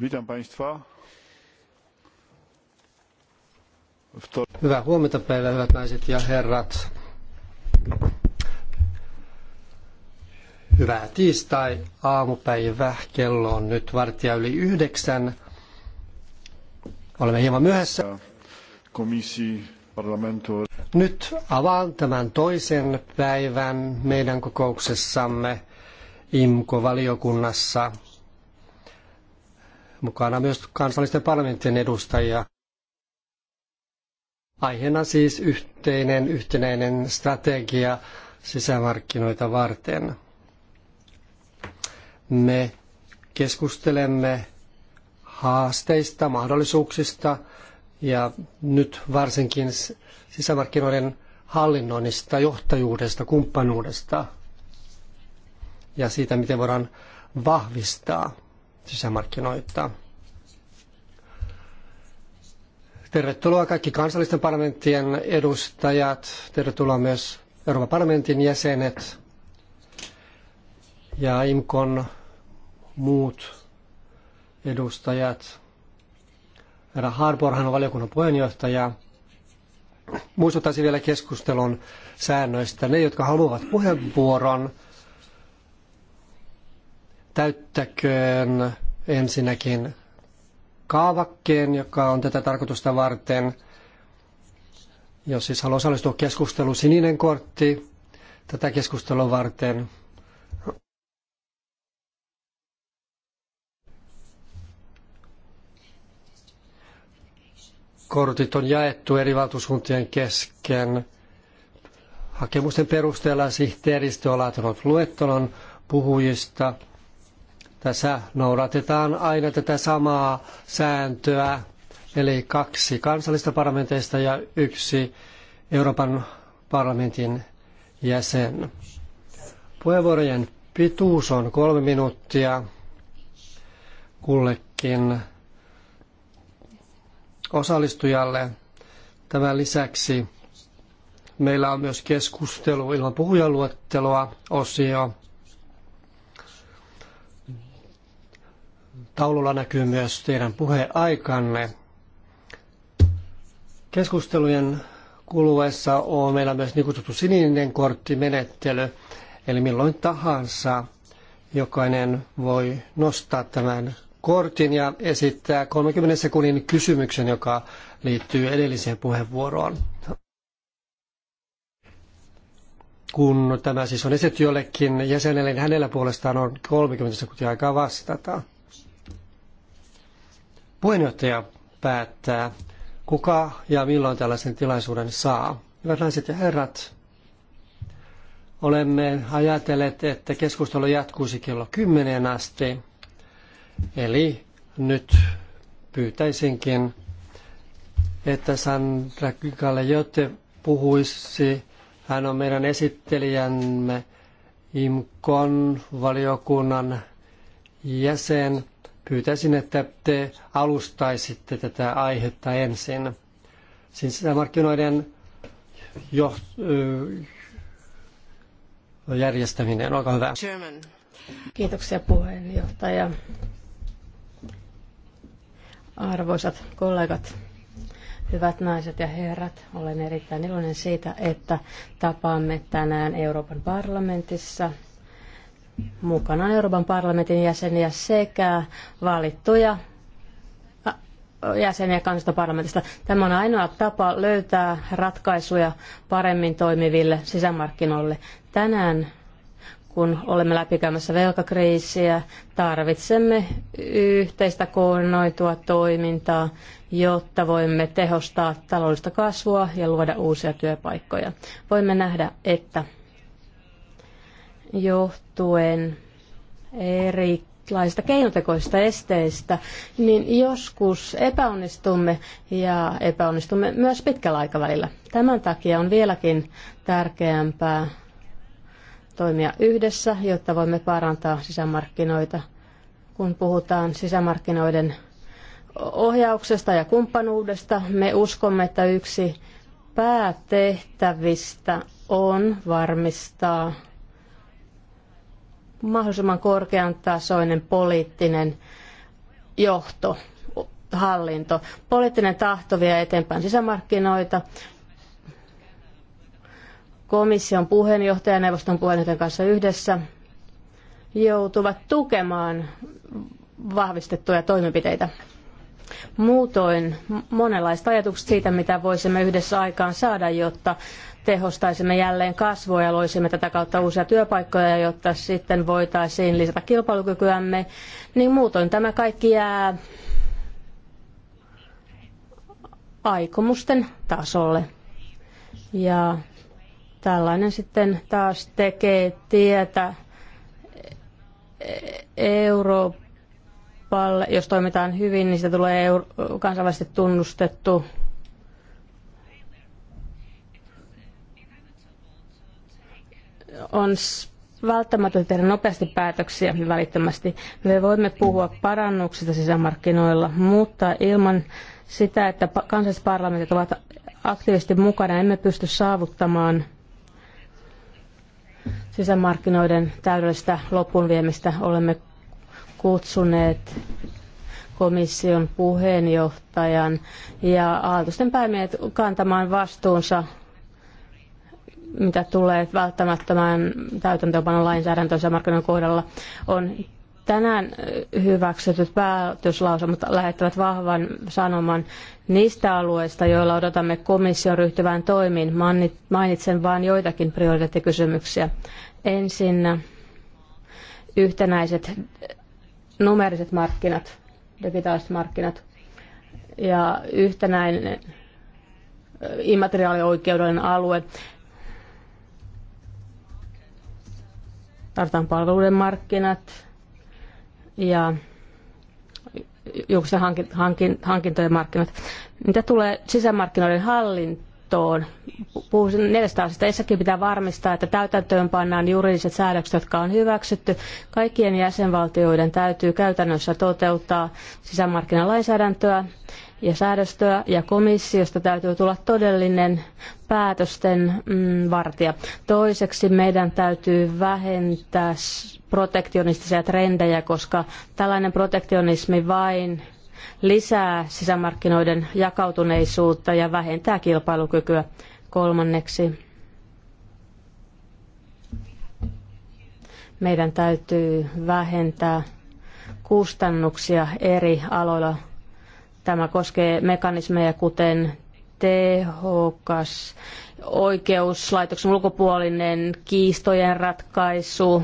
Witam Państwa. Hyvää huomenta päivää, hyvät naiset ja herrat. Hyvää tiistai aamupäivää. Kello on nyt vartija yli yhdeksän. Olemme hieman myöhässä. Komissi Nyt avaan tämän toisen päivän meidän kokouksessamme IMKO-valiokunnassa – mukana myös kansallisten parlamenttien edustajia. Aiheena siis yhteinen, yhtenäinen strategia sisämarkkinoita varten. Me keskustelemme haasteista, mahdollisuuksista ja nyt varsinkin sisämarkkinoiden hallinnoinnista, johtajuudesta, kumppanuudesta ja siitä, miten voidaan vahvistaa sisämarkkinoita. Tervetuloa kaikki kansallisten parlamenttien edustajat. Tervetuloa myös Euroopan parlamentin jäsenet ja IMKON muut edustajat. Herra Harborhan on valiokunnan puheenjohtaja. Muistuttaisin vielä keskustelun säännöistä. Ne, jotka haluavat puheenvuoron, täyttäköön ensinnäkin kaavakkeen, joka on tätä tarkoitusta varten. Jos siis haluaa osallistua keskusteluun, sininen kortti tätä keskustelua varten. Kortit on jaettu eri valtuuskuntien kesken. Hakemusten perusteella sihteeristö on laatunut luettelon puhujista – tässä noudatetaan aina tätä samaa sääntöä, eli kaksi kansallista parlamenteista ja yksi Euroopan parlamentin jäsen. Puheenvuorojen pituus on kolme minuuttia kullekin osallistujalle. Tämän lisäksi meillä on myös keskustelu ilman puhujaluetteloa osio. Taululla näkyy myös teidän puheaikanne. Keskustelujen kuluessa on meillä myös niin kutsuttu sininen korttimenettely, eli milloin tahansa jokainen voi nostaa tämän kortin ja esittää 30 sekunnin kysymyksen, joka liittyy edelliseen puheenvuoroon. Kun tämä siis on esitetty jollekin jäsenelle, niin hänellä puolestaan on 30 sekuntia aikaa vastata. Puheenjohtaja päättää, kuka ja milloin tällaisen tilaisuuden saa. Hyvät naiset ja herrat, olemme ajatelleet, että keskustelu jatkuisi kello 10 asti. Eli nyt pyytäisinkin, että Sandra Galejote puhuisi. Hän on meidän esittelijämme IMKON valiokunnan jäsen pyytäisin, että te alustaisitte tätä aihetta ensin. Siis sisämarkkinoiden jo, järjestäminen, olkaa hyvä. German. Kiitoksia puheenjohtaja. Arvoisat kollegat, hyvät naiset ja herrat, olen erittäin iloinen siitä, että tapaamme tänään Euroopan parlamentissa – mukana Euroopan parlamentin jäseniä sekä valittuja jäseniä kansasta parlamentista. Tämä on ainoa tapa löytää ratkaisuja paremmin toimiville sisämarkkinoille. Tänään kun olemme läpikäymässä velkakriisiä, tarvitsemme yhteistä koordinoitua toimintaa, jotta voimme tehostaa taloudellista kasvua ja luoda uusia työpaikkoja. Voimme nähdä, että johtuen eri erilaisista keinotekoisista esteistä, niin joskus epäonnistumme ja epäonnistumme myös pitkällä aikavälillä. Tämän takia on vieläkin tärkeämpää toimia yhdessä, jotta voimme parantaa sisämarkkinoita. Kun puhutaan sisämarkkinoiden ohjauksesta ja kumppanuudesta, me uskomme, että yksi päätehtävistä on varmistaa mahdollisimman korkean tasoinen poliittinen johto, hallinto. Poliittinen tahto vie eteenpäin sisämarkkinoita. Komission puheenjohtajan ja neuvoston puheenjohtajan kanssa yhdessä joutuvat tukemaan vahvistettuja toimenpiteitä. Muutoin monenlaista ajatukset siitä, mitä voisimme yhdessä aikaan saada, jotta tehostaisimme jälleen kasvua ja loisimme tätä kautta uusia työpaikkoja, jotta sitten voitaisiin lisätä kilpailukykyämme, niin muutoin tämä kaikki jää aikomusten tasolle. Ja tällainen sitten taas tekee tietä Euroopalle. Jos toimitaan hyvin, niin siitä tulee kansainvälisesti tunnustettu on välttämätöntä tehdä nopeasti päätöksiä ja välittömästi. Me voimme puhua parannuksista sisämarkkinoilla, mutta ilman sitä, että kansalliset parlamentit ovat aktiivisesti mukana, emme pysty saavuttamaan sisämarkkinoiden täydellistä lopunviemistä. Olemme kutsuneet komission puheenjohtajan ja hallitusten päämiehet kantamaan vastuunsa mitä tulee välttämättömään täytäntöönpanon lainsäädäntöön sisämarkkinoiden kohdalla, on tänään hyväksytyt päätöslausumat lähettävät vahvan sanoman niistä alueista, joilla odotamme komission ryhtyvään toimiin. Mainitsen vain joitakin prioriteettikysymyksiä. Ensin yhtenäiset numeriset markkinat, digitaaliset markkinat ja yhtenäinen immateriaalioikeudellinen alue. tarvitaan palveluiden markkinat ja julkisten hankintojen markkinat. Mitä tulee sisämarkkinoiden hallintaan, johtoon. Puhuisin neljästä asiasta. Ensinnäkin pitää varmistaa, että täytäntöön pannaan juridiset säädökset, jotka on hyväksytty. Kaikkien jäsenvaltioiden täytyy käytännössä toteuttaa sisämarkkinalainsäädäntöä ja säädöstöä, ja komissiosta täytyy tulla todellinen päätösten mm, vartija. Toiseksi meidän täytyy vähentää protektionistisia trendejä, koska tällainen protektionismi vain lisää sisämarkkinoiden jakautuneisuutta ja vähentää kilpailukykyä. Kolmanneksi, meidän täytyy vähentää kustannuksia eri aloilla. Tämä koskee mekanismeja kuten tehokas oikeuslaitoksen ulkopuolinen kiistojen ratkaisu,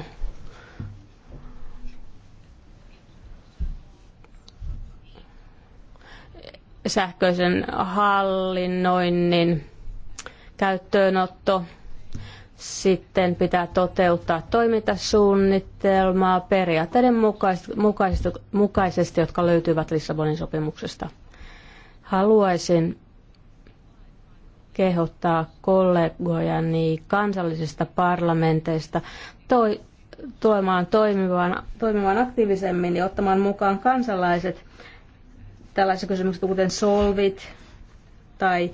sähköisen hallinnoinnin käyttöönotto. Sitten pitää toteuttaa toimintasuunnitelmaa periaatteiden mukaisesti, mukaisesti, jotka löytyvät Lissabonin sopimuksesta. Haluaisin kehottaa kollegojani niin kansallisista parlamenteista toi, tuomaan toimivaan, toimivaan aktiivisemmin ja ottamaan mukaan kansalaiset tällaisia kysymyksiä kuten solvit tai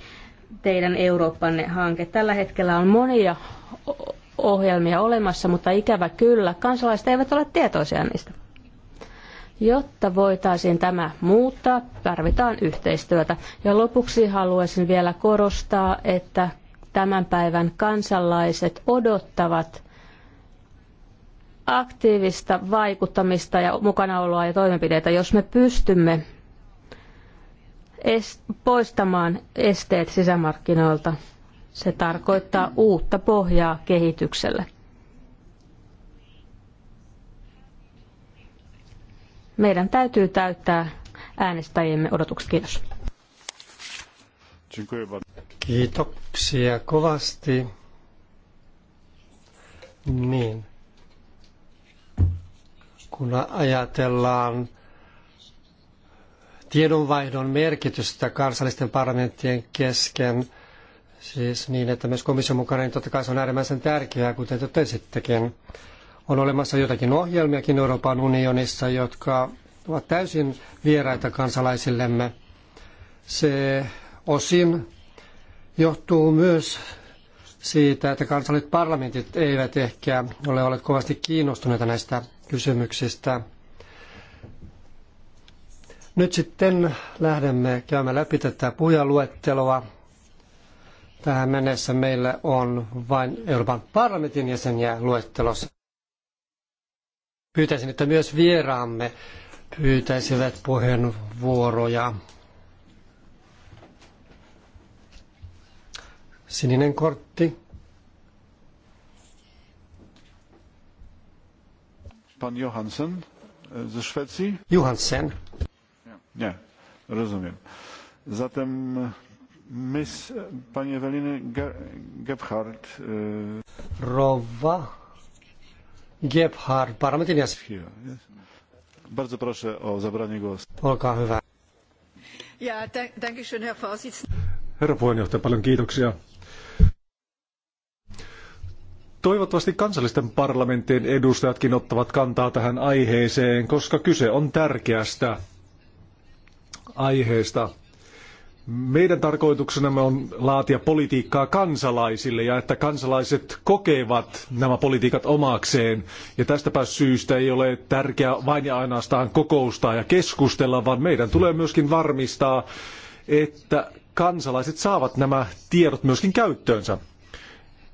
teidän Eurooppanne hanke. Tällä hetkellä on monia ohjelmia olemassa, mutta ikävä kyllä, kansalaiset eivät ole tietoisia niistä. Jotta voitaisiin tämä muuttaa, tarvitaan yhteistyötä. Ja lopuksi haluaisin vielä korostaa, että tämän päivän kansalaiset odottavat aktiivista vaikuttamista ja mukanaoloa ja toimenpiteitä, jos me pystymme poistamaan esteet sisämarkkinoilta. Se tarkoittaa uutta pohjaa kehitykselle. Meidän täytyy täyttää äänestäjiemme odotukset. Kiitos. Kiitoksia kovasti. Niin. Kun ajatellaan tiedonvaihdon merkitystä kansallisten parlamenttien kesken, siis niin, että myös komission mukana, niin totta kai se on äärimmäisen tärkeää, kuten totesittekin. On olemassa jotakin ohjelmiakin Euroopan unionissa, jotka ovat täysin vieraita kansalaisillemme. Se osin johtuu myös siitä, että kansalliset parlamentit eivät ehkä ole olleet kovasti kiinnostuneita näistä kysymyksistä – nyt sitten lähdemme käymään läpi tätä puhujaluetteloa. Tähän mennessä meillä on vain Euroopan parlamentin jäseniä luettelossa. Pyytäisin, että myös vieraamme pyytäisivät puheenvuoroja. Sininen kortti. Pan Johansen e, ze Szwecji. Johansen. Nie, rozumiem. Zatem e, my, e, pani Eweliny Ge Gebhardt... Y... E, Rowa Gebhardt, parlamentin jäsen. Yes. Bardzo proszę o zabranie głosu. Olkaa Ja, danke schön, Herr Vorsitzender. Herra puheenjohtaja, paljon kiitoksia. Toivottavasti kansallisten parlamenttien edustajatkin ottavat kantaa tähän aiheeseen, koska kyse on tärkeästä aiheesta. Meidän tarkoituksenamme on laatia politiikkaa kansalaisille ja että kansalaiset kokevat nämä politiikat omakseen. Ja tästäpä syystä ei ole tärkeää vain ja ainoastaan kokoustaa ja keskustella, vaan meidän tulee myöskin varmistaa, että kansalaiset saavat nämä tiedot myöskin käyttöönsä.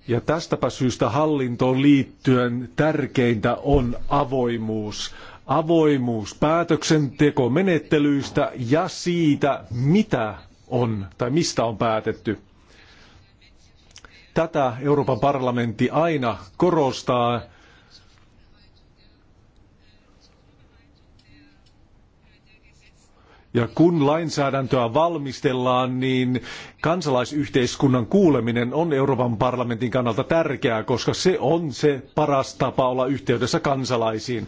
Ja tästäpä syystä hallintoon liittyen tärkeintä on avoimuus avoimuus päätöksentekomenettelyistä ja siitä, mitä on tai mistä on päätetty. Tätä Euroopan parlamentti aina korostaa Ja kun lainsäädäntöä valmistellaan, niin kansalaisyhteiskunnan kuuleminen on Euroopan parlamentin kannalta tärkeää, koska se on se paras tapa olla yhteydessä kansalaisiin.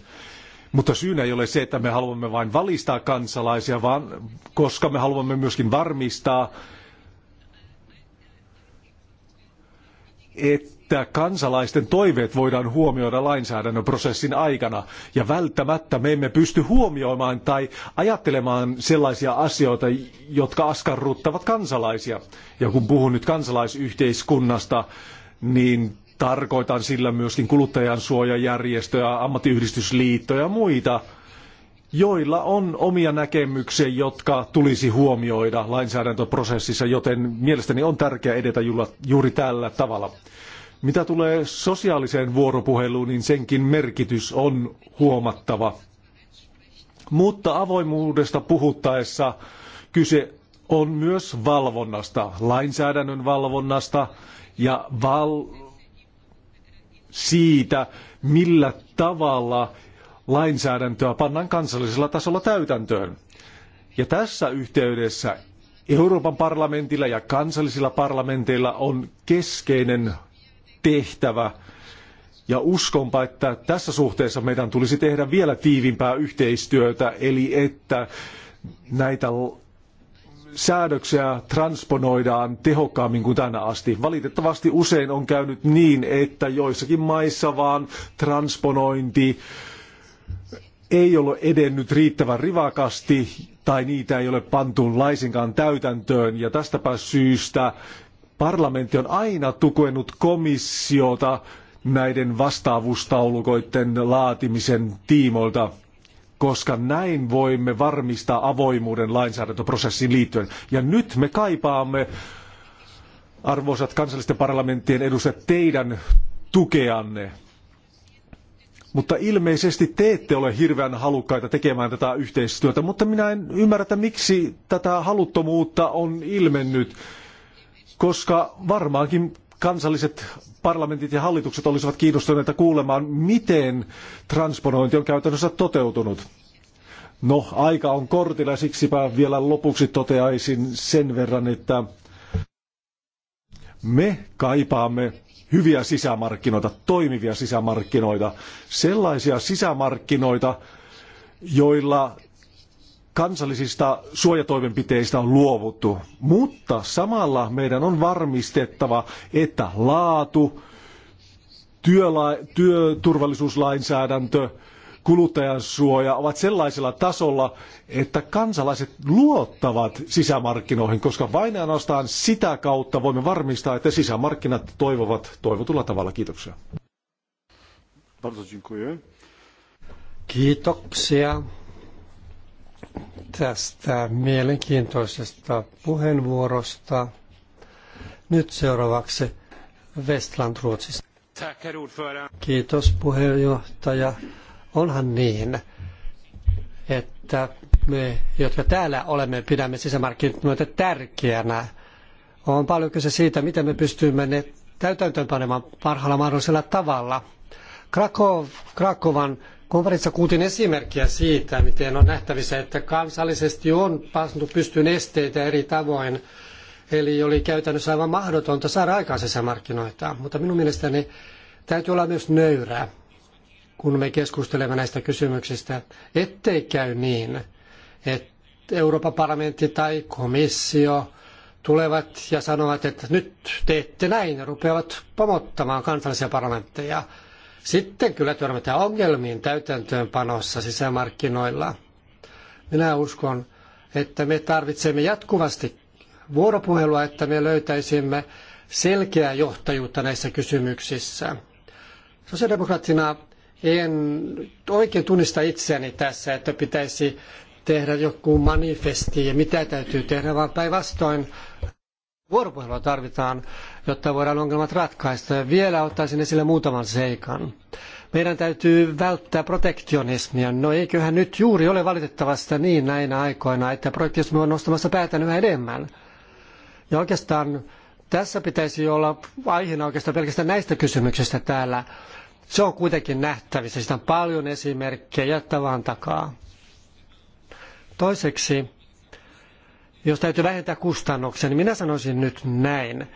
Mutta syynä ei ole se, että me haluamme vain valistaa kansalaisia, vaan koska me haluamme myöskin varmistaa, että kansalaisten toiveet voidaan huomioida lainsäädännön prosessin aikana. Ja välttämättä me emme pysty huomioimaan tai ajattelemaan sellaisia asioita, jotka askarruttavat kansalaisia. Ja kun puhun nyt kansalaisyhteiskunnasta, niin Tarkoitan sillä myöskin kuluttajansuojajärjestöjä, suojajärjestöjä, ammattiyhdistysliittoja ja muita, joilla on omia näkemyksiä, jotka tulisi huomioida lainsäädäntöprosessissa, joten mielestäni on tärkeää edetä juuri tällä tavalla. Mitä tulee sosiaaliseen vuoropuheluun, niin senkin merkitys on huomattava. Mutta avoimuudesta puhuttaessa kyse on myös valvonnasta, lainsäädännön valvonnasta ja val- siitä, millä tavalla lainsäädäntöä pannaan kansallisella tasolla täytäntöön. Ja tässä yhteydessä Euroopan parlamentilla ja kansallisilla parlamenteilla on keskeinen tehtävä. Ja uskonpa, että tässä suhteessa meidän tulisi tehdä vielä tiivimpää yhteistyötä, eli että näitä säädöksiä transponoidaan tehokkaammin kuin tänä asti. Valitettavasti usein on käynyt niin, että joissakin maissa vaan transponointi ei ole edennyt riittävän rivakasti tai niitä ei ole pantu laisinkaan täytäntöön ja tästäpä syystä parlamentti on aina tukenut komissiota näiden vastaavuustaulukoiden laatimisen tiimoilta koska näin voimme varmistaa avoimuuden lainsäädäntöprosessiin liittyen. Ja nyt me kaipaamme, arvoisat kansallisten parlamenttien edustajat, teidän tukeanne. Mutta ilmeisesti te ette ole hirveän halukkaita tekemään tätä yhteistyötä, mutta minä en ymmärrä, että miksi tätä haluttomuutta on ilmennyt, koska varmaankin kansalliset parlamentit ja hallitukset olisivat kiinnostuneita kuulemaan, miten transponointi on käytännössä toteutunut. No, aika on kortilla, siksipä vielä lopuksi toteaisin sen verran, että me kaipaamme hyviä sisämarkkinoita, toimivia sisämarkkinoita, sellaisia sisämarkkinoita, joilla kansallisista suojatoimenpiteistä on luovuttu, mutta samalla meidän on varmistettava, että laatu, työla- työturvallisuuslainsäädäntö, kuluttajan suoja ovat sellaisella tasolla, että kansalaiset luottavat sisämarkkinoihin, koska vain ainoastaan sitä kautta voimme varmistaa, että sisämarkkinat toivovat toivotulla tavalla. Kiitoksia. Kiitoksia tästä mielenkiintoisesta puheenvuorosta. Nyt seuraavaksi Westland Ruotsista. Kiitos puheenjohtaja. Onhan niin, että me, jotka täällä olemme, pidämme sisämarkkinoita tärkeänä. On paljon kyse siitä, miten me pystymme ne täytäntöönpanemaan parhaalla mahdollisella tavalla. Krakov, Krakovan Konferenssissa kuultiin esimerkkiä siitä, miten on nähtävissä, että kansallisesti on pantu pystyyn esteitä eri tavoin, eli oli käytännössä aivan mahdotonta saada aikaan sisämarkkinoita. Mutta minun mielestäni täytyy olla myös nöyrää, kun me keskustelemme näistä kysymyksistä, ettei käy niin, että Euroopan parlamentti tai komissio tulevat ja sanovat, että nyt teette näin ja rupeavat pamottamaan kansallisia parlamentteja – sitten kyllä törmätään ongelmiin täytäntöönpanossa sisämarkkinoilla. Minä uskon, että me tarvitsemme jatkuvasti vuoropuhelua, että me löytäisimme selkeää johtajuutta näissä kysymyksissä. Sosiaalidemokraattina en oikein tunnista itseäni tässä, että pitäisi tehdä joku manifesti ja mitä täytyy tehdä, vaan päinvastoin vuoropuhelua tarvitaan jotta voidaan ongelmat ratkaista. Ja vielä ottaisin esille muutaman seikan. Meidän täytyy välttää protektionismia. No eiköhän nyt juuri ole valitettavasti niin näinä aikoina, että protektionismi on nostamassa päätään yhä enemmän. Ja oikeastaan tässä pitäisi olla aiheena oikeastaan pelkästään näistä kysymyksistä täällä. Se on kuitenkin nähtävissä. Sitä on paljon esimerkkejä tavan takaa. Toiseksi, jos täytyy vähentää kustannuksia, niin minä sanoisin nyt näin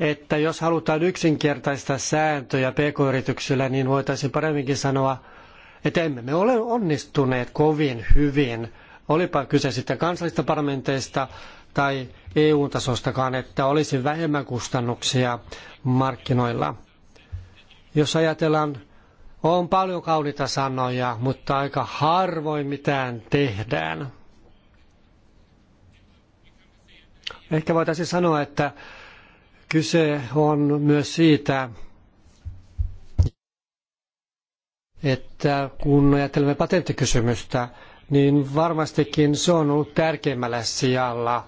että jos halutaan yksinkertaistaa sääntöjä pk-yrityksillä, niin voitaisiin paremminkin sanoa, että emme me ole onnistuneet kovin hyvin, olipa kyse sitten kansallista parlamenteista tai EU-tasostakaan, että olisi vähemmän kustannuksia markkinoilla. Jos ajatellaan, on paljon kauniita sanoja, mutta aika harvoin mitään tehdään. Ehkä voitaisiin sanoa, että Kyse on myös siitä, että kun ajattelemme patenttikysymystä, niin varmastikin se on ollut tärkeimmällä sijalla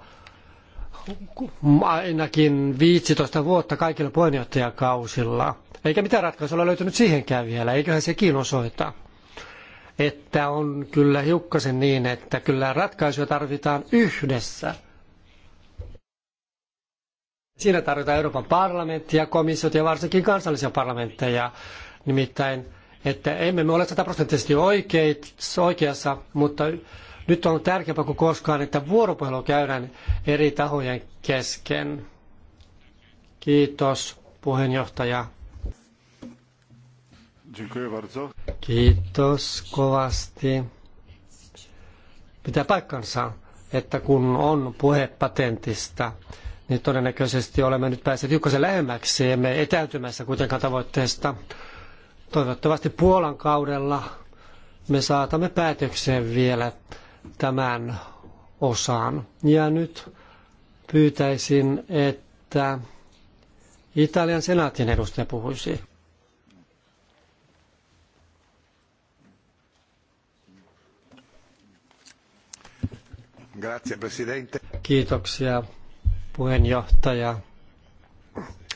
ainakin 15 vuotta kaikilla puheenjohtajakausilla. Eikä mitään ratkaisua ole löytynyt siihenkään vielä, eiköhän sekin osoita. Että on kyllä hiukkasen niin, että kyllä ratkaisuja tarvitaan yhdessä – Siinä tarvitaan Euroopan parlamenttia, komissiot ja varsinkin kansallisia parlamentteja. Nimittäin, että emme me ole sataprosenttisesti oikeassa, mutta nyt on tärkeämpää kuin koskaan, että vuoropuhelu käydään eri tahojen kesken. Kiitos, puheenjohtaja. Kiitos kovasti. Pitää paikkansa, että kun on puhe patentista, niin todennäköisesti olemme nyt päässeet hiukkasen lähemmäksi, emme etäytymässä kuitenkaan tavoitteesta. Toivottavasti Puolan kaudella me saatamme päätökseen vielä tämän osaan. Ja nyt pyytäisin, että Italian senaatin edustaja puhuisi. Grazie, Presidente. Kiitoksia puheenjohtaja.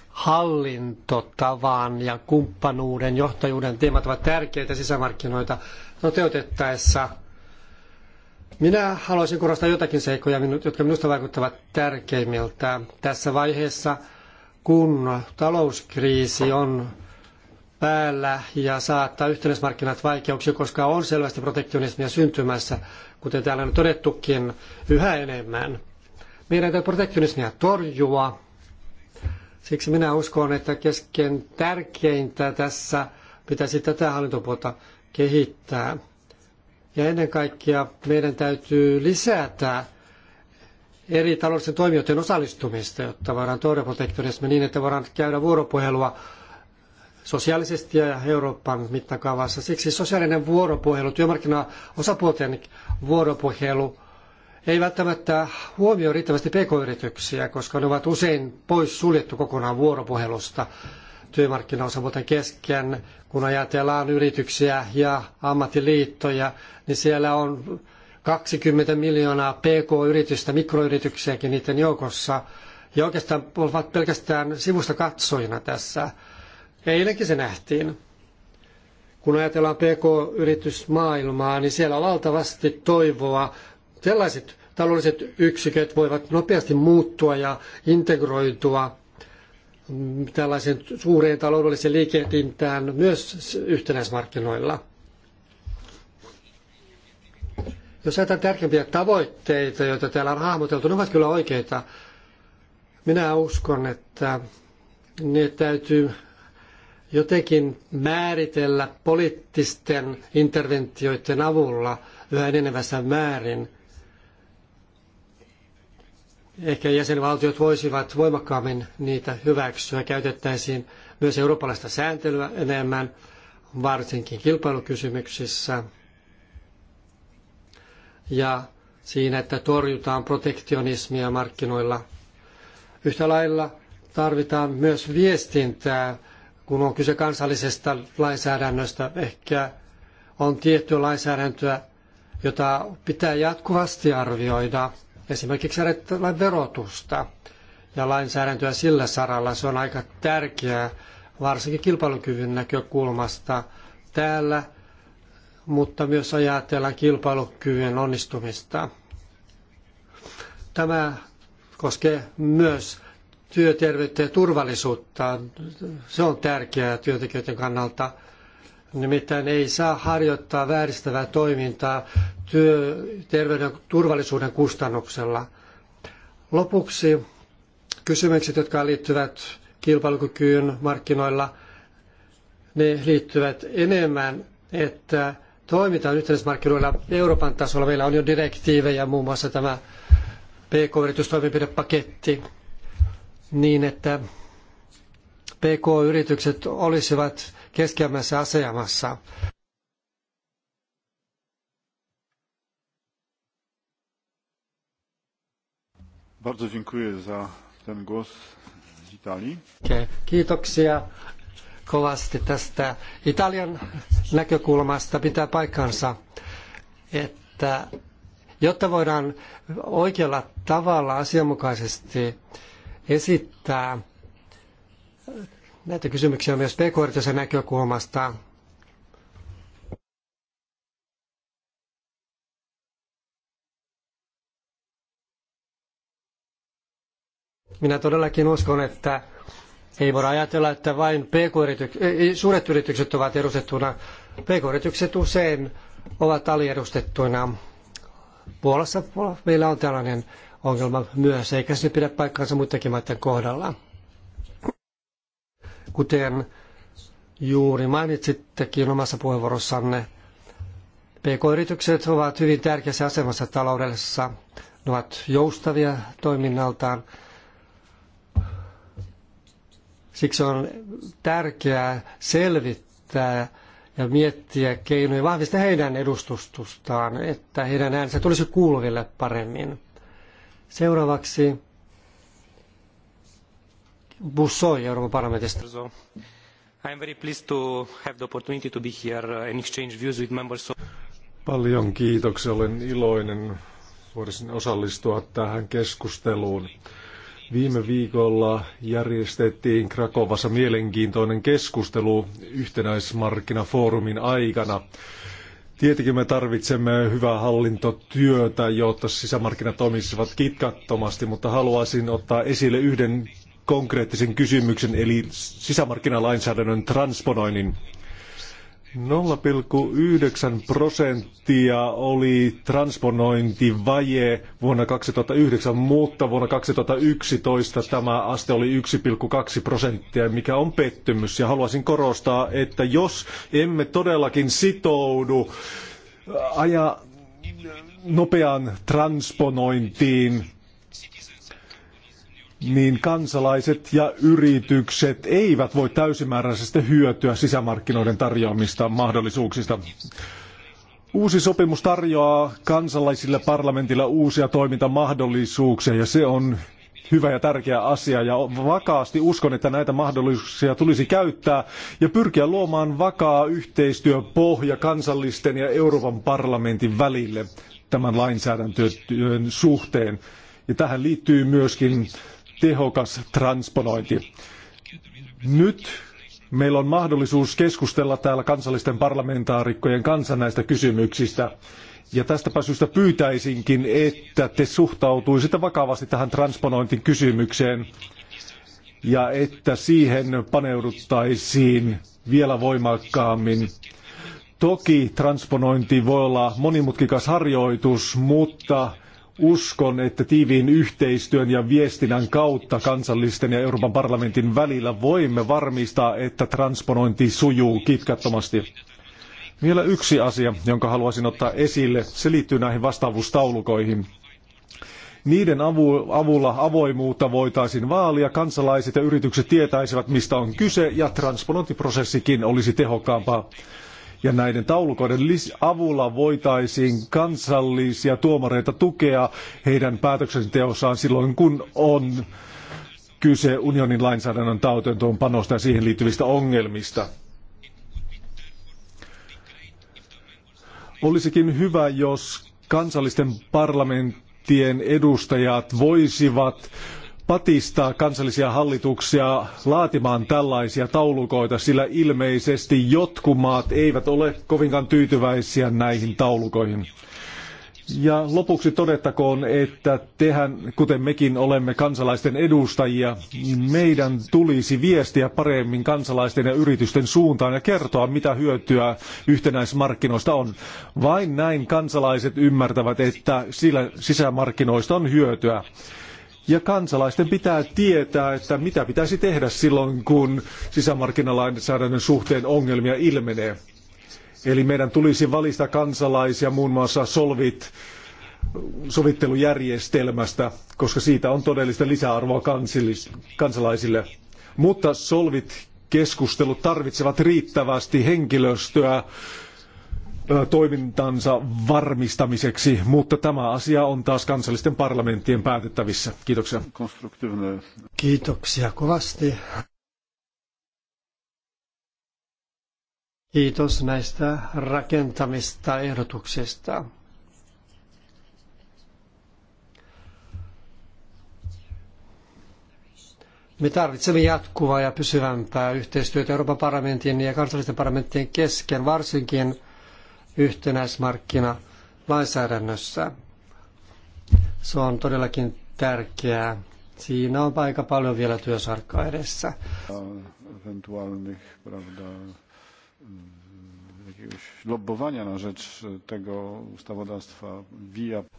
Hallintotavan ja kumppanuuden, johtajuuden teemat ovat tärkeitä sisämarkkinoita toteutettaessa. Minä haluaisin korostaa jotakin seikkoja, jotka minusta vaikuttavat tärkeimmiltä tässä vaiheessa, kun talouskriisi on päällä ja saattaa yhtenäismarkkinat vaikeuksia, koska on selvästi protektionismia syntymässä, kuten täällä on todettukin, yhä enemmän – meidän täytyy protektionismia torjua. Siksi minä uskon, että kesken tärkeintä tässä pitäisi tätä hallintopuolta kehittää. Ja ennen kaikkea meidän täytyy lisätä eri taloudellisten toimijoiden osallistumista, jotta voidaan torjua protektionismia niin, että voidaan käydä vuoropuhelua sosiaalisesti ja Euroopan mittakaavassa. Siksi sosiaalinen vuoropuhelu, työmarkkinaosapuolten vuoropuhelu ei välttämättä huomioi riittävästi pk-yrityksiä, koska ne ovat usein pois suljettu kokonaan vuoropuhelusta työmarkkinaosapuolten kesken. Kun ajatellaan yrityksiä ja ammattiliittoja, niin siellä on 20 miljoonaa pk-yritystä, mikroyrityksiäkin niiden joukossa. Ja oikeastaan ovat pelkästään sivusta katsojina tässä. Eilenkin se nähtiin kun ajatellaan PK-yritysmaailmaa, niin siellä on valtavasti toivoa Sellaiset taloudelliset yksiköt voivat nopeasti muuttua ja integroitua tällaisen suureen taloudelliseen liikehdintään myös yhtenäismarkkinoilla. Jos ajatellaan tärkeimpiä tavoitteita, joita täällä on hahmoteltu, ne ovat kyllä oikeita. Minä uskon, että ne täytyy jotenkin määritellä poliittisten interventioiden avulla yhä enenevässä määrin – ehkä jäsenvaltiot voisivat voimakkaammin niitä hyväksyä. Käytettäisiin myös eurooppalaista sääntelyä enemmän, varsinkin kilpailukysymyksissä. Ja siinä, että torjutaan protektionismia markkinoilla. Yhtä lailla tarvitaan myös viestintää, kun on kyse kansallisesta lainsäädännöstä. Ehkä on tiettyä lainsäädäntöä, jota pitää jatkuvasti arvioida – esimerkiksi verotusta ja lainsäädäntöä sillä saralla. Se on aika tärkeää, varsinkin kilpailukyvyn näkökulmasta täällä, mutta myös ajatella kilpailukyvyn onnistumista. Tämä koskee myös työterveyttä ja turvallisuutta. Se on tärkeää työntekijöiden kannalta. Nimittäin ei saa harjoittaa vääristävää toimintaa työ, terveyden turvallisuuden kustannuksella. Lopuksi kysymykset, jotka liittyvät kilpailukykyyn markkinoilla, ne liittyvät enemmän, että toimitaan yhteismarkkinoilla Euroopan tasolla. Meillä on jo direktiivejä, muun muassa tämä PK-yritystoimenpidepaketti, niin että PK-yritykset olisivat keskeisessä asemassa. Bardzo dziękuję za ten głos z Italii. Kiitoksia kovasti tästä Italian näkökulmasta pitää paikkansa, että jotta voidaan oikealla tavalla asianmukaisesti esittää Näitä kysymyksiä on myös pk näkökulmasta. Minä todellakin uskon, että ei voida ajatella, että vain pk suuret yritykset ovat edustettuina. PK-yritykset usein ovat aliedustettuina. Puolassa meillä on tällainen ongelma myös, eikä se pidä paikkaansa muidenkin maiden kohdalla. Kuten juuri mainitsittekin omassa puheenvuorossanne, PK-yritykset ovat hyvin tärkeässä asemassa taloudessa. Ne ovat joustavia toiminnaltaan. Siksi on tärkeää selvittää ja miettiä keinoja vahvistaa heidän edustustustaan, että heidän äänensä tulisi kuuluville paremmin. Seuraavaksi Bussoi Euroopan parlamentista. very pleased to have the opportunity to be here and uh, exchange views with members Paljon kiitoksia. Olen iloinen voisin osallistua tähän keskusteluun. Viime viikolla järjestettiin Krakovassa mielenkiintoinen keskustelu yhtenäismarkkinafoorumin aikana. Tietenkin me tarvitsemme hyvää hallintotyötä, jotta sisämarkkinat toimisivat kitkattomasti, mutta haluaisin ottaa esille yhden konkreettisen kysymyksen, eli sisämarkkinalainsäädännön transponoinnin. 0,9 prosenttia oli transponointivaje vuonna 2009, mutta vuonna 2011 tämä aste oli 1,2 prosenttia, mikä on pettymys. Ja haluaisin korostaa, että jos emme todellakin sitoudu äh, aja nopeaan transponointiin, niin kansalaiset ja yritykset eivät voi täysimääräisesti hyötyä sisämarkkinoiden tarjoamista mahdollisuuksista. Uusi sopimus tarjoaa kansalaisille parlamentille uusia toimintamahdollisuuksia ja se on hyvä ja tärkeä asia ja vakaasti uskon, että näitä mahdollisuuksia tulisi käyttää ja pyrkiä luomaan vakaa yhteistyöpohja kansallisten ja Euroopan parlamentin välille tämän lainsäädäntötyön suhteen. Ja tähän liittyy myöskin tehokas transponointi. Nyt meillä on mahdollisuus keskustella täällä kansallisten parlamentaarikkojen kanssa näistä kysymyksistä. Ja tästäpä syystä pyytäisinkin, että te suhtautuisitte vakavasti tähän transponointin kysymykseen ja että siihen paneuduttaisiin vielä voimakkaammin. Toki transponointi voi olla monimutkikas harjoitus, mutta uskon, että tiiviin yhteistyön ja viestinnän kautta kansallisten ja Euroopan parlamentin välillä voimme varmistaa, että transponointi sujuu kitkattomasti. Vielä yksi asia, jonka haluaisin ottaa esille, se liittyy näihin vastaavuustaulukoihin. Niiden avulla avoimuutta voitaisiin vaalia, kansalaiset ja yritykset tietäisivät, mistä on kyse, ja transponointiprosessikin olisi tehokkaampaa. Ja näiden taulukoiden avulla voitaisiin kansallisia tuomareita tukea heidän päätöksenteossaan silloin, kun on kyse unionin lainsäädännön täytäntöön panosta ja siihen liittyvistä ongelmista. Olisikin hyvä, jos kansallisten parlamenttien edustajat voisivat patistaa kansallisia hallituksia laatimaan tällaisia taulukoita, sillä ilmeisesti jotkut maat eivät ole kovinkaan tyytyväisiä näihin taulukoihin. Ja lopuksi todettakoon, että tehän, kuten mekin olemme kansalaisten edustajia, meidän tulisi viestiä paremmin kansalaisten ja yritysten suuntaan ja kertoa, mitä hyötyä yhtenäismarkkinoista on. Vain näin kansalaiset ymmärtävät, että sillä sisämarkkinoista on hyötyä. Ja kansalaisten pitää tietää, että mitä pitäisi tehdä silloin, kun sisämarkkinalainsäädännön suhteen ongelmia ilmenee. Eli meidän tulisi valistaa kansalaisia muun muassa solvit sovittelujärjestelmästä, koska siitä on todellista lisäarvoa kansalaisille. Mutta solvit keskustelut tarvitsevat riittävästi henkilöstöä, toimintansa varmistamiseksi, mutta tämä asia on taas kansallisten parlamenttien päätettävissä. Kiitoksia. Kiitoksia kovasti. Kiitos näistä rakentamista ehdotuksista. Me tarvitsemme jatkuvaa ja pysyvämpää yhteistyötä Euroopan parlamentin ja kansallisten parlamenttien kesken, varsinkin yhtenäismarkkina lainsäädännössä. Se on todellakin tärkeää. Siinä on aika paljon vielä työsarkkaa edessä. Mm,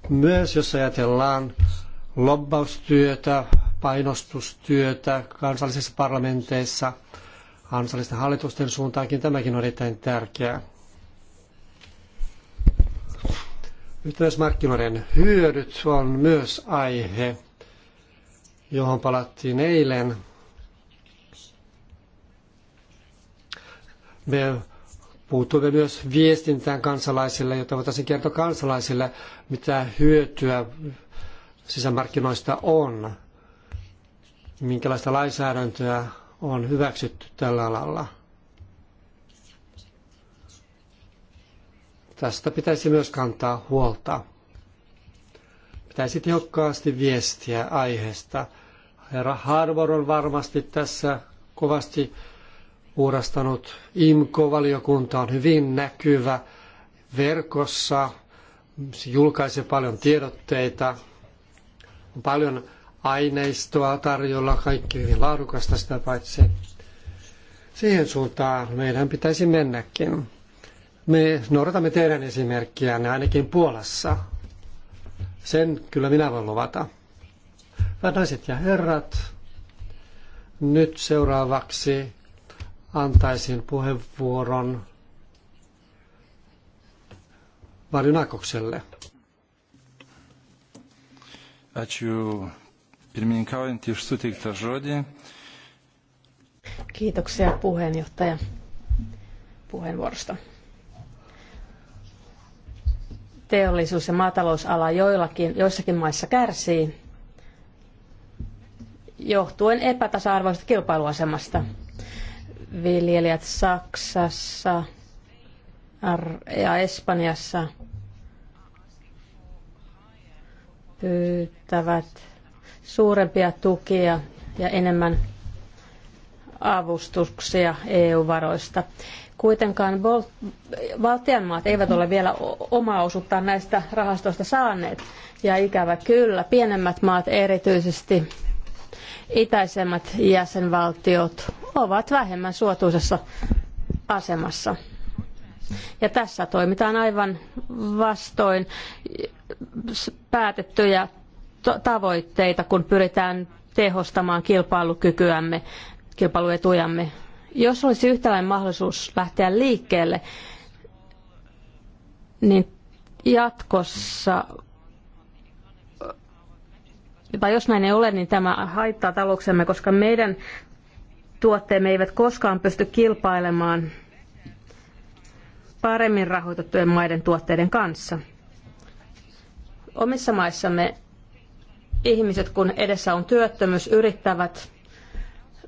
Myös jos ajatellaan lobbaustyötä, painostustyötä kansallisissa parlamenteissa, kansallisten hallitusten suuntaankin, tämäkin on erittäin tärkeää. Yhtenäismarkkinoiden hyödyt on myös aihe, johon palattiin eilen. Me puuttuimme myös viestintään kansalaisille, jotta voitaisiin kertoa kansalaisille, mitä hyötyä sisämarkkinoista on, minkälaista lainsäädäntöä on hyväksytty tällä alalla. Tästä pitäisi myös kantaa huolta. Pitäisi tehokkaasti viestiä aiheesta. Herra Harvor on varmasti tässä kovasti uurastanut. IMKO-valiokunta on hyvin näkyvä verkossa, se julkaisee paljon tiedotteita, on paljon aineistoa tarjolla, kaikki hyvin laadukasta sitä paitsi. Siihen suuntaan meidän pitäisi mennäkin. Me noudatamme teidän esimerkkiänne ainakin Puolassa. Sen kyllä minä voin luvata. Hyvät naiset ja herrat, nyt seuraavaksi antaisin puheenvuoron Varjunakokselle. Ačiū pirmininkaujant iš suteiktą žodį. Kiitoksia puheenjohtaja puheenvuorosta teollisuus- ja maatalousala joillakin, joissakin maissa kärsii johtuen epätasa-arvoisesta kilpailuasemasta. Viljelijät Saksassa ja Espanjassa pyytävät suurempia tukia ja enemmän avustuksia EU-varoista. Kuitenkaan valtion maat eivät ole vielä omaa osuuttaan näistä rahastoista saaneet. Ja ikävä kyllä, pienemmät maat erityisesti itäisemmät jäsenvaltiot ovat vähemmän suotuisessa asemassa. Ja tässä toimitaan aivan vastoin päätettyjä tavoitteita, kun pyritään tehostamaan kilpailukykyämme, kilpailuetujamme jos olisi yhtäläinen mahdollisuus lähteä liikkeelle, niin jatkossa tai jos näin ei ole, niin tämä haittaa talouksemme, koska meidän tuotteemme eivät koskaan pysty kilpailemaan paremmin rahoitettujen maiden tuotteiden kanssa. Omissa maissamme ihmiset, kun edessä on työttömyys, yrittävät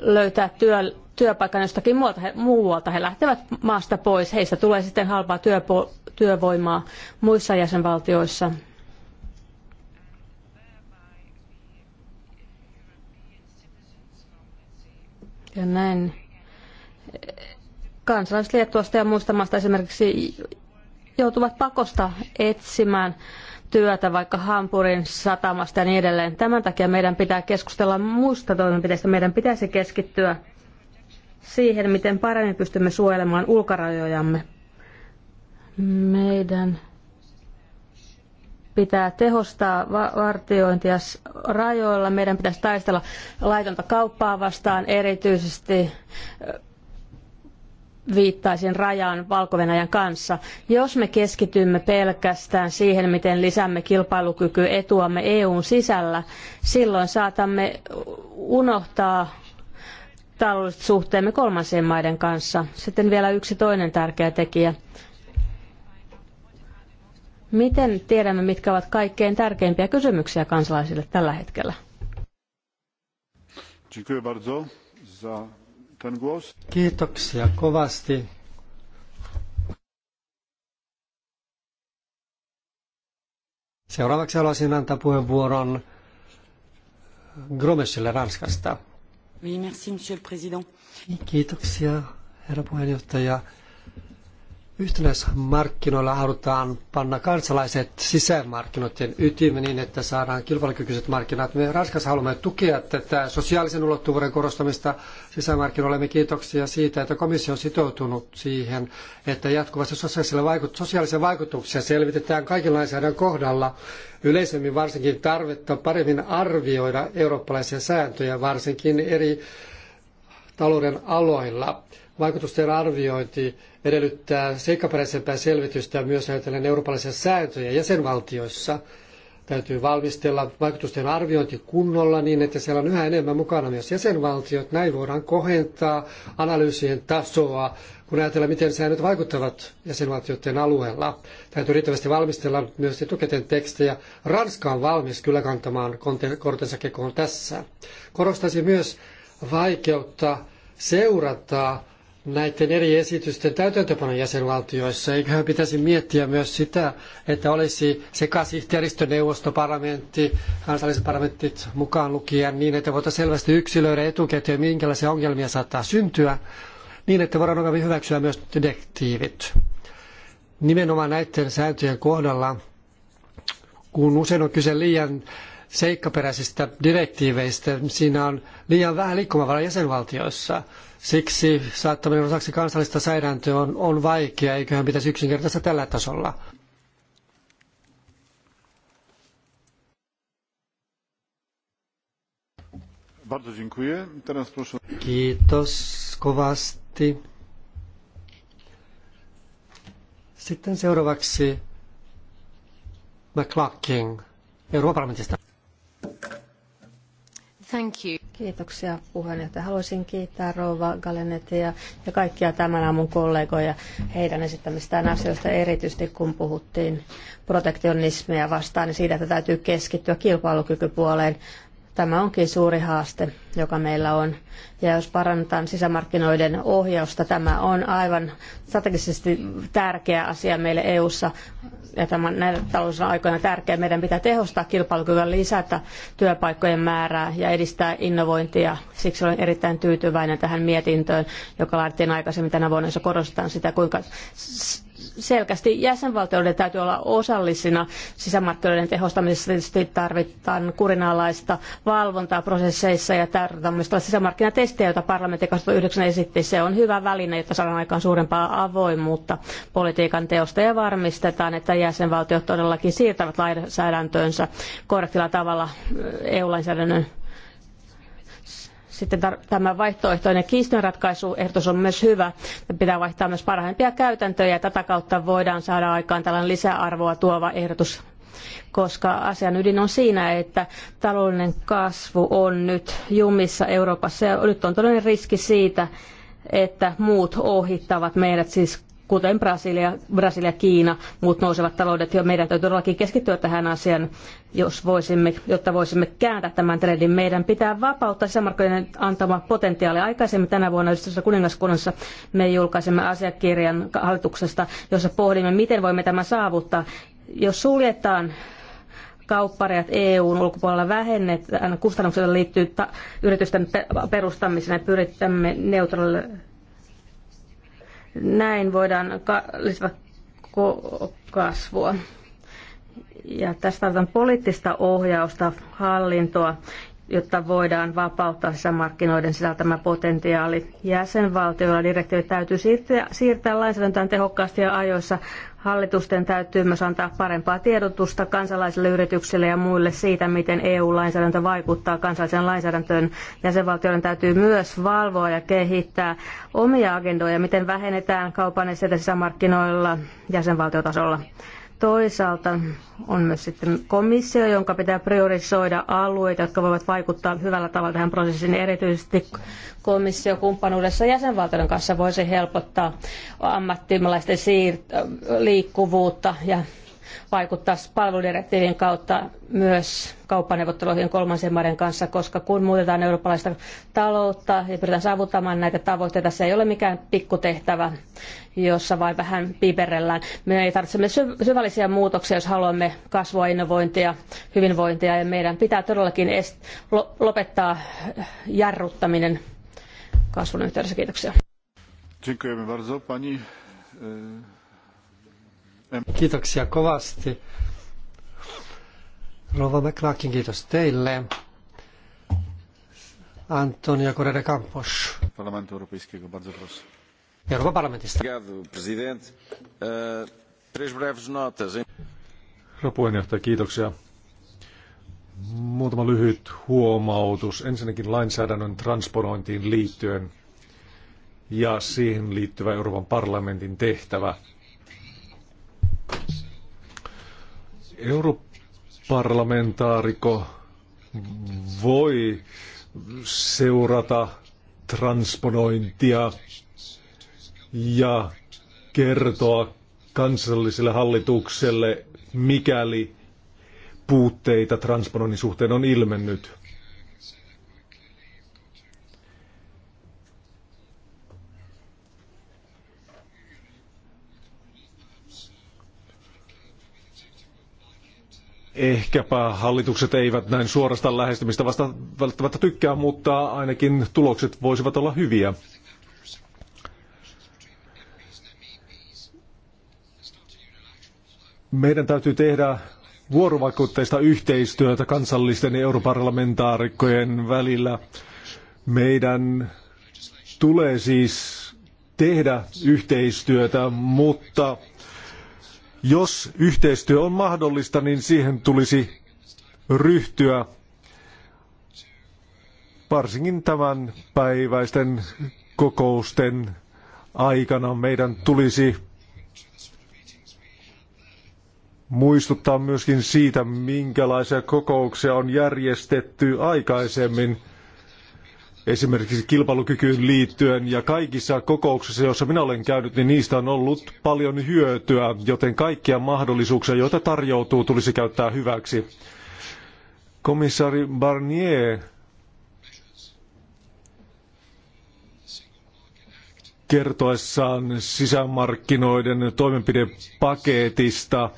löytää työ, työpaikan jostakin muualta, he, muualta. He lähtevät maasta pois. Heistä tulee sitten halpaa työpo, työvoimaa muissa jäsenvaltioissa. Ja näin kansalaiset Liettuasta ja muista maista esimerkiksi joutuvat pakosta etsimään työtä vaikka Hampurin satamasta ja niin edelleen. Tämän takia meidän pitää keskustella muista toimenpiteistä. Meidän pitäisi keskittyä siihen, miten paremmin pystymme suojelemaan ulkorajojamme. Meidän pitää tehostaa vartiointia rajoilla. Meidän pitäisi taistella laitonta kauppaa vastaan, erityisesti viittaisin rajaan valko kanssa. Jos me keskitymme pelkästään siihen, miten lisäämme kilpailukykyä etuamme EUn sisällä, silloin saatamme unohtaa taloudelliset suhteemme kolmansien maiden kanssa. Sitten vielä yksi toinen tärkeä tekijä. Miten tiedämme, mitkä ovat kaikkein tärkeimpiä kysymyksiä kansalaisille tällä hetkellä? Kiitoksia kovasti. Seuraavaksi haluaisin antaa puheenvuoron Gromesille Ranskasta. Kiitoksia, herra puheenjohtaja. Yhtenäismarkkinoilla halutaan panna kansalaiset sisämarkkinoiden ytimen niin, että saadaan kilpailukykyiset markkinat. Me Ranskassa haluamme tukea tätä sosiaalisen ulottuvuuden korostamista sisämarkkinoilla. Olemme kiitoksia siitä, että komissio on sitoutunut siihen, että jatkuvasti sosiaalisia vaikutuksia selvitetään kaiken lainsäädännön kohdalla. Yleisemmin varsinkin tarvetta paremmin arvioida eurooppalaisia sääntöjä, varsinkin eri talouden aloilla. Vaikutusten arviointi edellyttää seikkaperäisempää selvitystä myös ajatellen eurooppalaisia sääntöjä jäsenvaltioissa. Täytyy valmistella vaikutusten arviointi kunnolla niin, että siellä on yhä enemmän mukana myös jäsenvaltiot. Näin voidaan kohentaa analyysien tasoa, kun ajatellaan, miten säännöt vaikuttavat jäsenvaltioiden alueella. Täytyy riittävästi valmistella myös etukäteen tekstejä. Ranska on valmis kyllä kantamaan kortensa kekoon tässä. Korostaisin myös vaikeutta seurata näiden eri esitysten täytäntöpano jäsenvaltioissa. Eiköhän pitäisi miettiä myös sitä, että olisi sekä neuvosto, parlamentti, kansalliset parlamentit mukaan lukien niin, että voitaisiin selvästi yksilöidä etukäteen, minkälaisia ongelmia saattaa syntyä, niin että voidaan nopeammin hyväksyä myös direktiivit. Nimenomaan näiden sääntöjen kohdalla, kun usein on kyse liian seikkaperäisistä direktiiveistä. Siinä on liian vähän liikkumavaraa jäsenvaltioissa. Siksi saattaminen osaksi kansallista säädäntöä on, on vaikea, eiköhän pitäisi yksinkertaista tällä tasolla. Kiitos kovasti. Sitten seuraavaksi McClarkin Euroopan parlamentista. Thank you. Kiitoksia puheenjohtaja. Haluaisin kiittää Rouva Galenetia ja kaikkia tämän aamun kollegoja heidän esittämistään asioista, erityisesti kun puhuttiin protektionismia vastaan, niin siitä, että täytyy keskittyä kilpailukykypuoleen. Tämä onkin suuri haaste, joka meillä on. Ja jos parannetaan sisämarkkinoiden ohjausta, tämä on aivan strategisesti tärkeä asia meille EU:ssa ja tämän näillä taloudellisina aikoina tärkeää. Meidän pitää tehostaa kilpailukykyä, lisätä työpaikkojen määrää ja edistää innovointia. Siksi olen erittäin tyytyväinen tähän mietintöön, joka laadittiin aikaisemmin tänä vuonna, jossa korostetaan sitä, kuinka selkeästi jäsenvaltioiden täytyy olla osallisina sisämarkkinoiden tehostamisessa. Tietysti tarvitaan kurinalaista valvontaa prosesseissa ja tämmöistä sisämarkkinatestejä, jota parlamentti 2009 esitti. Se on hyvä väline, jotta saadaan aikaan suurempaa avoimuutta politiikan teosta ja varmistetaan, että jäsenvaltiot todellakin siirtävät lainsäädäntöönsä korrektilla tavalla eh, EU-lainsäädännön sitten tämä vaihtoehtoinen kiistanratkaisuehdotus on myös hyvä. Pitää vaihtaa myös parhaimpia käytäntöjä ja tätä kautta voidaan saada aikaan tällainen lisäarvoa tuova ehdotus koska asian ydin on siinä, että taloudellinen kasvu on nyt jumissa Euroopassa ja nyt on todellinen riski siitä, että muut ohittavat meidät, siis kuten Brasilia, Brasilia Kiina, muut nousevat taloudet, ja meidän täytyy todellakin keskittyä tähän asiaan, jos voisimme, jotta voisimme kääntää tämän trendin. Meidän pitää vapauttaa sisämarkkinoiden antama potentiaali. Aikaisemmin tänä vuonna yhdessä kuningaskunnassa me julkaisemme asiakirjan hallituksesta, jossa pohdimme, miten voimme tämän saavuttaa. Jos suljetaan kauppareat EUn ulkopuolella vähennetään, kustannuksella liittyy yritysten perustamiseen ja pyritämme neutraalille näin voidaan lisätä kasvua. Ja tässä tarvitaan poliittista ohjausta, hallintoa, jotta voidaan vapauttaa sisämarkkinoiden sisältämä potentiaali. Jäsenvaltioilla direktiivi täytyy siirtää, siirtää lainsäädäntöön tehokkaasti ja ajoissa Hallitusten täytyy myös antaa parempaa tiedotusta kansalaisille yrityksille ja muille siitä, miten EU-lainsäädäntö vaikuttaa kansalliseen lainsäädäntöön. Jäsenvaltioiden täytyy myös valvoa ja kehittää omia agendoja, miten vähennetään kaupan esteitä sisämarkkinoilla jäsenvaltiotasolla. Toisaalta on myös sitten komissio, jonka pitää priorisoida alueita, jotka voivat vaikuttaa hyvällä tavalla tähän prosessiin. Erityisesti komissio kumppanuudessa jäsenvaltioiden kanssa voisi helpottaa ammattimaalaisten liikkuvuutta ja vaikuttaa palveludirektiivin kautta myös kauppaneuvotteluihin kolmansien maiden kanssa, koska kun muutetaan eurooppalaista taloutta ja pyritään saavuttamaan näitä tavoitteita, se ei ole mikään pikkutehtävä, jossa vain vähän piperellään. Me tarvitsemme syvällisiä muutoksia, jos haluamme kasvua, innovointia, hyvinvointia ja meidän pitää todellakin lopettaa jarruttaminen kasvun yhteydessä. Kiitoksia. Dziękujemy bardzo. Pani Kiitoksia kovasti. Rova McClarkin, kiitos teille. Antonio Correa Campos. bardzo proszę. Euroopan parlamentista. Eh, Herra puheenjohtaja, kiitoksia. Muutama lyhyt huomautus. Ensinnäkin lainsäädännön transponointiin liittyen ja siihen liittyvä Euroopan parlamentin tehtävä – europarlamentaariko voi seurata transponointia ja kertoa kansalliselle hallitukselle, mikäli puutteita transponoinnin suhteen on ilmennyt. Ehkäpä hallitukset eivät näin suorasta lähestymistä vasta välttämättä tykkää, mutta ainakin tulokset voisivat olla hyviä. Meidän täytyy tehdä vuorovaikutteista yhteistyötä kansallisten ja europarlamentaarikkojen välillä. Meidän tulee siis tehdä yhteistyötä, mutta jos yhteistyö on mahdollista, niin siihen tulisi ryhtyä varsinkin tämän päiväisten kokousten aikana meidän tulisi muistuttaa myöskin siitä, minkälaisia kokouksia on järjestetty aikaisemmin – esimerkiksi kilpailukykyyn liittyen ja kaikissa kokouksissa, joissa minä olen käynyt, niin niistä on ollut paljon hyötyä, joten kaikkia mahdollisuuksia, joita tarjoutuu, tulisi käyttää hyväksi. Komissaari Barnier kertoessaan sisämarkkinoiden toimenpidepaketista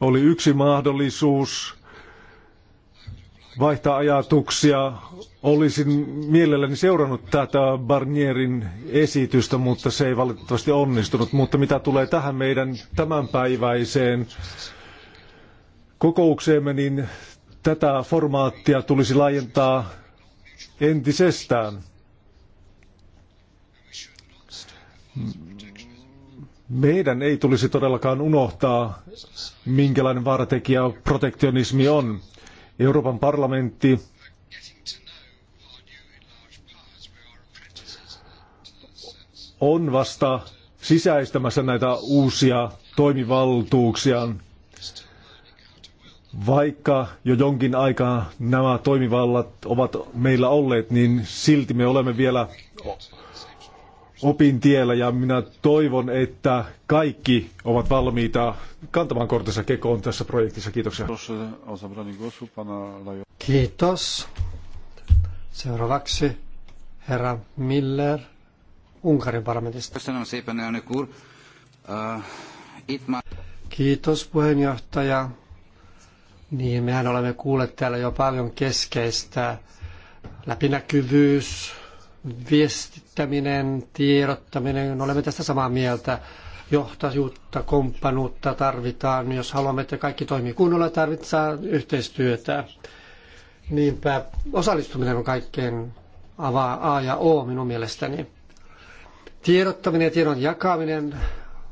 oli yksi mahdollisuus vaihtaa ajatuksia. Olisin mielelläni seurannut tätä Barnierin esitystä, mutta se ei valitettavasti onnistunut. Mutta mitä tulee tähän meidän tämänpäiväiseen kokoukseemme, niin tätä formaattia tulisi laajentaa entisestään. Meidän ei tulisi todellakaan unohtaa, minkälainen vaaratekijä protektionismi on. Euroopan parlamentti on vasta sisäistämässä näitä uusia toimivaltuuksia, vaikka jo jonkin aikaa nämä toimivallat ovat meillä olleet, niin silti me olemme vielä tiellä ja minä toivon, että kaikki ovat valmiita kantamaan kortensa kekoon tässä projektissa. Kiitoksia. Kiitos. Seuraavaksi herra Miller Unkarin parlamentista. Kiitos puheenjohtaja. Niin, mehän olemme kuulleet täällä jo paljon keskeistä. Läpinäkyvyys, viestittäminen, tiedottaminen, olemme tästä samaa mieltä. Johtajuutta, komppanuutta tarvitaan, jos haluamme, että kaikki toimii kunnolla, tarvitaan yhteistyötä. Niinpä osallistuminen on kaikkein A ja O minun mielestäni. Tiedottaminen ja tiedon jakaminen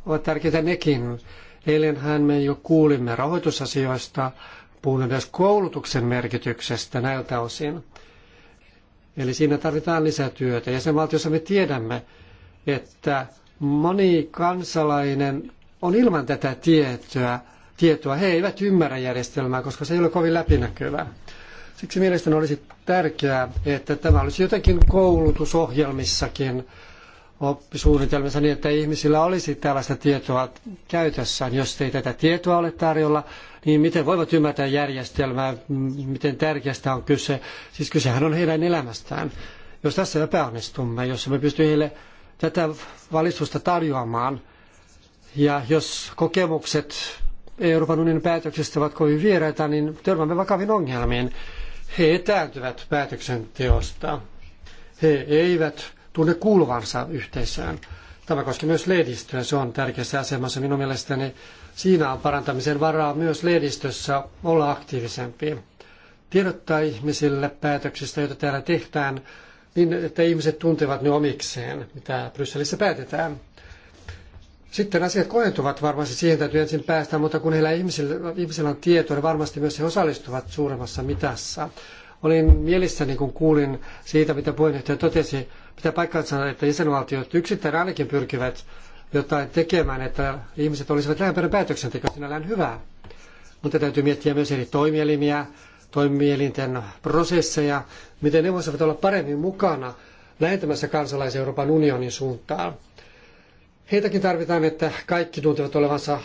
ovat tärkeitä nekin. Eilenhän me jo kuulimme rahoitusasioista, puhumme myös koulutuksen merkityksestä näiltä osin Eli siinä tarvitaan lisätyötä. Jäsenvaltiossa me tiedämme, että moni kansalainen on ilman tätä tietoa. tietoa. He eivät ymmärrä järjestelmää, koska se ei ole kovin läpinäkyvää. Siksi mielestäni olisi tärkeää, että tämä olisi jotenkin koulutusohjelmissakin oppisuunnitelmissa niin, että ihmisillä olisi tällaista tietoa käytössään. Jos ei tätä tietoa ole tarjolla, niin miten voivat ymmärtää järjestelmää, miten tärkeästä on kyse. Siis kysehän on heidän elämästään. Jos tässä epäonnistumme, jos me pysty heille tätä valistusta tarjoamaan, ja jos kokemukset Euroopan unionin päätöksistä ovat kovin vieraita, niin törmäämme vakaviin ongelmiin. He etääntyvät päätöksenteosta. He eivät tunne kuuluvansa yhteisöön. Tämä koskee myös lehdistöä, se on tärkeässä asemassa. Minun mielestäni siinä on parantamisen varaa myös lehdistössä olla aktiivisempi. Tiedottaa ihmisille päätöksistä, joita täällä tehdään, niin että ihmiset tuntevat ne omikseen, mitä Brysselissä päätetään. Sitten asiat koentuvat varmasti, siihen täytyy ensin päästä, mutta kun heillä ihmisillä, ihmisillä on tieto, niin varmasti myös he osallistuvat suuremmassa mitassa. Olin mielissäni, kun kuulin siitä, mitä puheenjohtaja totesi pitää paikkansa, että jäsenvaltiot yksittäin ainakin pyrkivät jotain tekemään, että ihmiset olisivat lähempänä päätöksentekoa sinällään hyvää. Mutta täytyy miettiä myös eri toimielimiä, toimielinten prosesseja, miten ne voisivat olla paremmin mukana lähentämässä kansalaisia Euroopan unionin suuntaan. Heitäkin tarvitaan, että kaikki tuntevat olevansa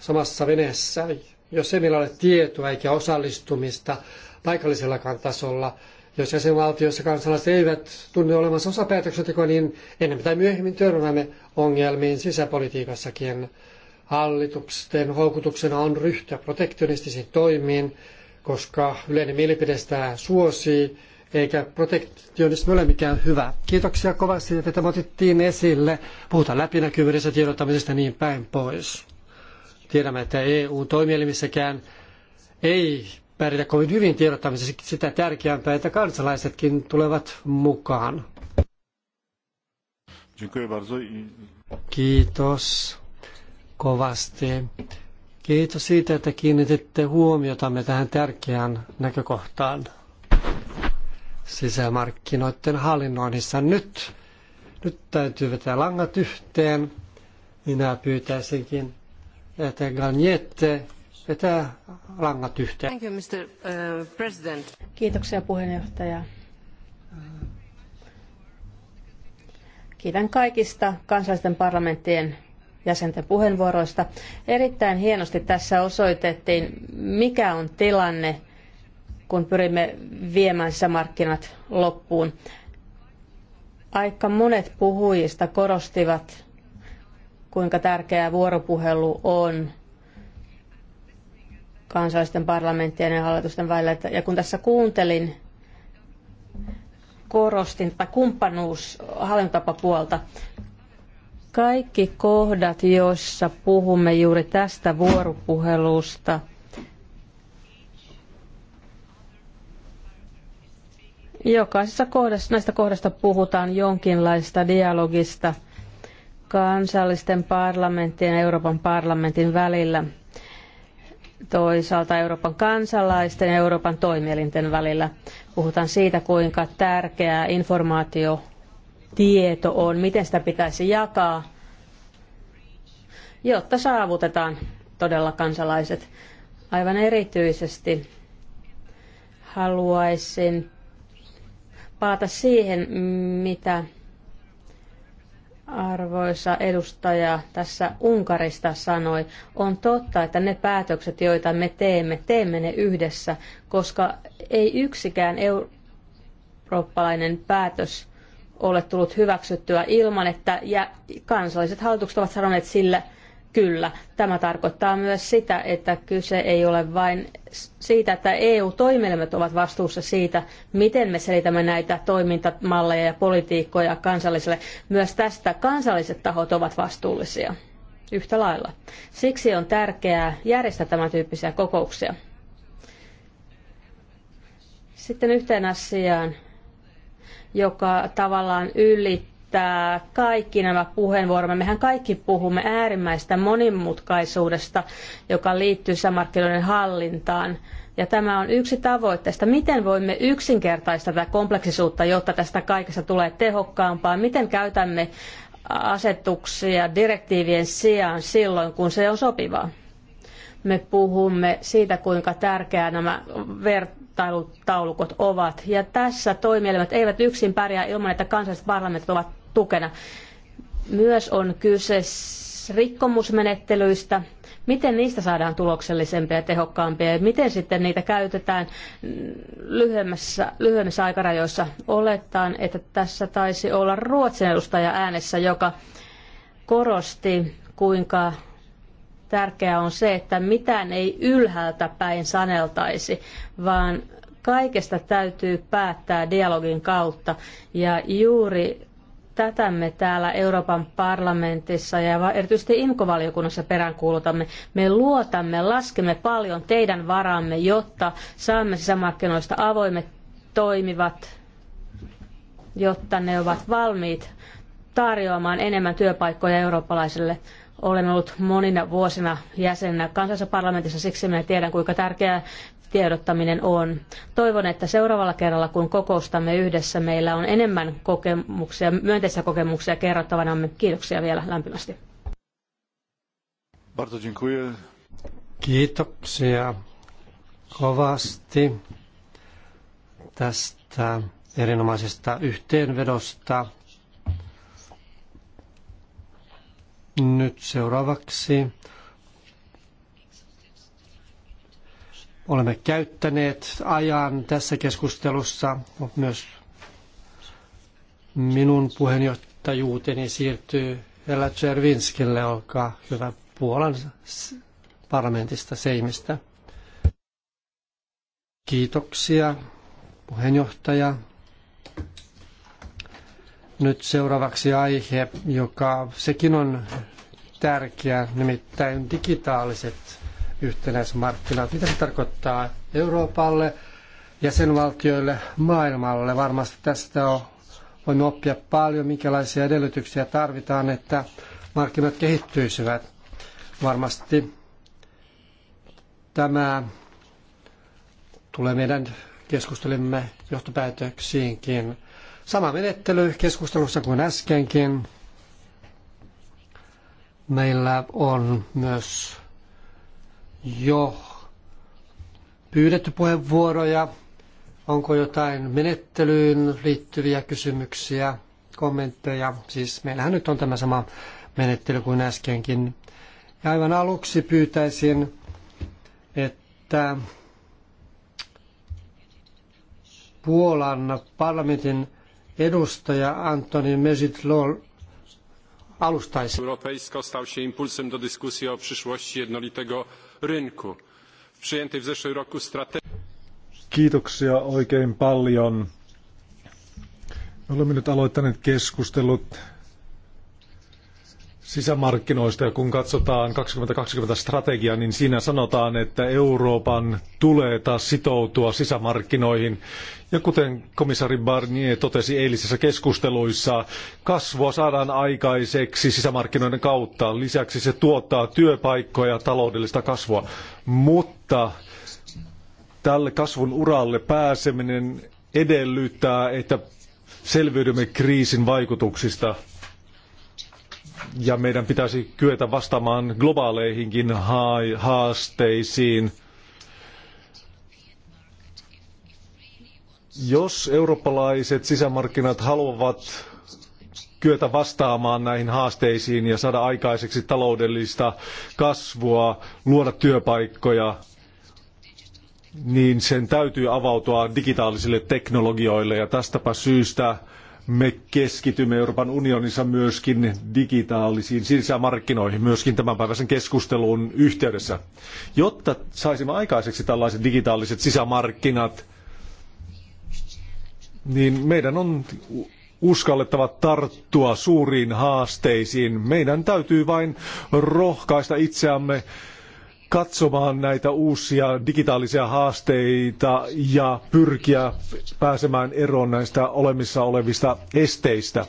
samassa veneessä. Jos ei meillä ole tietoa eikä osallistumista paikallisellakaan tasolla, jos jäsenvaltioissa kansalaiset eivät tunne olevansa osa päätöksentekoa, niin enemmän tai myöhemmin törmäämme ongelmiin sisäpolitiikassakin. Hallituksen houkutuksena on ryhtyä protektionistisiin toimiin, koska yleinen mielipide sitä suosii, eikä protektionismi ole mikään hyvä. Kiitoksia kovasti, että tämä otettiin esille. Puhutaan läpinäkyvyydestä, tiedottamisesta niin päin pois. Tiedämme, että EU-toimielimissäkään ei pärjätä kovin hyvin tiedottamisessa. Sitä tärkeämpää, että kansalaisetkin tulevat mukaan. Kiitos kovasti. Kiitos siitä, että kiinnititte huomiotamme tähän tärkeään näkökohtaan sisämarkkinoiden hallinnoinnissa. Nyt, nyt täytyy vetää langat yhteen. Minä pyytäisinkin, että Ganjette vetää langat yhteen. Thank you, Mr. Uh, president. Kiitoksia puheenjohtaja. Kiitän kaikista kansallisten parlamenttien jäsenten puheenvuoroista. Erittäin hienosti tässä osoitettiin, mikä on tilanne, kun pyrimme viemään sisämarkkinat loppuun. Aika monet puhujista korostivat, kuinka tärkeää vuoropuhelu on kansallisten parlamenttien ja hallitusten välillä. Ja kun tässä kuuntelin, korostin tätä kumppanuus hallintotapapuolta. Kaikki kohdat, joissa puhumme juuri tästä vuoropuhelusta, jokaisessa kohdassa, näistä kohdasta puhutaan jonkinlaista dialogista kansallisten parlamenttien ja Euroopan parlamentin välillä – toisaalta Euroopan kansalaisten ja Euroopan toimielinten välillä. Puhutaan siitä, kuinka tärkeää informaatio tieto on, miten sitä pitäisi jakaa, jotta saavutetaan todella kansalaiset. Aivan erityisesti haluaisin paata siihen, mitä Arvoisa edustaja tässä Unkarista sanoi, on totta, että ne päätökset, joita me teemme, teemme ne yhdessä, koska ei yksikään eurooppalainen päätös ole tullut hyväksyttyä ilman, että ja kansalliset hallitukset ovat sanoneet sille. Kyllä, tämä tarkoittaa myös sitä, että kyse ei ole vain siitä, että EU-toimielimet ovat vastuussa siitä, miten me selitämme näitä toimintamalleja ja politiikkoja kansalliselle. Myös tästä kansalliset tahot ovat vastuullisia yhtä lailla. Siksi on tärkeää järjestää tämän tyyppisiä kokouksia. Sitten yhteen asiaan, joka tavallaan ylittää että kaikki nämä puheenvuoromme. Mehän kaikki puhumme äärimmäistä monimutkaisuudesta, joka liittyy sisämarkkinoiden hallintaan. Ja tämä on yksi tavoitteista. Miten voimme yksinkertaistaa tätä kompleksisuutta, jotta tästä kaikesta tulee tehokkaampaa? Miten käytämme asetuksia direktiivien sijaan silloin, kun se on sopivaa? me puhumme siitä, kuinka tärkeää nämä vertailutaulukot ovat. Ja tässä toimielimet eivät yksin pärjää ilman, että kansalliset parlamentit ovat tukena. Myös on kyse rikkomusmenettelyistä, miten niistä saadaan tuloksellisempia ja tehokkaampia ja miten sitten niitä käytetään lyhyemmässä, lyhyemmissä aikarajoissa. Olettaen, että tässä taisi olla Ruotsin edustaja äänessä, joka korosti, kuinka tärkeää on se, että mitään ei ylhäältä päin saneltaisi, vaan kaikesta täytyy päättää dialogin kautta. Ja juuri Tätä me täällä Euroopan parlamentissa ja erityisesti Inkovaliokunnassa peräänkuulutamme. Me luotamme, laskemme paljon teidän varamme, jotta saamme sisämarkkinoista avoimet, toimivat, jotta ne ovat valmiit tarjoamaan enemmän työpaikkoja eurooppalaisille. Olen ollut monina vuosina jäsenenä kansallisessa parlamentissa, siksi minä tiedän kuinka tärkeää tiedottaminen on. Toivon, että seuraavalla kerralla, kun kokoustamme yhdessä, meillä on enemmän kokemuksia, myönteisiä kokemuksia kerrottavanamme. Kiitoksia vielä lämpimästi. Bardzo dziękuję. Kiitoksia kovasti tästä erinomaisesta yhteenvedosta. Nyt seuraavaksi Olemme käyttäneet ajan tässä keskustelussa, mutta myös minun puheenjohtajuuteni siirtyy Ella Czervinskille, olkaa hyvä Puolan parlamentista Seimistä. Kiitoksia, puheenjohtaja. Nyt seuraavaksi aihe, joka sekin on tärkeä, nimittäin digitaaliset yhtenäismarkkinat. Mitä se tarkoittaa Euroopalle, jäsenvaltioille, maailmalle? Varmasti tästä on, voinut oppia paljon, minkälaisia edellytyksiä tarvitaan, että markkinat kehittyisivät. Varmasti tämä tulee meidän keskustelimme johtopäätöksiinkin. Sama menettely keskustelussa kuin äskenkin. Meillä on myös jo pyydetty puheenvuoroja. Onko jotain menettelyyn liittyviä kysymyksiä, kommentteja? Siis meillähän nyt on tämä sama menettely kuin äskenkin. Ja aivan aluksi pyytäisin, että Puolan parlamentin edustaja Antoni Mezitlol alustaisi. Europejsko stał się impulsem do dyskusji o przyszłości jednolitego rynku. w zeszłym roku strategii. Kiitoksia oikein paljon. Olemme nyt aloittaneet keskustelut sisämarkkinoista ja kun katsotaan 2020 strategiaa, niin siinä sanotaan, että Euroopan tulee taas sitoutua sisämarkkinoihin. Ja kuten komissaari Barnier totesi eilisissä keskusteluissa, kasvua saadaan aikaiseksi sisämarkkinoiden kautta. Lisäksi se tuottaa työpaikkoja ja taloudellista kasvua. Mutta tälle kasvun uralle pääseminen edellyttää, että selviydymme kriisin vaikutuksista – ja meidän pitäisi kyetä vastaamaan globaaleihinkin haasteisiin. Jos eurooppalaiset sisämarkkinat haluavat kyetä vastaamaan näihin haasteisiin ja saada aikaiseksi taloudellista kasvua, luoda työpaikkoja, niin sen täytyy avautua digitaalisille teknologioille ja tästäpä syystä me keskitymme Euroopan unionissa myöskin digitaalisiin sisämarkkinoihin, myöskin tämänpäiväisen keskustelun yhteydessä. Jotta saisimme aikaiseksi tällaiset digitaaliset sisämarkkinat, niin meidän on uskallettava tarttua suuriin haasteisiin. Meidän täytyy vain rohkaista itseämme katsomaan näitä uusia digitaalisia haasteita ja pyrkiä pääsemään eroon näistä olemissa olevista esteistä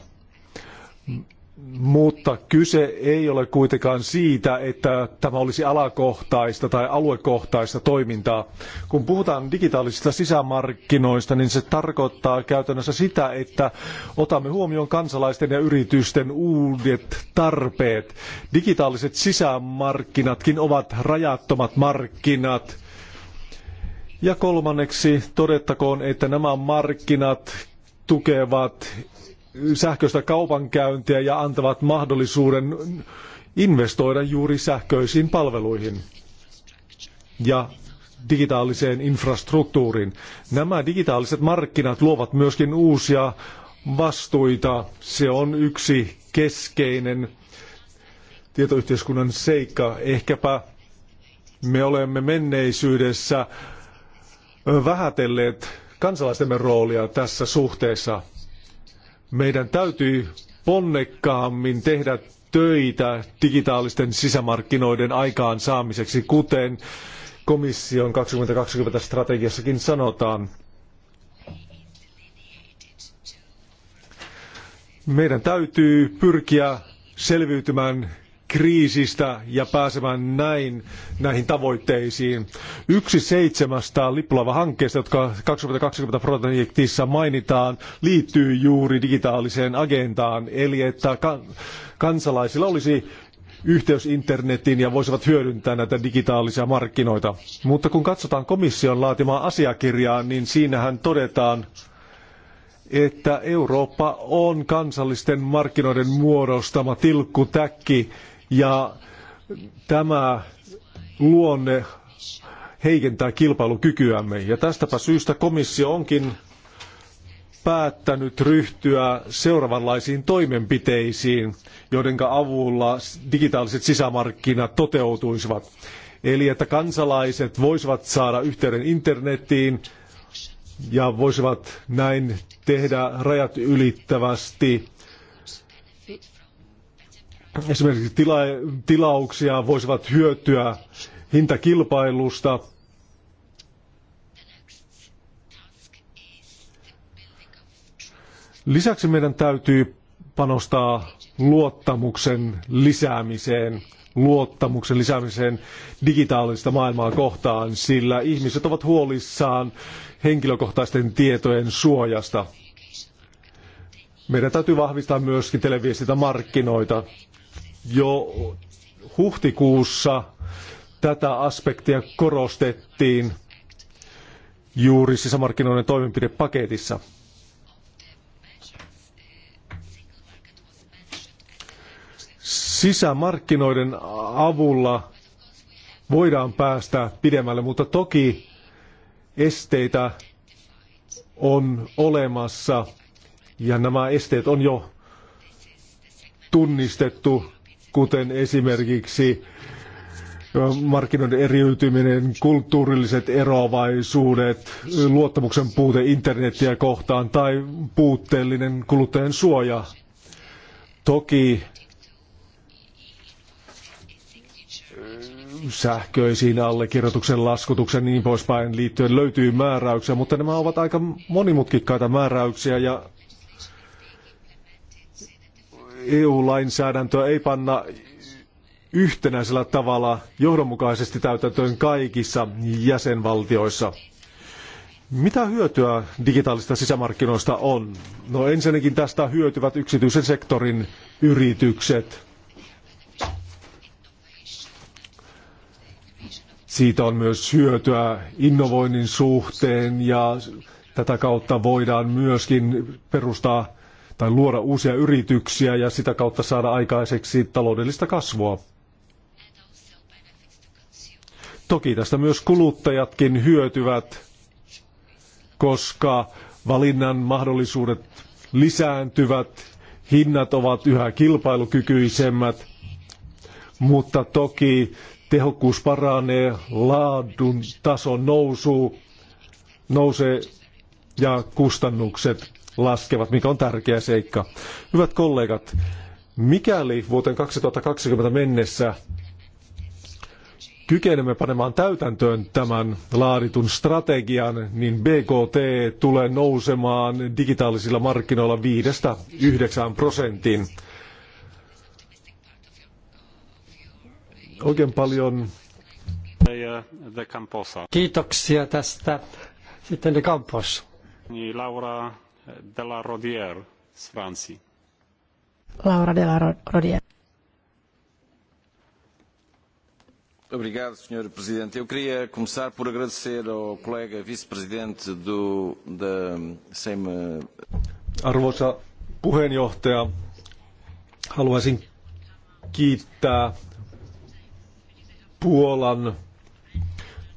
mutta kyse ei ole kuitenkaan siitä, että tämä olisi alakohtaista tai aluekohtaista toimintaa. Kun puhutaan digitaalisista sisämarkkinoista, niin se tarkoittaa käytännössä sitä, että otamme huomioon kansalaisten ja yritysten uudet tarpeet. Digitaaliset sisämarkkinatkin ovat rajattomat markkinat. Ja kolmanneksi todettakoon, että nämä markkinat tukevat sähköistä kaupankäyntiä ja antavat mahdollisuuden investoida juuri sähköisiin palveluihin ja digitaaliseen infrastruktuuriin. Nämä digitaaliset markkinat luovat myöskin uusia vastuita. Se on yksi keskeinen tietoyhteiskunnan seikka. Ehkäpä me olemme menneisyydessä vähätelleet kansalaistemme roolia tässä suhteessa. Meidän täytyy ponnekkaammin tehdä töitä digitaalisten sisämarkkinoiden aikaan saamiseksi, kuten komission 2020 strategiassakin sanotaan. Meidän täytyy pyrkiä selviytymään kriisistä ja pääsemään näin näihin tavoitteisiin. Yksi seitsemästä lippulaiva-hankkeesta, jotka 2020 projektissa mainitaan, liittyy juuri digitaaliseen agendaan, eli että kansalaisilla olisi yhteys internetiin ja voisivat hyödyntää näitä digitaalisia markkinoita. Mutta kun katsotaan komission laatimaa asiakirjaa, niin siinähän todetaan, että Eurooppa on kansallisten markkinoiden muodostama tilkkutäkki, ja tämä luonne heikentää kilpailukykyämme. Ja tästäpä syystä komissio onkin päättänyt ryhtyä seuraavanlaisiin toimenpiteisiin, joiden avulla digitaaliset sisämarkkinat toteutuisivat. Eli että kansalaiset voisivat saada yhteyden internettiin ja voisivat näin tehdä rajat ylittävästi esimerkiksi tila- tilauksia voisivat hyötyä hintakilpailusta. Lisäksi meidän täytyy panostaa luottamuksen lisäämiseen, luottamuksen lisäämiseen digitaalista maailmaa kohtaan, sillä ihmiset ovat huolissaan henkilökohtaisten tietojen suojasta. Meidän täytyy vahvistaa myöskin televiestintämarkkinoita. markkinoita jo huhtikuussa tätä aspektia korostettiin juuri sisämarkkinoiden toimenpidepaketissa. Sisämarkkinoiden avulla voidaan päästä pidemmälle, mutta toki esteitä on olemassa ja nämä esteet on jo tunnistettu kuten esimerkiksi markkinoiden eriytyminen, kulttuurilliset eroavaisuudet, luottamuksen puute internetiä kohtaan tai puutteellinen kuluttajan suoja. Toki sähköisiin allekirjoituksen, laskutuksen niin poispäin liittyen löytyy määräyksiä, mutta nämä ovat aika monimutkikkaita määräyksiä ja EU-lainsäädäntöä ei panna yhtenäisellä tavalla johdonmukaisesti täytäntöön kaikissa jäsenvaltioissa. Mitä hyötyä digitaalista sisämarkkinoista on? No ensinnäkin tästä hyötyvät yksityisen sektorin yritykset. Siitä on myös hyötyä innovoinnin suhteen ja tätä kautta voidaan myöskin perustaa tai luoda uusia yrityksiä ja sitä kautta saada aikaiseksi taloudellista kasvua. Toki tästä myös kuluttajatkin hyötyvät, koska valinnan mahdollisuudet lisääntyvät, hinnat ovat yhä kilpailukykyisemmät, mutta toki tehokkuus paranee, laadun taso nousuu, nousee ja kustannukset laskevat, mikä on tärkeä seikka. Hyvät kollegat, mikäli vuoteen 2020 mennessä kykenemme panemaan täytäntöön tämän laaditun strategian, niin BKT tulee nousemaan digitaalisilla markkinoilla 5-9 prosentin. Oikein paljon Kiitoksia tästä. Sitten de Campos. Niin, Laura de la Rodière z Francji. Laura de la Rodière. Obrigado, Sr. Presidente. Eu queria começar por agradecer ao colega vice-presidente do da SEM. Arvoisa puheenjohtaja, haluaisin kiittää Puolan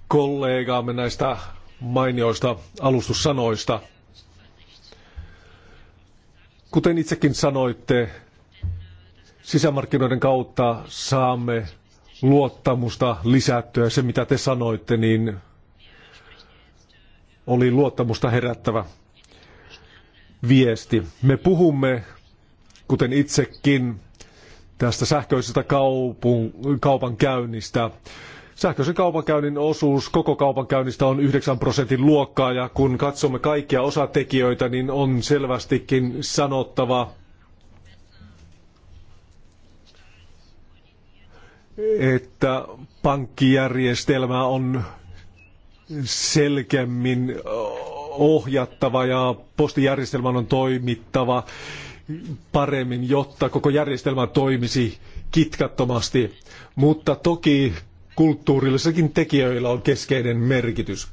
kollegaamme näistä mainioista alustussanoista. Kuten itsekin sanoitte, sisämarkkinoiden kautta saamme luottamusta lisättyä. Se, mitä te sanoitte, niin oli luottamusta herättävä viesti. Me puhumme, kuten itsekin, tästä sähköisestä kaupun, kaupan käynnistä. Sähköisen kaupankäynnin osuus koko kaupankäynnistä on 9 prosentin luokkaa ja kun katsomme kaikkia osatekijöitä, niin on selvästikin sanottava, että pankkijärjestelmää on selkeämmin ohjattava ja postijärjestelmän on toimittava paremmin, jotta koko järjestelmä toimisi kitkattomasti. Mutta toki kulttuurillisissakin tekijöillä on keskeinen merkitys.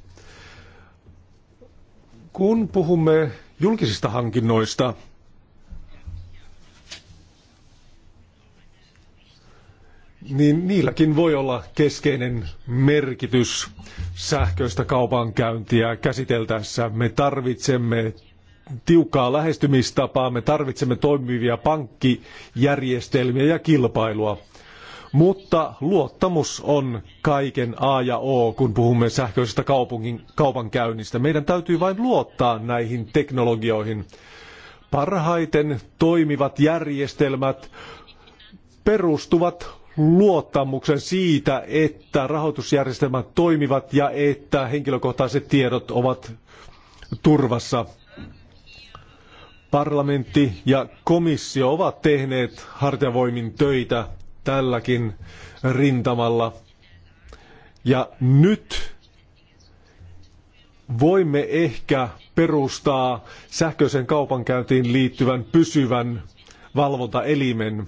Kun puhumme julkisista hankinnoista, niin niilläkin voi olla keskeinen merkitys sähköistä kaupankäyntiä käsiteltäessä. Me tarvitsemme tiukkaa lähestymistapaa, me tarvitsemme toimivia pankkijärjestelmiä ja kilpailua. Mutta luottamus on kaiken A ja O, kun puhumme sähköisestä kaupungin, kaupankäynnistä. Meidän täytyy vain luottaa näihin teknologioihin. Parhaiten toimivat järjestelmät perustuvat luottamuksen siitä, että rahoitusjärjestelmät toimivat ja että henkilökohtaiset tiedot ovat turvassa. Parlamentti ja komissio ovat tehneet hartiavoimin töitä tälläkin rintamalla. Ja nyt voimme ehkä perustaa sähköisen kaupankäyntiin liittyvän pysyvän valvontaelimen.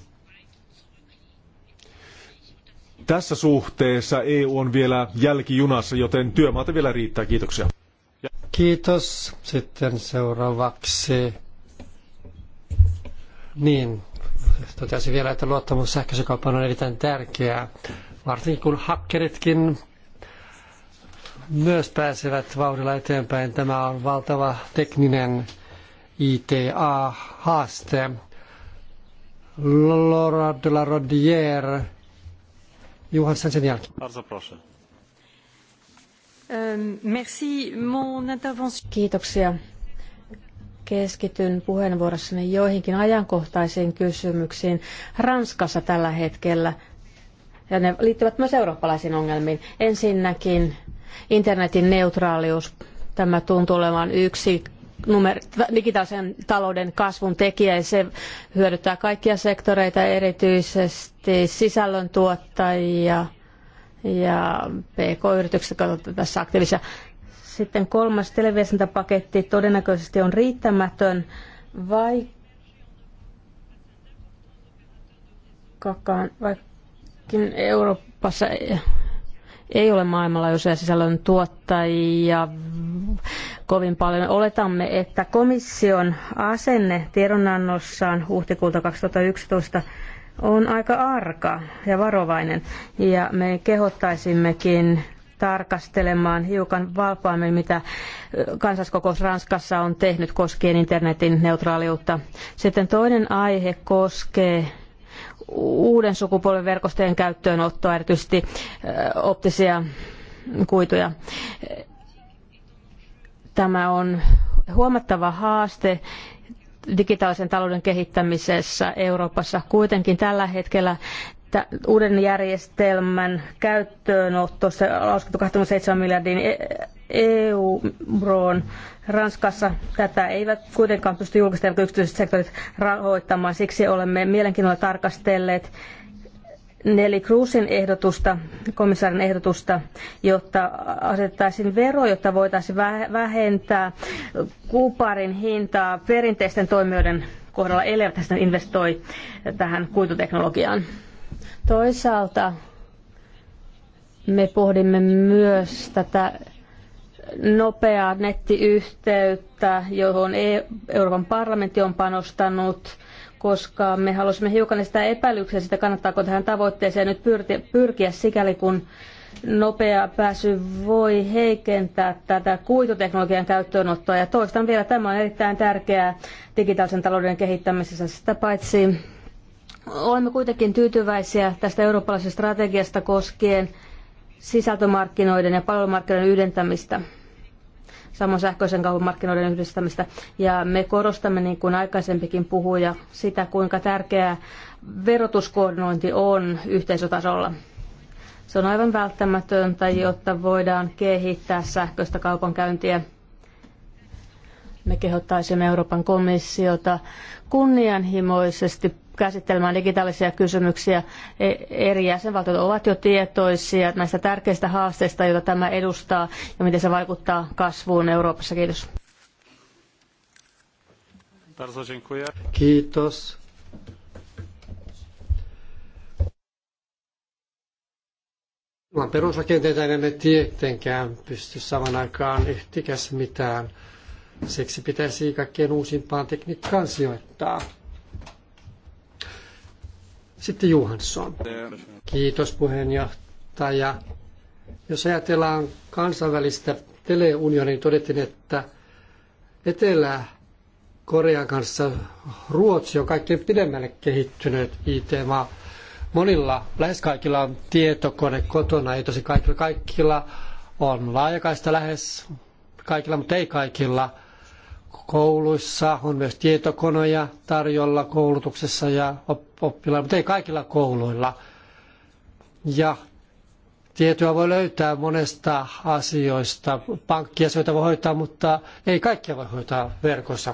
Tässä suhteessa EU on vielä jälkijunassa, joten työmaata vielä riittää. Kiitoksia. Kiitos. Sitten seuraavaksi. Niin, Totesin vielä, että luottamus sähköisen kauppaan on erittäin tärkeää, varsinkin kun hakkeritkin myös pääsevät vauhdilla eteenpäin. Tämä on valtava tekninen ITA-haaste. Laura de la Rodière, Johansson sen jälkeen. Merci, mon Kiitoksia. Keskityn puheenvuorossani joihinkin ajankohtaisiin kysymyksiin Ranskassa tällä hetkellä, ja ne liittyvät myös eurooppalaisiin ongelmiin. Ensinnäkin internetin neutraalius. Tämä tuntuu olevan yksi numer- digitaalisen talouden kasvun tekijä ja se hyödyttää kaikkia sektoreita, erityisesti sisällöntuottajia ja PK-yritykset ovat tässä aktiivisia. Sitten kolmas televiestintäpaketti todennäköisesti on riittämätön, vaikkakaan, vaikkin Euroopassa ei ole maailmanlaajuisia sisällön tuottajia kovin paljon. Oletamme, että komission asenne tiedonannossaan huhtikuulta 2011 on aika arka ja varovainen, ja me kehottaisimmekin tarkastelemaan hiukan valpaammin, mitä kansaskokous Ranskassa on tehnyt koskien internetin neutraaliutta. Sitten toinen aihe koskee uuden sukupolven verkostojen käyttöönottoa, erityisesti optisia kuituja. Tämä on huomattava haaste digitaalisen talouden kehittämisessä Euroopassa. Kuitenkin tällä hetkellä uuden järjestelmän käyttöönotto, se laskettu 27 miljardin euroon Ranskassa. Tätä eivät kuitenkaan pysty julkisten ja yksityiset sektorit rahoittamaan. Siksi olemme mielenkiinnolla tarkastelleet Neli Kruusin ehdotusta, komissaarin ehdotusta, jotta asettaisiin vero, jotta voitaisiin vähentää kuparin hintaa perinteisten toimijoiden kohdalla, eli investoi tähän kuituteknologiaan. Toisaalta me pohdimme myös tätä nopeaa nettiyhteyttä, johon e- Euroopan parlamentti on panostanut, koska me halusimme hiukan sitä epäilyksiä sitä, kannattaako tähän tavoitteeseen nyt pyrkiä sikäli kun nopea pääsy voi heikentää tätä kuituteknologian käyttöönottoa. Ja toistan vielä, tämä on erittäin tärkeää digitaalisen talouden kehittämisessä. Sitä paitsi Olemme kuitenkin tyytyväisiä tästä eurooppalaisesta strategiasta koskien sisältömarkkinoiden ja palvelumarkkinoiden yhdentämistä samoin sähköisen kaupan markkinoiden yhdistämistä. Ja me korostamme, niin kuin aikaisempikin puhuja, sitä, kuinka tärkeää verotuskoordinointi on yhteisötasolla. Se on aivan välttämätöntä, jotta voidaan kehittää sähköistä kaupankäyntiä. Me kehottaisimme Euroopan komissiota kunnianhimoisesti käsittelemään digitaalisia kysymyksiä. E, eri jäsenvaltiot ovat jo tietoisia näistä tärkeistä haasteista, joita tämä edustaa ja miten se vaikuttaa kasvuun Euroopassa. Kiitos. Kiitos. Ilman perusrakenteita emme tietenkään pysty saman aikaan yhtikäs mitään. Siksi pitäisi kaikkien uusimpaan tekniikkaan sijoittaa. Sitten Johansson. Kiitos puheenjohtaja. Jos ajatellaan kansainvälistä teleunionia, niin todettiin, että Etelä-Korean kanssa Ruotsi on kaikkein pidemmälle kehittynyt IT-maa. Monilla, lähes kaikilla on tietokone kotona, ei tosi kaikilla. Kaikilla on laajakaista lähes kaikilla, mutta ei kaikilla – Kouluissa on myös tietokoneja tarjolla koulutuksessa ja oppilailla, mutta ei kaikilla kouluilla. Ja tietoa voi löytää monesta asioista. Pankkiasioita voi hoitaa, mutta ei kaikkia voi hoitaa verkossa.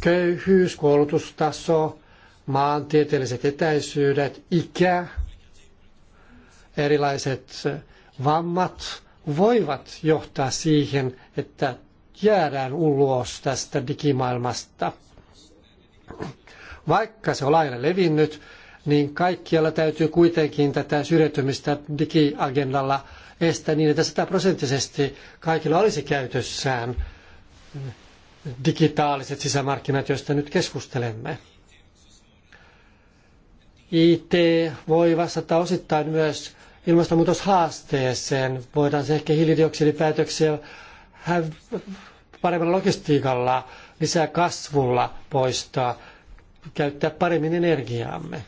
Köyhyys, koulutustaso, maantieteelliset etäisyydet, ikä, erilaiset vammat voivat johtaa siihen, että jäädään ulos tästä digimaailmasta. Vaikka se on laajalle levinnyt, niin kaikkialla täytyy kuitenkin tätä syrjäytymistä digiagendalla estää niin, että sataprosenttisesti kaikilla olisi käytössään digitaaliset sisämarkkinat, joista nyt keskustelemme. IT voi vastata osittain myös ilmastonmuutoshaasteeseen. Voidaan se ehkä hiilidioksidipäätöksiä paremmalla logistiikalla, lisää kasvulla poistaa, käyttää paremmin energiaamme.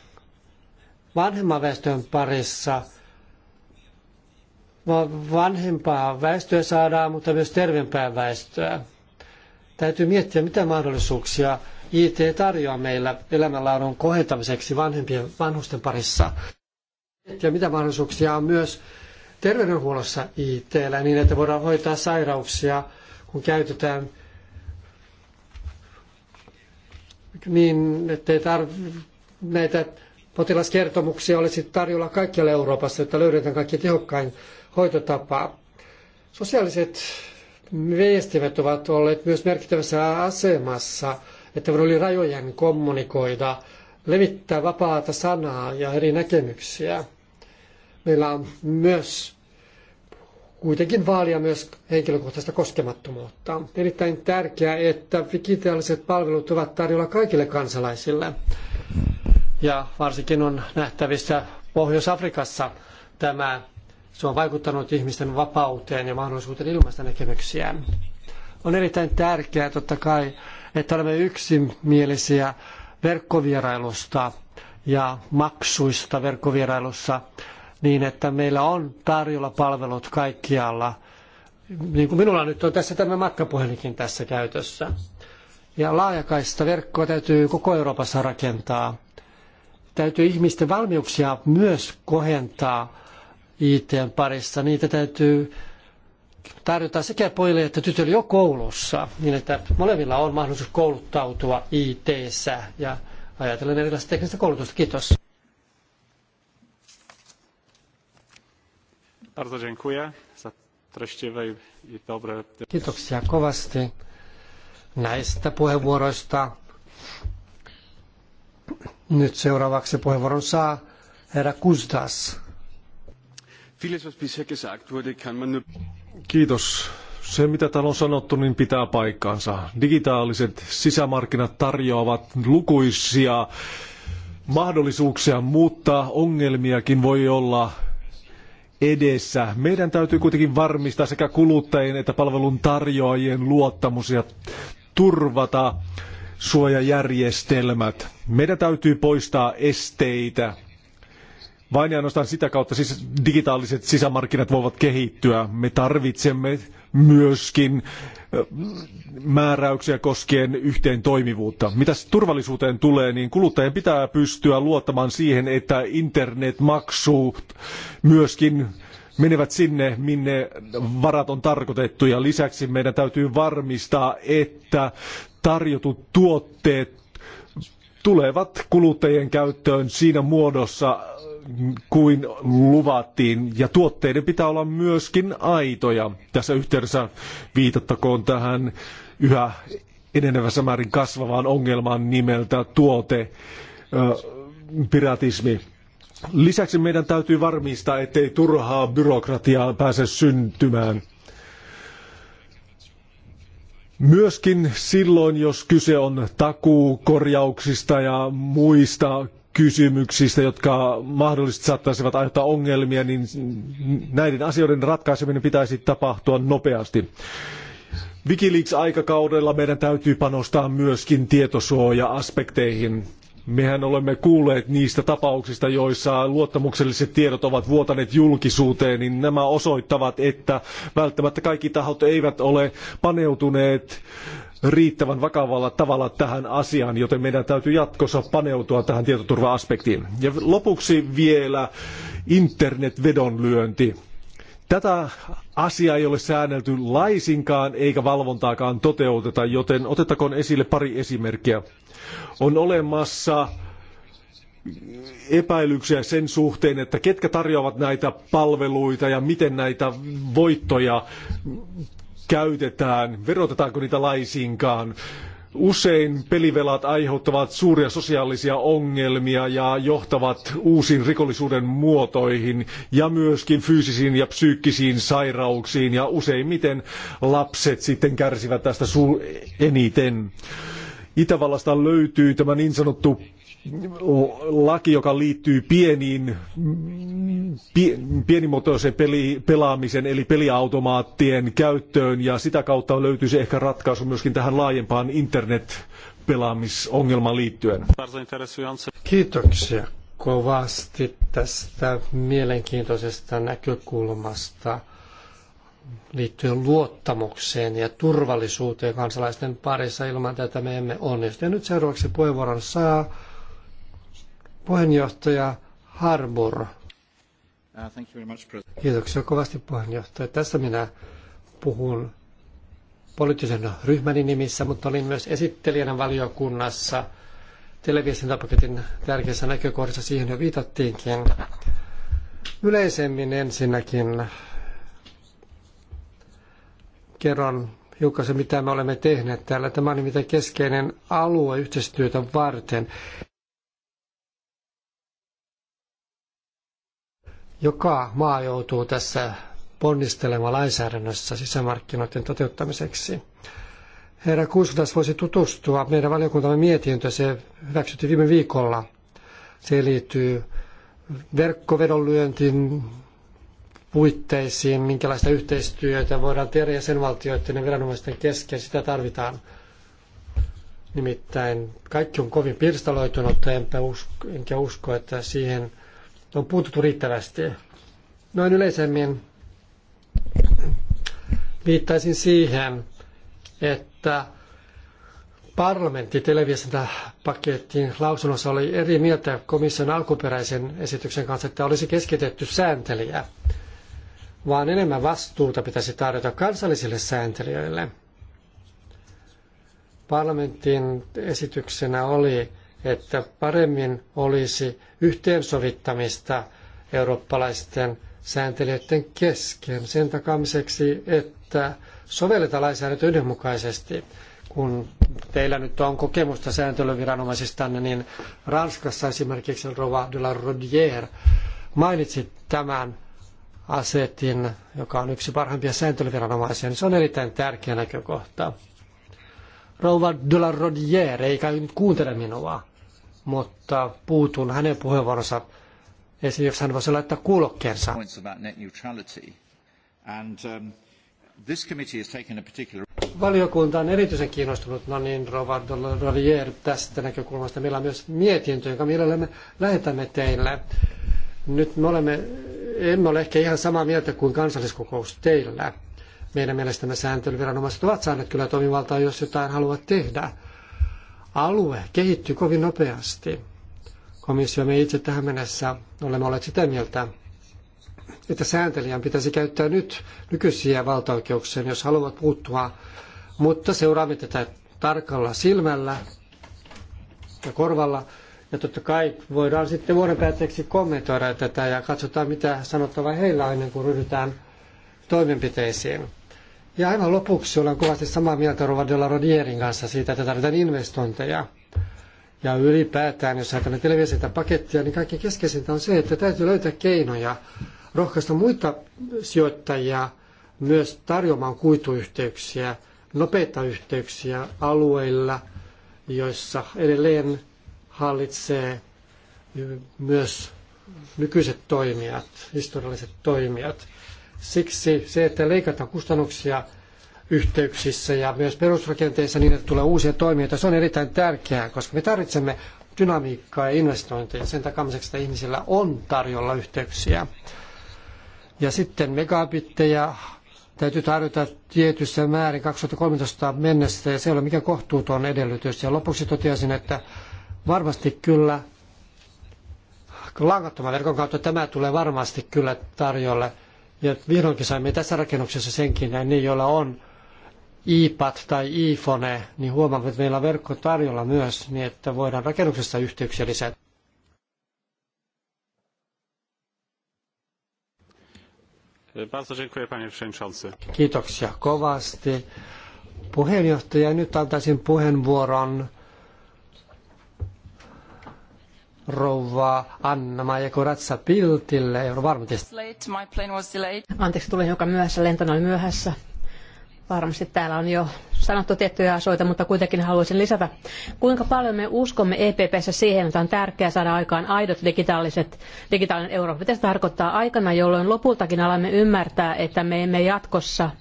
Vanhemman väestön parissa vanhempaa väestöä saadaan, mutta myös terveempää väestöä. Täytyy miettiä, mitä mahdollisuuksia IT tarjoaa meillä elämänlaadun kohentamiseksi vanhempien vanhusten parissa. Ja mitä mahdollisuuksia on myös terveydenhuollossa it niin, että voidaan hoitaa sairauksia, kun käytetään niin, ettei tarv- näitä potilaskertomuksia olisi tarjolla kaikkialla Euroopassa, että löydetään kaikki tehokkain hoitotapa. Sosiaaliset viestivät ovat olleet myös merkittävässä asemassa, että voidaan oli rajojen kommunikoida, levittää vapaata sanaa ja eri näkemyksiä. Meillä on myös kuitenkin vaalia myös henkilökohtaista koskemattomuutta. On erittäin tärkeää, että digitaaliset palvelut ovat tarjolla kaikille kansalaisille. Ja varsinkin on nähtävissä Pohjois-Afrikassa tämä. Se on vaikuttanut ihmisten vapauteen ja mahdollisuuteen ilmaista näkemyksiä. On erittäin tärkeää totta kai, että olemme yksimielisiä verkkovierailusta ja maksuista verkkovierailussa niin, että meillä on tarjolla palvelut kaikkialla. Niin kuin minulla nyt on tässä tämä matkapuhelinkin tässä käytössä. Ja laajakaista verkkoa täytyy koko Euroopassa rakentaa. Täytyy ihmisten valmiuksia myös kohentaa ITn parissa. Niitä täytyy tarjota sekä pojille että tytöille jo koulussa, niin että molemmilla on mahdollisuus kouluttautua it ja ajatellen erilaista teknistä koulutusta. Kiitos. Bardzo dziękuję za treściwe i dobre... Kiitoksia kovasti näistä puheenvuoroista. Nyt seuraavaksi puheenvuoron saa herra Kustas. Kiitos. Se, mitä täällä on sanottu, niin pitää paikkaansa. Digitaaliset sisämarkkinat tarjoavat lukuisia mahdollisuuksia, mutta ongelmiakin voi olla edessä. Meidän täytyy kuitenkin varmistaa sekä kuluttajien että palvelun tarjoajien luottamus ja turvata suojajärjestelmät. Meidän täytyy poistaa esteitä. Vain ja ainoastaan sitä kautta siis digitaaliset sisämarkkinat voivat kehittyä. Me tarvitsemme myöskin määräyksiä koskien yhteen toimivuutta. Mitä turvallisuuteen tulee, niin kuluttajien pitää pystyä luottamaan siihen, että internetmaksut myöskin menevät sinne, minne varat on tarkoitettu. Ja lisäksi meidän täytyy varmistaa, että tarjotut tuotteet tulevat kuluttajien käyttöön siinä muodossa, kuin luvattiin. Ja tuotteiden pitää olla myöskin aitoja. Tässä yhteydessä viitattakoon tähän yhä enenevässä määrin kasvavaan ongelmaan nimeltä tuote piratismi. Lisäksi meidän täytyy varmistaa, ettei turhaa byrokratiaa pääse syntymään. Myöskin silloin, jos kyse on takuukorjauksista ja muista kysymyksistä, jotka mahdollisesti saattaisivat aiheuttaa ongelmia, niin näiden asioiden ratkaiseminen pitäisi tapahtua nopeasti. Wikileaks-aikakaudella meidän täytyy panostaa myöskin tietosuoja-aspekteihin. Mehän olemme kuulleet niistä tapauksista, joissa luottamukselliset tiedot ovat vuotaneet julkisuuteen, niin nämä osoittavat, että välttämättä kaikki tahot eivät ole paneutuneet riittävän vakavalla tavalla tähän asiaan, joten meidän täytyy jatkossa paneutua tähän tietoturva-aspektiin. Ja lopuksi vielä internetvedonlyönti. Tätä asiaa ei ole säännelty laisinkaan eikä valvontaakaan toteuteta, joten otettakoon esille pari esimerkkiä. On olemassa epäilyksiä sen suhteen, että ketkä tarjoavat näitä palveluita ja miten näitä voittoja käytetään, verotetaanko niitä laisinkaan. Usein pelivelat aiheuttavat suuria sosiaalisia ongelmia ja johtavat uusiin rikollisuuden muotoihin ja myöskin fyysisiin ja psyykkisiin sairauksiin ja useimmiten lapset sitten kärsivät tästä eniten. Itävallasta löytyy tämä niin sanottu laki, joka liittyy pieniin, pienimuotoiseen peli, pelaamisen, eli peliautomaattien käyttöön, ja sitä kautta löytyisi ehkä ratkaisu myöskin tähän laajempaan internet-pelaamisongelmaan liittyen. Kiitoksia kovasti tästä mielenkiintoisesta näkökulmasta liittyen luottamukseen ja turvallisuuteen kansalaisten parissa. Ilman tätä me emme onnistu. Ja nyt seuraavaksi puheenvuoron saa Puheenjohtaja Harbour. Uh, Kiitoksia kovasti puheenjohtaja. Tässä minä puhun poliittisen ryhmäni nimissä, mutta olin myös esittelijänä valiokunnassa televisiointipaketin tärkeässä näkökohdassa siihen jo viitattiinkin. Yleisemmin ensinnäkin kerron hiukan se, mitä me olemme tehneet täällä. Tämä on nimittäin keskeinen alue yhteistyötä varten. Joka maa joutuu tässä ponnistelemaan lainsäädännössä sisämarkkinoiden toteuttamiseksi. Herra Kuuskutas voisi tutustua meidän valiokuntamme mietintöön. Se hyväksyttiin viime viikolla. Se liittyy verkkovedonlyöntiin puitteisiin, minkälaista yhteistyötä voidaan tehdä jäsenvaltioiden ja viranomaisten kesken. Sitä tarvitaan. Nimittäin kaikki on kovin pirstaloitunutta, enpä usko, enkä usko, että siihen – on puututtu riittävästi. Noin yleisemmin viittaisin siihen, että parlamentti televiestintäpakettiin lausunnossa oli eri mieltä komission alkuperäisen esityksen kanssa, että olisi keskitetty sääntelijä, vaan enemmän vastuuta pitäisi tarjota kansallisille sääntelijöille. Parlamentin esityksenä oli, että paremmin olisi yhteensovittamista eurooppalaisten sääntelijöiden kesken sen takaamiseksi, että sovelletaan lainsäädäntö yhdenmukaisesti. Kun teillä nyt on kokemusta sääntelyviranomaisistanne, niin Ranskassa esimerkiksi Rova de la Rodier mainitsi tämän asetin, joka on yksi parhaimpia sääntelyviranomaisia, niin se on erittäin tärkeä näkökohta rouva Dola Rodier, eikä nyt kuuntele minua, mutta puutun hänen puheenvuoronsa esiin, jos hän voisi laittaa kuulokkeensa. Um, Valiokunta on erityisen kiinnostunut, no niin, Rova Rodier, tästä näkökulmasta. Meillä on myös mietintö, jonka mielellämme lähetämme teille. Nyt me olemme, emme ole ehkä ihan samaa mieltä kuin kansalliskokous teillä meidän mielestämme sääntelyviranomaiset ovat saaneet kyllä toimivaltaa, jos jotain haluavat tehdä. Alue kehittyy kovin nopeasti. Komissio me itse tähän mennessä olemme olleet sitä mieltä, että sääntelijän pitäisi käyttää nyt nykyisiä valtaoikeuksia, jos haluavat puuttua, mutta seuraamme tätä tarkalla silmällä ja korvalla. Ja totta kai voidaan sitten vuoden päätteeksi kommentoida tätä ja katsotaan, mitä sanottavaa heillä on ennen kuin ryhdytään toimenpiteisiin. Ja aivan lopuksi olen kovasti samaa mieltä Rovadella Rodierin kanssa siitä, että tarvitaan investointeja. Ja ylipäätään, jos ajatellaan televisiota pakettia, niin kaikki keskeisintä on se, että täytyy löytää keinoja rohkaista muita sijoittajia myös tarjoamaan kuituyhteyksiä, nopeita yhteyksiä alueilla, joissa edelleen hallitsee myös nykyiset toimijat, historialliset toimijat. Siksi se, että leikataan kustannuksia yhteyksissä ja myös perusrakenteissa niin, että tulee uusia toimijoita, se on erittäin tärkeää, koska me tarvitsemme dynamiikkaa ja investointeja sen takamiseksi, että ihmisillä on tarjolla yhteyksiä. Ja sitten megabittejä täytyy tarjota tietyssä määrin 2013 mennessä, ja se ei ole mikään kohtuuton edellytys. Ja lopuksi toteaisin, että varmasti kyllä langattoman verkon kautta tämä tulee varmasti kyllä tarjolle ja vihdoinkin saimme tässä rakennuksessa senkin, ja ne, joilla on iPad tai iPhone, niin huomaamme, että meillä on verkko tarjolla myös, niin että voidaan rakennuksessa yhteyksiä lisätä. Bardzo dziękuję, panie przewodniczący. Kiitoksia kovasti. Puheenjohtaja, nyt antaisin puheenvuoron rouva Anna-Maija Koratsa Piltille Eurovarmitista. Anteeksi, tulin hiukan myöhässä, lentoni oli myöhässä. Varmasti täällä on jo sanottu tiettyjä asioita, mutta kuitenkin haluaisin lisätä, kuinka paljon me uskomme EPPssä siihen, että on tärkeää saada aikaan aidot digitaaliset, digitaalinen Eurooppa. Mitä se tarkoittaa aikana, jolloin lopultakin alamme ymmärtää, että me emme jatkossa –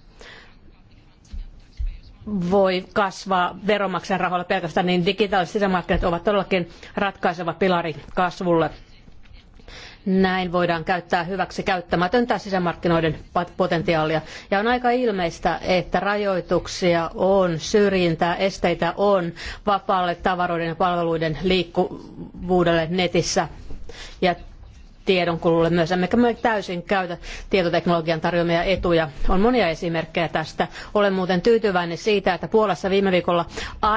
voi kasvaa veronmaksajan rahoilla pelkästään, niin digitaaliset sisämarkkinat ovat todellakin ratkaiseva pilari kasvulle. Näin voidaan käyttää hyväksi käyttämätöntä sisämarkkinoiden potentiaalia. Ja on aika ilmeistä, että rajoituksia on, syrjintää, esteitä on vapaalle tavaroiden ja palveluiden liikkuvuudelle netissä. Ja tiedonkululle myös, emmekä me täysin käytä tietoteknologian tarjoamia etuja. On monia esimerkkejä tästä. Olen muuten tyytyväinen siitä, että Puolassa viime viikolla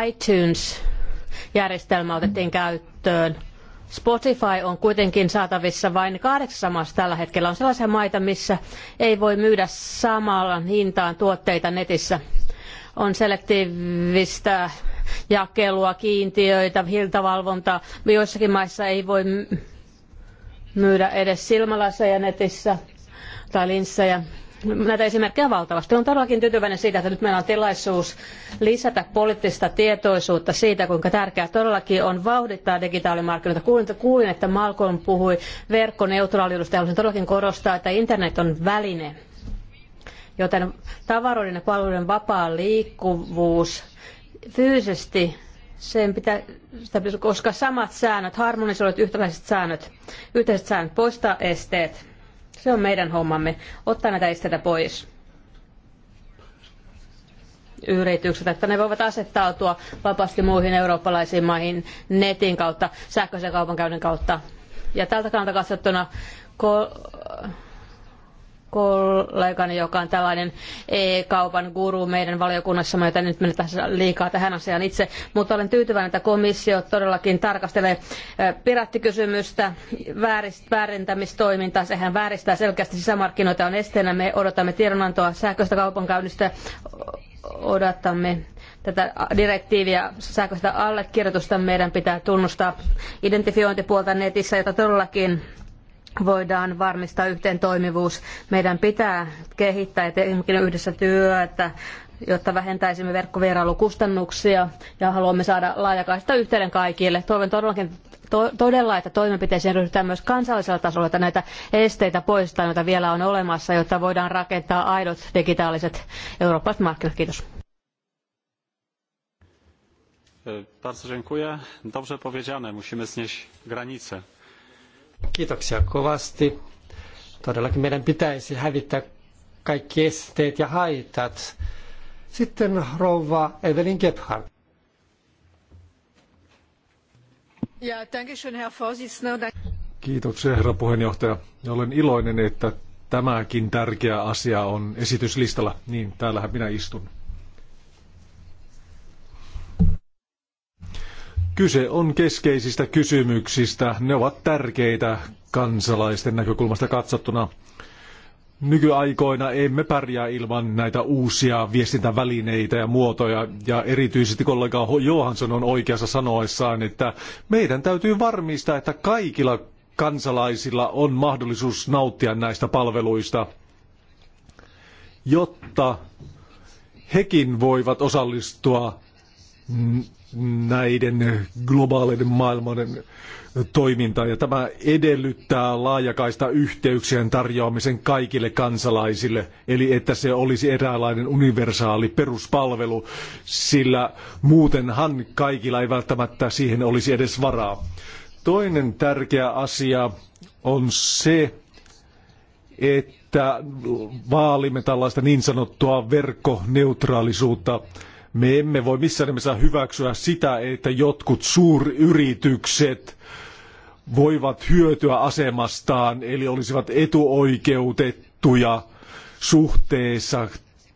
iTunes-järjestelmä otettiin käyttöön. Spotify on kuitenkin saatavissa vain kahdeksassa maassa tällä hetkellä. On sellaisia maita, missä ei voi myydä samaan hintaan tuotteita netissä. On selektiivistä jakelua, kiintiöitä, hintavalvontaa. Joissakin maissa ei voi myydä edes silmälaseja netissä tai linssejä. Näitä esimerkkejä on valtavasti. Olen todellakin tyytyväinen siitä, että nyt meillä on tilaisuus lisätä poliittista tietoisuutta siitä, kuinka tärkeää todellakin on vauhdittaa digitaalimarkkinoita. Kuulin, kuulin että Malcolm puhui verkkoneutraaliudesta ja haluaisin todellakin korostaa, että internet on väline, joten tavaroiden ja palveluiden vapaa liikkuvuus fyysisesti sen pitää, sitä pitää, koska samat säännöt, harmonisoidut yhtäläiset säännöt, yhteiset säännöt, poistaa esteet. Se on meidän hommamme, ottaa näitä esteitä pois yritykset, että ne voivat asettautua vapaasti muihin eurooppalaisiin maihin netin kautta, sähköisen kaupankäynnin kautta. Ja tältä kannalta katsottuna kollegani, joka on tällainen e-kaupan guru meidän valiokunnassamme, joten nyt mennään liikaa tähän asiaan itse. Mutta olen tyytyväinen, että komissio todellakin tarkastelee pirattikysymystä, väärentämistoimintaa. Sehän vääristää selkeästi sisämarkkinoita on esteenä. Me odotamme tiedonantoa sähköistä kaupankäynnistä, odotamme tätä direktiiviä sähköistä allekirjoitusta meidän pitää tunnustaa identifiointipuolta netissä, jota todellakin voidaan varmistaa yhteen toimivuus. Meidän pitää kehittää ja tehdä yhdessä työtä, jotta vähentäisimme verkkovierailukustannuksia ja haluamme saada laajakaista yhteyden kaikille. Toivon todellakin to, todella, että toimenpiteisiin ryhdytään myös kansallisella tasolla, että näitä esteitä poistetaan, joita vielä on olemassa, jotta voidaan rakentaa aidot digitaaliset eurooppalaiset markkinat. Kiitos. Bardzo dziękuję. Dobrze powiedziane, musimy znieść granice. Kiitoksia kovasti. Todellakin meidän pitäisi hävittää kaikki esteet ja haitat. Sitten rouva Evelyn Gebhardt. Ja, herr Vorsitzender. Kiitoksia, herra puheenjohtaja. olen iloinen, että tämäkin tärkeä asia on esityslistalla. Niin, täällähän minä istun. Kyse on keskeisistä kysymyksistä. Ne ovat tärkeitä kansalaisten näkökulmasta katsottuna. Nykyaikoina emme pärjää ilman näitä uusia viestintävälineitä ja muotoja, ja erityisesti kollega Johansson on oikeassa sanoessaan, että meidän täytyy varmistaa, että kaikilla kansalaisilla on mahdollisuus nauttia näistä palveluista, jotta hekin voivat osallistua näiden globaaleiden maailmoiden toimintaa. Ja tämä edellyttää laajakaista yhteyksien tarjoamisen kaikille kansalaisille, eli että se olisi eräänlainen universaali peruspalvelu, sillä muutenhan kaikilla ei välttämättä siihen olisi edes varaa. Toinen tärkeä asia on se, että vaalimme tällaista niin sanottua verkkoneutraalisuutta, me emme voi missään nimessä hyväksyä sitä, että jotkut suuryritykset voivat hyötyä asemastaan, eli olisivat etuoikeutettuja suhteessa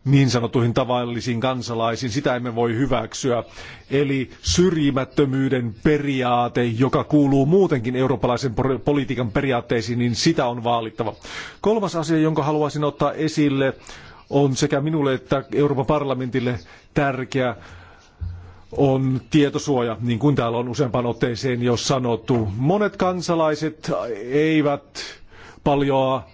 niin sanottuihin tavallisiin kansalaisiin. Sitä emme voi hyväksyä. Eli syrjimättömyyden periaate, joka kuuluu muutenkin eurooppalaisen politiikan periaatteisiin, niin sitä on vaalittava. Kolmas asia, jonka haluaisin ottaa esille, on sekä minulle että Euroopan parlamentille tärkeä on tietosuoja, niin kuin täällä on useampaan otteeseen jo sanottu. Monet kansalaiset eivät paljoa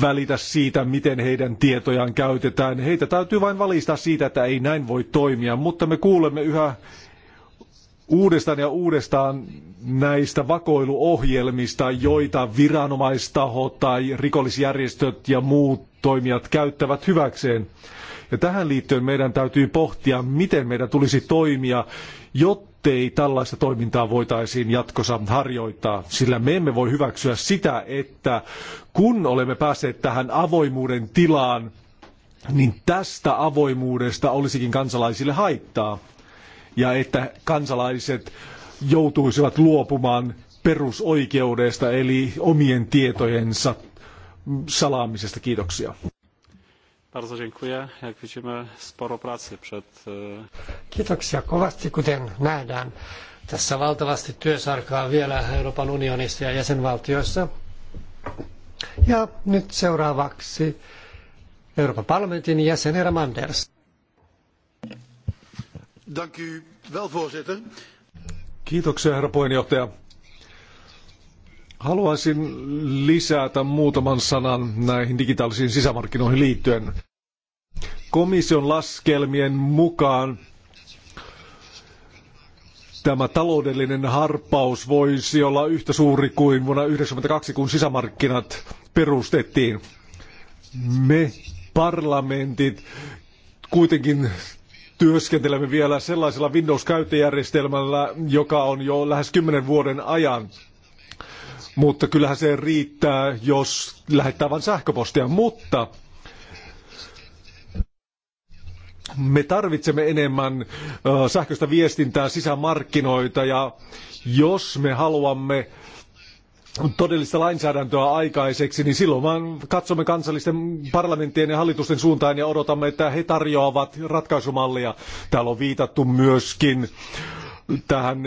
välitä siitä, miten heidän tietojaan käytetään. Heitä täytyy vain valistaa siitä, että ei näin voi toimia, mutta me kuulemme yhä uudestaan ja uudestaan näistä vakoiluohjelmista, joita viranomaistahot tai rikollisjärjestöt ja muut toimijat käyttävät hyväkseen. Ja tähän liittyen meidän täytyy pohtia, miten meidän tulisi toimia, jottei tällaista toimintaa voitaisiin jatkossa harjoittaa, sillä me emme voi hyväksyä sitä, että kun olemme päässeet tähän avoimuuden tilaan, niin tästä avoimuudesta olisikin kansalaisille haittaa. Ja että kansalaiset joutuisivat luopumaan perusoikeudesta eli omien tietojensa salaamisesta. Kiitoksia. Bardzo dziękuję. Jak widzimy, sporo pracy przed... E, Kiitoksia kovasti, kuten nähdään. Tässä valtavasti työsarkaa vielä Euroopan unionissa ja jäsenvaltioissa. Ja nyt seuraavaksi Euroopan parlamentin jäsen Herra Manders. Dank u wel, voorzitter. Kiitoksia, herra puheenjohtaja. Haluaisin lisätä muutaman sanan näihin digitaalisiin sisämarkkinoihin liittyen. Komission laskelmien mukaan tämä taloudellinen harppaus voisi olla yhtä suuri kuin vuonna 1992, kun sisämarkkinat perustettiin. Me parlamentit kuitenkin työskentelemme vielä sellaisella Windows-käyttöjärjestelmällä, joka on jo lähes kymmenen vuoden ajan mutta kyllähän se riittää, jos lähettää vain sähköpostia. Mutta me tarvitsemme enemmän sähköistä viestintää, sisämarkkinoita ja jos me haluamme todellista lainsäädäntöä aikaiseksi, niin silloin vaan katsomme kansallisten parlamenttien ja hallitusten suuntaan ja odotamme, että he tarjoavat ratkaisumallia. Täällä on viitattu myöskin äh, tähän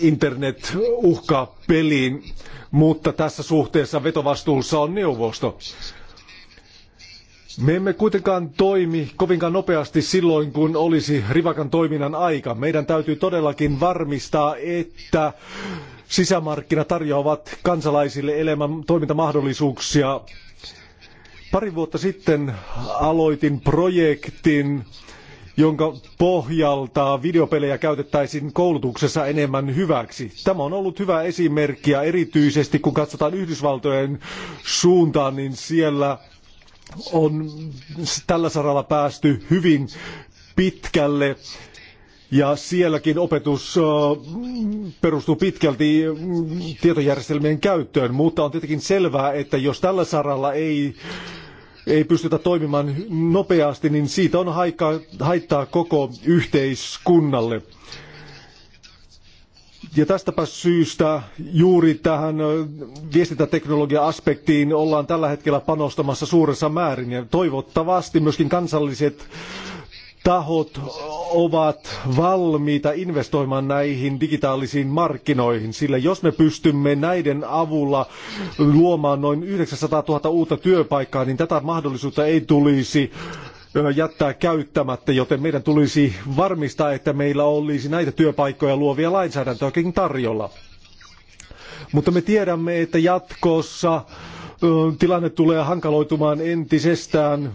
internet-uhkaa peliin, mutta tässä suhteessa vetovastuussa on neuvosto. Me emme kuitenkaan toimi kovinkaan nopeasti silloin, kun olisi rivakan toiminnan aika. Meidän täytyy todellakin varmistaa, että sisämarkkinat tarjoavat kansalaisille elämän toimintamahdollisuuksia. Pari vuotta sitten aloitin projektin jonka pohjalta videopelejä käytettäisiin koulutuksessa enemmän hyväksi. Tämä on ollut hyvä esimerkki ja erityisesti kun katsotaan Yhdysvaltojen suuntaan, niin siellä on tällä saralla päästy hyvin pitkälle. Ja sielläkin opetus perustuu pitkälti tietojärjestelmien käyttöön, mutta on tietenkin selvää, että jos tällä saralla ei ei pystytä toimimaan nopeasti, niin siitä on haittaa koko yhteiskunnalle. Ja tästäpä syystä juuri tähän viestintäteknologia-aspektiin ollaan tällä hetkellä panostamassa suuressa määrin ja toivottavasti myöskin kansalliset tahot ovat valmiita investoimaan näihin digitaalisiin markkinoihin, sillä jos me pystymme näiden avulla luomaan noin 900 000 uutta työpaikkaa, niin tätä mahdollisuutta ei tulisi jättää käyttämättä, joten meidän tulisi varmistaa, että meillä olisi näitä työpaikkoja luovia lainsäädäntöäkin tarjolla. Mutta me tiedämme, että jatkossa tilanne tulee hankaloitumaan entisestään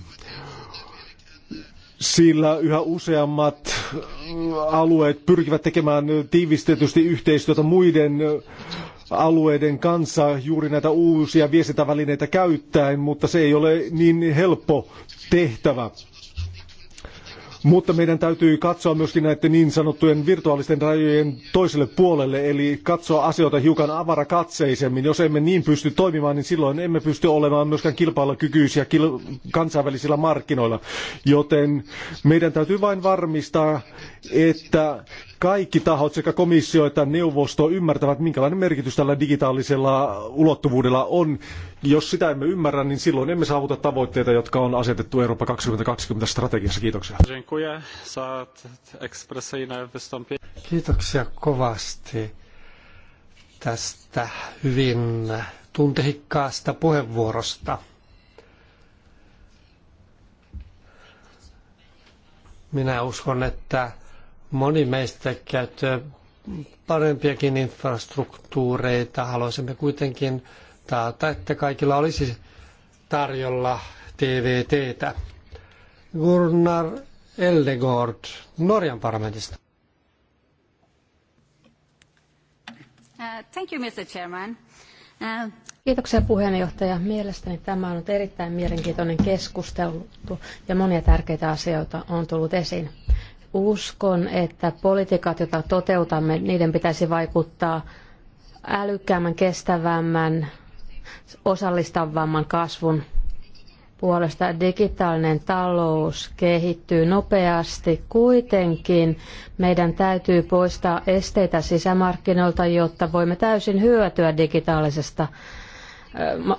sillä yhä useammat äh, alueet pyrkivät tekemään tiivistetysti yhteistyötä muiden äh, alueiden kanssa juuri näitä uusia viestintävälineitä käyttäen, mutta se ei ole niin helppo tehtävä. Mutta meidän täytyy katsoa myöskin näiden niin sanottujen virtuaalisten rajojen toiselle puolelle, eli katsoa asioita hiukan avarakatseisemmin. Jos emme niin pysty toimimaan, niin silloin emme pysty olemaan myöskään kilpailukykyisiä kil- kansainvälisillä markkinoilla. Joten meidän täytyy vain varmistaa, että kaikki tahot sekä komissio että neuvosto ymmärtävät, minkälainen merkitys tällä digitaalisella ulottuvuudella on. Jos sitä emme ymmärrä, niin silloin emme saavuta tavoitteita, jotka on asetettu Eurooppa 2020 strategiassa. Kiitoksia. Kiitoksia kovasti tästä hyvin tuntehikkaasta puheenvuorosta. Minä uskon, että Moni meistä käyttää parempiakin infrastruktuureita. Haluaisimme kuitenkin taata, että kaikilla olisi tarjolla TVTtä. Gunnar Eldegård Norjan parlamentista. Uh, thank you, Mr. Chairman. Uh, Kiitoksia puheenjohtaja. Mielestäni tämä on ollut erittäin mielenkiintoinen keskustelu ja monia tärkeitä asioita on tullut esiin. Uskon, että politiikat, joita toteutamme, niiden pitäisi vaikuttaa älykkäämmän, kestävämmän, osallistavamman kasvun puolesta digitaalinen talous kehittyy nopeasti. Kuitenkin meidän täytyy poistaa esteitä sisämarkkinoilta, jotta voimme täysin hyötyä digitaalisesta äh,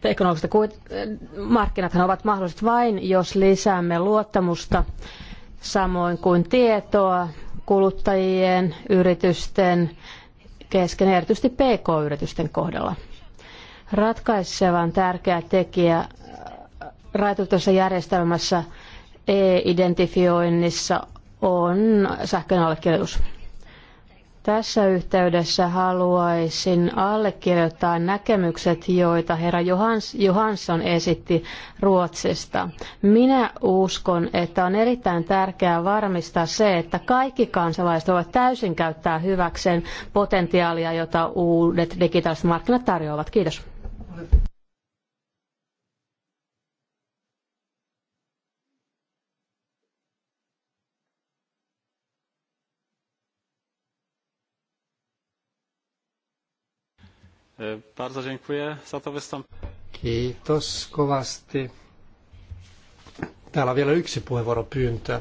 teknologisesta. Äh, markkinathan ovat mahdolliset vain, jos lisäämme luottamusta samoin kuin tietoa kuluttajien, yritysten kesken, erityisesti PK-yritysten kohdalla. Ratkaisevan tärkeä tekijä äh, rajoitetussa järjestelmässä e-identifioinnissa on sähköinen allekirjoitus. Tässä yhteydessä haluaisin allekirjoittaa näkemykset, joita herra Johans, Johansson esitti Ruotsista. Minä uskon, että on erittäin tärkeää varmistaa se, että kaikki kansalaiset voivat täysin käyttää hyväkseen potentiaalia, jota uudet digitaaliset markkinat tarjoavat. Kiitos. E, bardzo dziękuję za to wystąpienie. Kiitos kovasti. Täällä on vielä yksi puheenvuoropyyntö.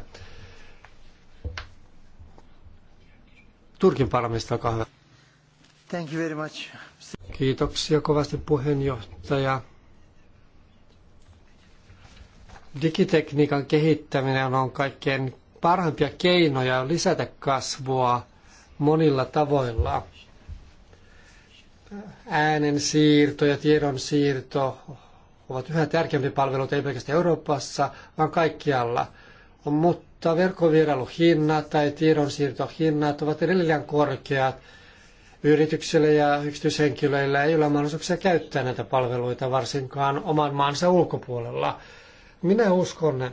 Turkin parlamentista, olkaa hyvä. Thank you very much. Kiitoksia kovasti puheenjohtaja. Digitekniikan kehittäminen on kaikkein parhaimpia keinoja lisätä kasvua monilla tavoilla äänensiirto ja tiedonsiirto ovat yhä tärkeämpiä palveluita, ei pelkästään Euroopassa, vaan kaikkialla. Mutta verkkovierailuhinnat tai tiedonsiirtohinnat ovat edelleen korkeat. Yrityksille ja yksityishenkilöillä ei ole mahdollisuuksia käyttää näitä palveluita, varsinkaan oman maansa ulkopuolella. Minä uskon,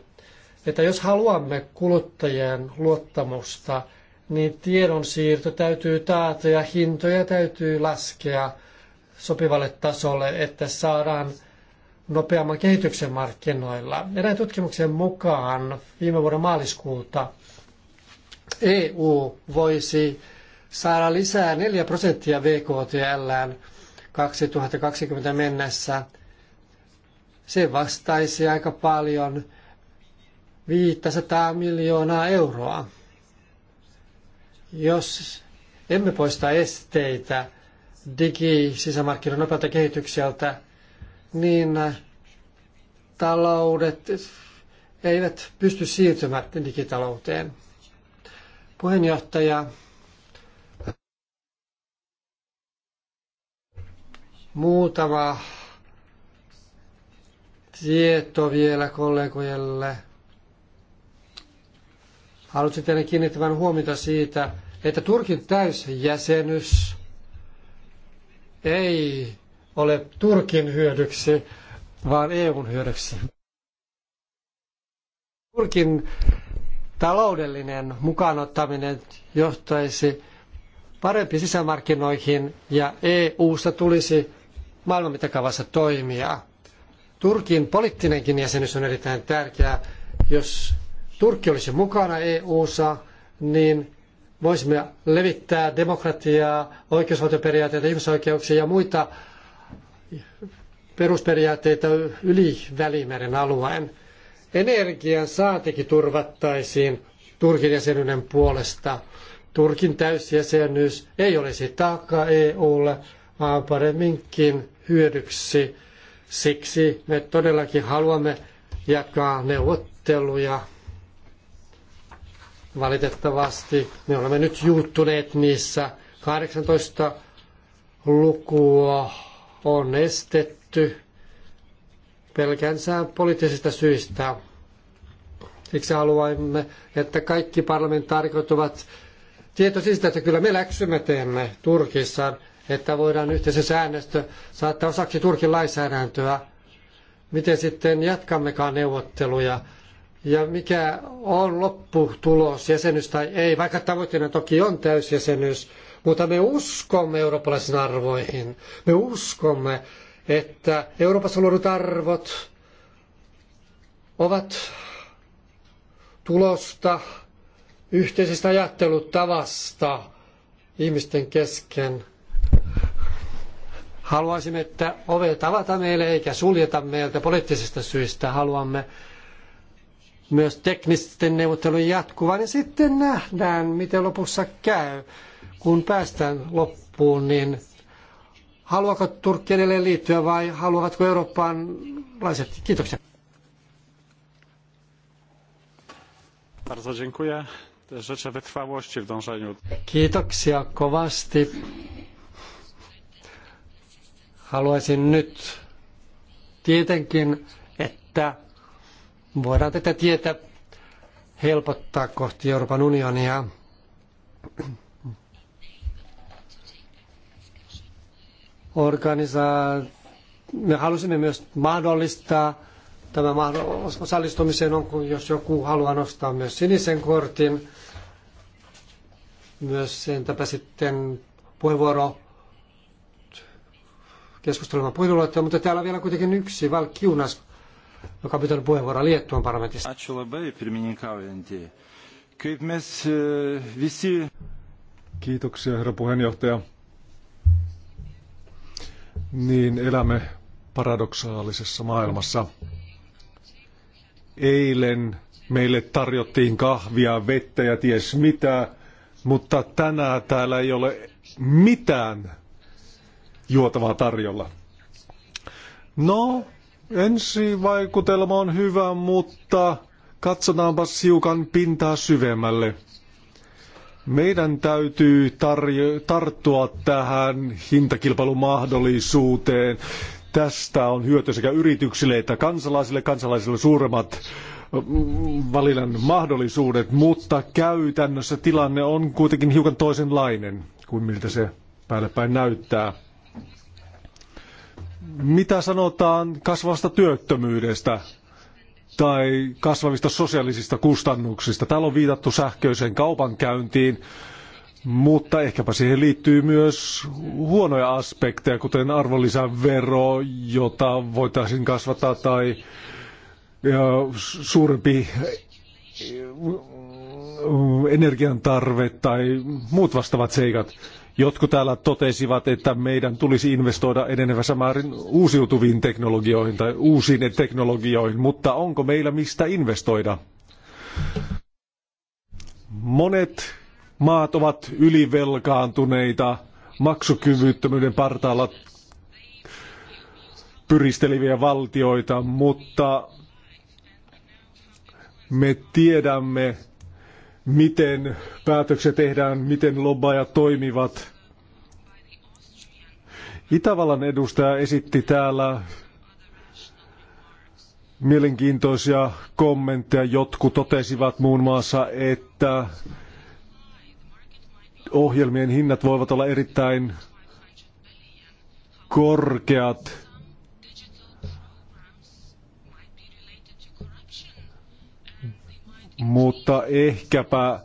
että jos haluamme kuluttajien luottamusta – niin tiedonsiirto täytyy taata ja hintoja täytyy laskea sopivalle tasolle, että saadaan nopeamman kehityksen markkinoilla. Erään tutkimuksen mukaan viime vuoden maaliskuulta EU voisi saada lisää 4 prosenttia VKTL 2020 mennessä. Se vastaisi aika paljon 500 miljoonaa euroa. Jos emme poista esteitä digi-sisämarkkinoiden nopealta kehitykseltä, niin taloudet eivät pysty siirtymään digitalouteen. Puheenjohtaja muutama tieto vielä kollegoille. Haluaisin teidän kiinnittävän huomiota siitä, että Turkin täysjäsenyys ei ole Turkin hyödyksi, vaan EUn hyödyksi. Turkin taloudellinen mukaanottaminen johtaisi parempi sisämarkkinoihin ja EUsta tulisi maailman mittakaavassa toimia. Turkin poliittinenkin jäsenyys on erittäin tärkeää, jos Turkki olisi mukana EU-ssa, niin voisimme levittää demokratiaa, oikeusvaltioperiaatteita, ihmisoikeuksia ja muita perusperiaatteita yli Välimeren alueen. Energian saatikin turvattaisiin Turkin jäsenyyden puolesta. Turkin täysjäsenyys ei olisi taakka EUlle, vaan paremminkin hyödyksi. Siksi me todellakin haluamme jakaa neuvotteluja Valitettavasti me olemme nyt juuttuneet niissä. 18 lukua on estetty pelkänsään poliittisista syistä. Siksi haluamme, että kaikki parlamentaarikot ovat tietoisia siitä, että kyllä me läksymme teemme Turkissa, että voidaan yhteisen säännöstö saattaa osaksi Turkin lainsäädäntöä. Miten sitten jatkammekaan neuvotteluja ja mikä on lopputulos, jäsenyys tai ei, vaikka tavoitteena toki on täysjäsenyys, mutta me uskomme eurooppalaisiin arvoihin. Me uskomme, että Euroopassa luodut arvot ovat tulosta yhteisestä ajattelutavasta ihmisten kesken. Haluaisimme, että ovet avata meille eikä suljeta meiltä poliittisista syistä. Haluamme myös teknisten neuvottelujen jatkuvan ja sitten nähdään, miten lopussa käy. Kun päästään loppuun, niin haluaako Turkki edelleen liittyä vai haluavatko eurooppalaiset? Kiitoksia. Kiitoksia kovasti. Haluaisin nyt tietenkin, että voidaan tätä tietä helpottaa kohti Euroopan unionia. Organisa- Me halusimme myös mahdollistaa tämän osallistumisen, jos joku haluaa nostaa myös sinisen kortin. Myös entäpä sitten puheenvuoro keskustelemaan puheluloitteja, mutta täällä on vielä kuitenkin yksi valkiunas joka on pitänyt puheenvuoron Liettuan parlamentista. E, Kiitoksia, herra puheenjohtaja. Niin, elämme paradoksaalisessa maailmassa. Eilen meille tarjottiin kahvia, vettä ja ties mitä, mutta tänään täällä ei ole mitään juotavaa tarjolla. No, Ensivaikutelma on hyvä, mutta katsotaanpas hiukan pintaa syvemmälle. Meidän täytyy tarjo- tarttua tähän hintakilpailumahdollisuuteen. Tästä on hyöty sekä yrityksille että kansalaisille. Kansalaisille suuremmat mm, valinnan mahdollisuudet, mutta käytännössä tilanne on kuitenkin hiukan toisenlainen kuin miltä se päälle päin näyttää mitä sanotaan kasvavasta työttömyydestä tai kasvavista sosiaalisista kustannuksista? Täällä on viitattu sähköiseen kaupankäyntiin, mutta ehkäpä siihen liittyy myös huonoja aspekteja, kuten arvonlisävero, jota voitaisiin kasvattaa, tai suurempi energian tarve tai muut vastaavat seikat. Jotkut täällä totesivat, että meidän tulisi investoida enenevässä määrin uusiutuviin teknologioihin tai uusiin teknologioihin, mutta onko meillä mistä investoida? Monet maat ovat ylivelkaantuneita, maksukyvyttömyyden partaalla pyristeleviä valtioita, mutta me tiedämme, miten päätökset tehdään, miten lobbaajat toimivat. Itävallan edustaja esitti täällä mielenkiintoisia kommentteja. Jotkut totesivat muun muassa, että ohjelmien hinnat voivat olla erittäin korkeat. mutta ehkäpä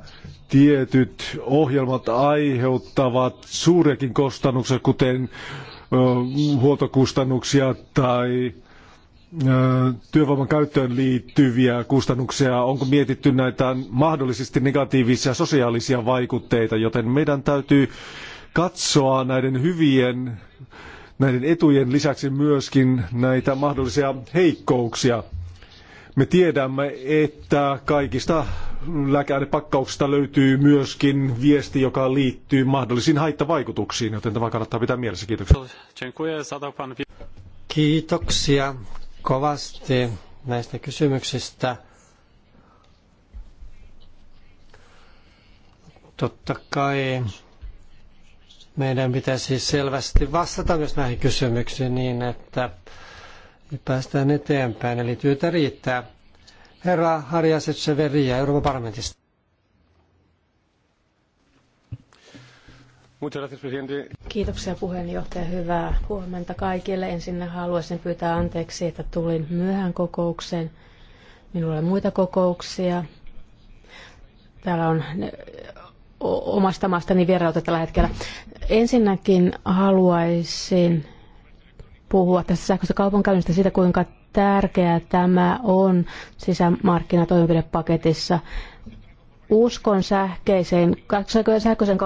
tietyt ohjelmat aiheuttavat suuriakin kustannuksia, kuten huoltokustannuksia tai työvoiman käyttöön liittyviä kustannuksia. Onko mietitty näitä mahdollisesti negatiivisia sosiaalisia vaikutteita, joten meidän täytyy katsoa näiden hyvien, näiden etujen lisäksi myöskin näitä mahdollisia heikkouksia. Me tiedämme, että kaikista lääkeainepakkauksista löytyy myöskin viesti, joka liittyy mahdollisiin haittavaikutuksiin, joten tämä kannattaa pitää mielessä. Kiitoksia. Kiitoksia kovasti näistä kysymyksistä. Totta kai meidän pitäisi selvästi vastata myös näihin kysymyksiin niin, että nyt päästään eteenpäin, eli työtä riittää. Herra Harja Severiä Euroopan parlamentista. Kiitoksia puheenjohtaja. Hyvää huomenta kaikille. Ensin haluaisin pyytää anteeksi, että tulin myöhään kokoukseen. Minulla on muita kokouksia. Täällä on omasta maastani vierailta tällä hetkellä. Ensinnäkin haluaisin puhua tästä sähköisestä kaupankäynnistä siitä, kuinka tärkeää tämä on sisämarkkinatoimenpidepaketissa. Uskon sähköiseen, sähköisen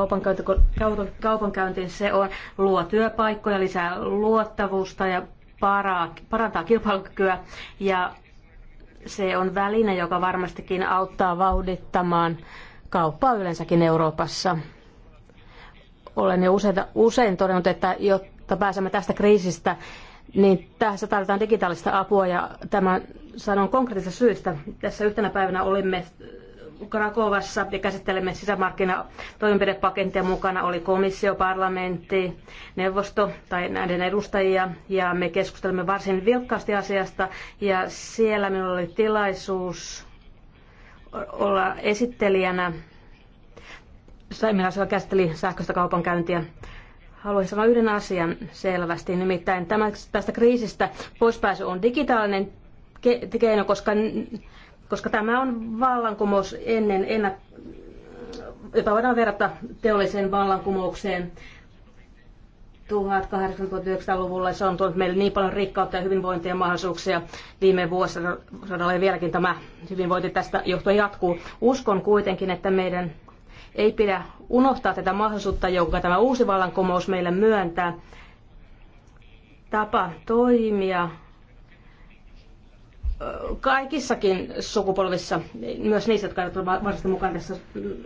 kaupankäyntiin se on, luo työpaikkoja, lisää luottavuutta ja paraa, parantaa kilpailukykyä ja se on väline, joka varmastikin auttaa vauhdittamaan kauppaa yleensäkin Euroopassa. Olen jo usein, usein todennut, että jotta jotta pääsemme tästä kriisistä, niin tässä tarvitaan digitaalista apua ja tämän sanon konkreettisista syistä. Tässä yhtenä päivänä olimme Krakovassa ja käsittelemme sisämarkkinatoimenpidepakettia. Mukana oli komissio, parlamentti, neuvosto tai näiden edustajia ja me keskustelimme varsin vilkkaasti asiasta ja siellä minulla oli tilaisuus olla esittelijänä. Saimme käsitteli sähköistä kaupankäyntiä Haluaisin sanoa yhden asian selvästi, nimittäin tämä, tästä kriisistä poispääsy on digitaalinen keino, koska, koska tämä on vallankumous ennen, ennä, jota voidaan verrata teolliseen vallankumoukseen. 1800-1900-luvulla se on tuonut meille niin paljon rikkautta ja hyvinvointia ja mahdollisuuksia. Viime vuosisadalla ja vieläkin tämä hyvinvointi tästä johtuen jatkuu. Uskon kuitenkin, että meidän ei pidä unohtaa tätä mahdollisuutta, jonka tämä uusi vallankumous meille myöntää. Tapa toimia kaikissakin sukupolvissa, myös niissä, jotka eivät ole varsinaisesti mukana tässä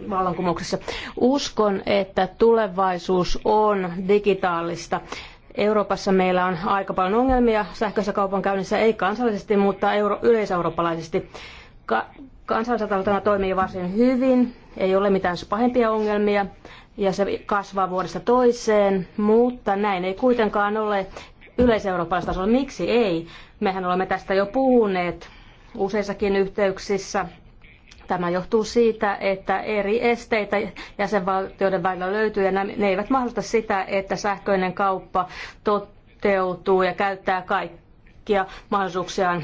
vallankumouksessa. Uskon, että tulevaisuus on digitaalista. Euroopassa meillä on aika paljon ongelmia sähköisessä kaupankäynnissä, ei kansallisesti, mutta euro- yleiseurooppalaisesti. Ka- Kansallisella toimii varsin hyvin, ei ole mitään pahempia ongelmia ja se kasvaa vuodesta toiseen, mutta näin ei kuitenkaan ole yleiseurooppalaisella tasolla. Miksi ei? Mehän olemme tästä jo puhuneet useissakin yhteyksissä. Tämä johtuu siitä, että eri esteitä jäsenvaltioiden välillä löytyy ja ne eivät mahdollista sitä, että sähköinen kauppa toteutuu ja käyttää kaikki kaikkia mahdollisuuksiaan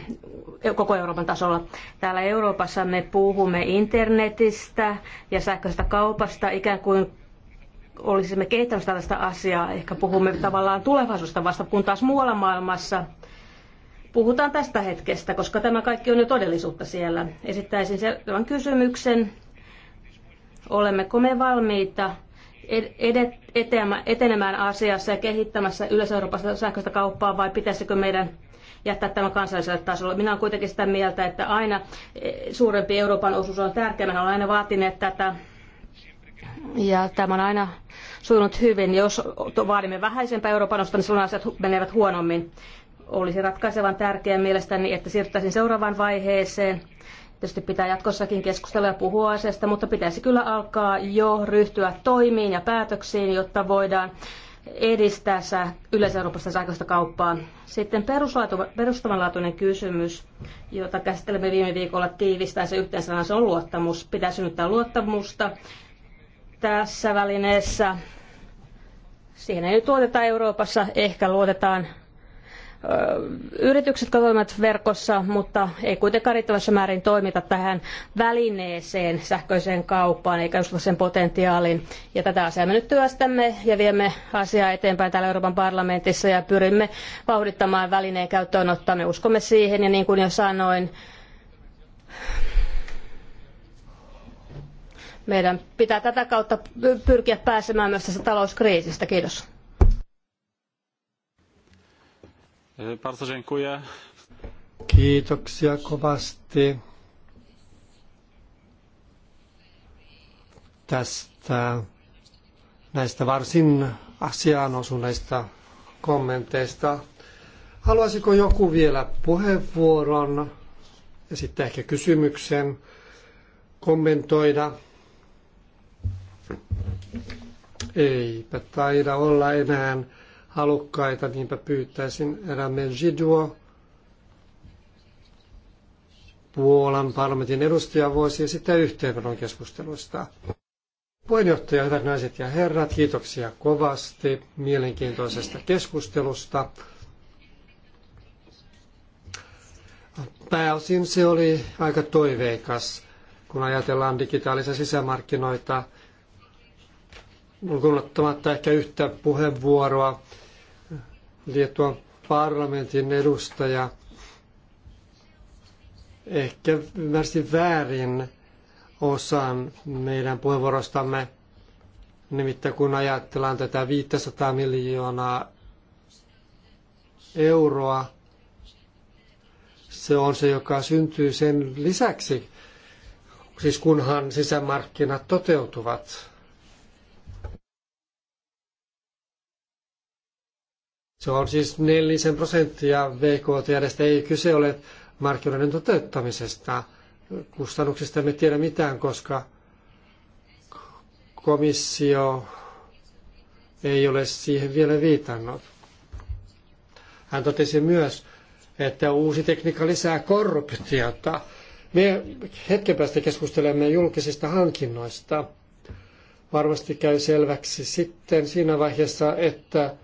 koko Euroopan tasolla. Täällä Euroopassa me puhumme internetistä ja sähköisestä kaupasta ikään kuin olisimme kehittämässä tällaista asiaa. Ehkä puhumme tavallaan tulevaisuudesta vasta, kun taas muualla maailmassa puhutaan tästä hetkestä, koska tämä kaikki on jo todellisuutta siellä. Esittäisin selvän kysymyksen. Olemmeko me valmiita etenemään asiassa ja kehittämässä yleis-Euroopassa sähköistä kauppaa vai pitäisikö meidän jättää tämä kansalliselle tasolle. Minä olen kuitenkin sitä mieltä, että aina eh, suurempi Euroopan osuus on tärkeä. Minä olen aina vaatineet tätä ja tämä on aina sujunut hyvin. Jos vaadimme vähäisempää osuutta, niin silloin asiat menevät huonommin. Olisi ratkaisevan tärkeää mielestäni, että siirryttäisiin seuraavaan vaiheeseen. Tietysti pitää jatkossakin keskustella ja puhua asiasta, mutta pitäisi kyllä alkaa jo ryhtyä toimiin ja päätöksiin, jotta voidaan edistää yleiseurooppalaista sähköistä kauppaa. Sitten perustavanlaatuinen kysymys, jota käsittelemme viime viikolla tiivistää yhteen sanaan, se on luottamus. Pitää synnyttää luottamusta tässä välineessä. Siihen ei nyt luoteta Euroopassa, ehkä luotetaan yritykset, jotka toimivat verkossa, mutta ei kuitenkaan riittävässä määrin toimita tähän välineeseen, sähköiseen kauppaan, eikä usko sen potentiaaliin. Ja tätä asiaa me nyt työstämme ja viemme asiaa eteenpäin täällä Euroopan parlamentissa ja pyrimme vauhdittamaan välineen käyttöönottoa. Me uskomme siihen ja niin kuin jo sanoin, meidän pitää tätä kautta pyrkiä pääsemään myös tästä talouskriisistä. Kiitos. Bardzo dziękuję. Kiitoksia kovasti tästä näistä varsin asiaan osuneista kommenteista. Haluaisiko joku vielä puheenvuoron ja sitten ehkä kysymyksen kommentoida? Eipä taida olla enää halukkaita, niinpä pyytäisin Ramen Jidua, Puolan parlamentin edustaja, voisi esittää yhteenvedon keskusteluista. Puheenjohtaja, hyvät naiset ja herrat, kiitoksia kovasti mielenkiintoisesta keskustelusta. Pääosin se oli aika toiveikas, kun ajatellaan digitaalisia sisämarkkinoita – lukunottamatta ehkä yhtä puheenvuoroa Liettuan parlamentin edustaja ehkä ymmärsi väärin osan meidän puheenvuorostamme. Nimittäin kun ajatellaan tätä 500 miljoonaa euroa, se on se, joka syntyy sen lisäksi, siis kunhan sisämarkkinat toteutuvat. Se on siis nelisen prosenttia VKT, ei kyse ole markkinoiden toteuttamisesta. Kustannuksista emme tiedä mitään, koska komissio ei ole siihen vielä viitannut. Hän totesi myös, että uusi tekniikka lisää korruptiota. Me hetken päästä keskustelemme julkisista hankinnoista. Varmasti käy selväksi sitten siinä vaiheessa, että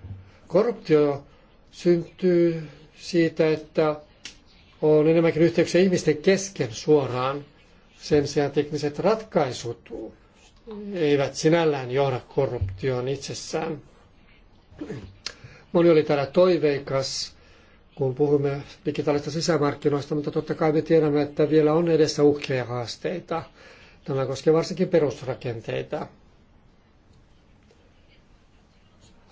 Korruptio syntyy siitä, että on enemmänkin yhteyksiä ihmisten kesken suoraan. Sen sijaan tekniset ratkaisut eivät sinällään johda korruptioon itsessään. Moni oli täällä toiveikas, kun puhumme digitaalista sisämarkkinoista, mutta totta kai me tiedämme, että vielä on edessä uhkia ja haasteita. Tämä koskee varsinkin perusrakenteita.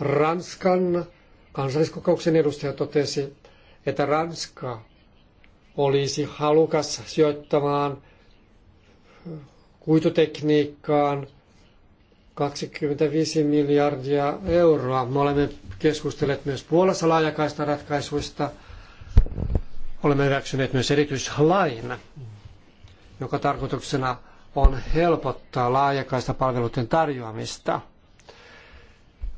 Ranskan kansalliskokouksen edustaja totesi, että Ranska olisi halukas sijoittamaan kuitutekniikkaan 25 miljardia euroa. Me olemme keskustelleet myös Puolassa laajakaista ratkaisuista. Olemme hyväksyneet myös erityislain, joka tarkoituksena on helpottaa laajakaista palveluiden tarjoamista –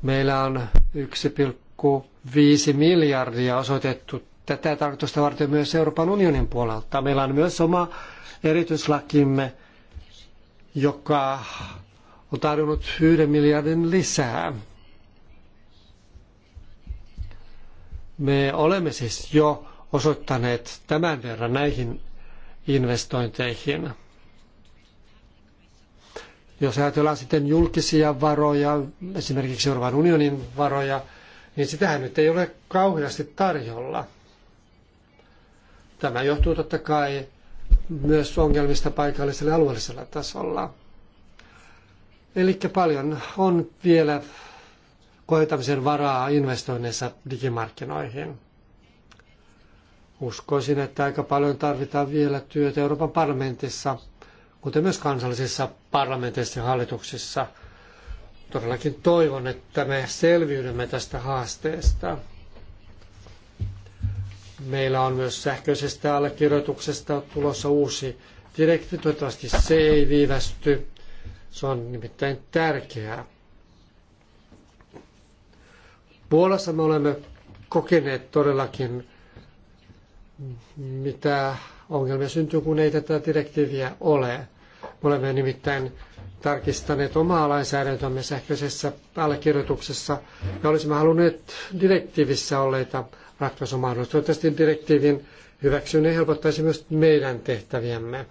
Meillä on 1,5 miljardia osoitettu tätä tarkoitusta varten myös Euroopan unionin puolelta. Meillä on myös oma erityislakimme, joka on tarjonnut yhden miljardin lisää. Me olemme siis jo osoittaneet tämän verran näihin investointeihin. Jos ajatellaan sitten julkisia varoja, esimerkiksi Euroopan unionin varoja, niin sitähän nyt ei ole kauheasti tarjolla. Tämä johtuu totta kai myös ongelmista paikallisella ja alueellisella tasolla. Eli paljon on vielä koetamisen varaa investoinneissa digimarkkinoihin. Uskoisin, että aika paljon tarvitaan vielä työtä Euroopan parlamentissa – kuten myös kansallisissa parlamenteissa ja hallituksissa. Todellakin toivon, että me selviydymme tästä haasteesta. Meillä on myös sähköisestä allekirjoituksesta tulossa uusi direktiivi. Toivottavasti se ei viivästy. Se on nimittäin tärkeää. Puolassa me olemme kokeneet todellakin, mitä ongelmia syntyy, kun ei tätä direktiiviä ole. Me olemme nimittäin tarkistaneet omaa lainsäädäntömme sähköisessä allekirjoituksessa ja olisimme halunneet direktiivissä olleita ratkaisumahdollisuuksia. Toivottavasti direktiivin hyväksyminen helpottaisi myös meidän tehtäviämme.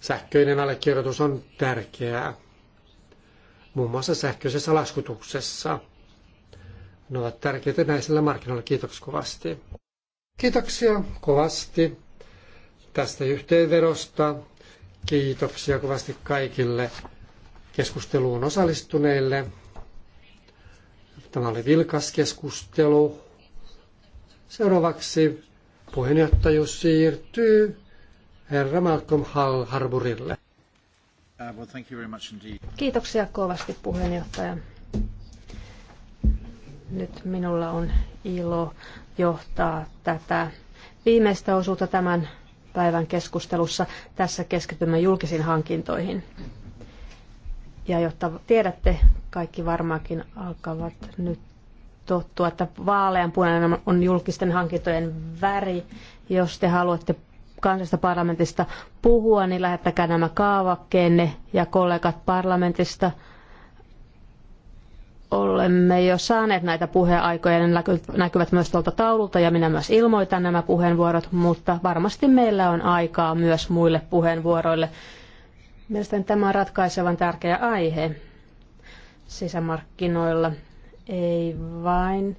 Sähköinen allekirjoitus on tärkeää, muun muassa sähköisessä laskutuksessa. Ne ovat tärkeitä näisillä markkinoilla. Kiitoksia kovasti. Kiitoksia kovasti tästä yhteenvedosta Kiitoksia kovasti kaikille keskusteluun osallistuneille. Tämä oli vilkas keskustelu. Seuraavaksi puheenjohtajuus siirtyy herra Malcolm Hall Harburille. Uh, Kiitoksia kovasti puheenjohtaja. Nyt minulla on ilo johtaa tätä viimeistä osuutta tämän päivän keskustelussa. Tässä keskitymme julkisiin hankintoihin. Ja jotta tiedätte, kaikki varmaankin alkavat nyt tottua, että vaaleanpunainen on julkisten hankintojen väri. Jos te haluatte kansallisesta parlamentista puhua, niin lähettäkää nämä kaavakkeenne ja kollegat parlamentista – olemme jo saaneet näitä puheaikoja, ne näkyvät myös tuolta taululta ja minä myös ilmoitan nämä puheenvuorot, mutta varmasti meillä on aikaa myös muille puheenvuoroille. Mielestäni tämä on ratkaisevan tärkeä aihe sisämarkkinoilla. Ei vain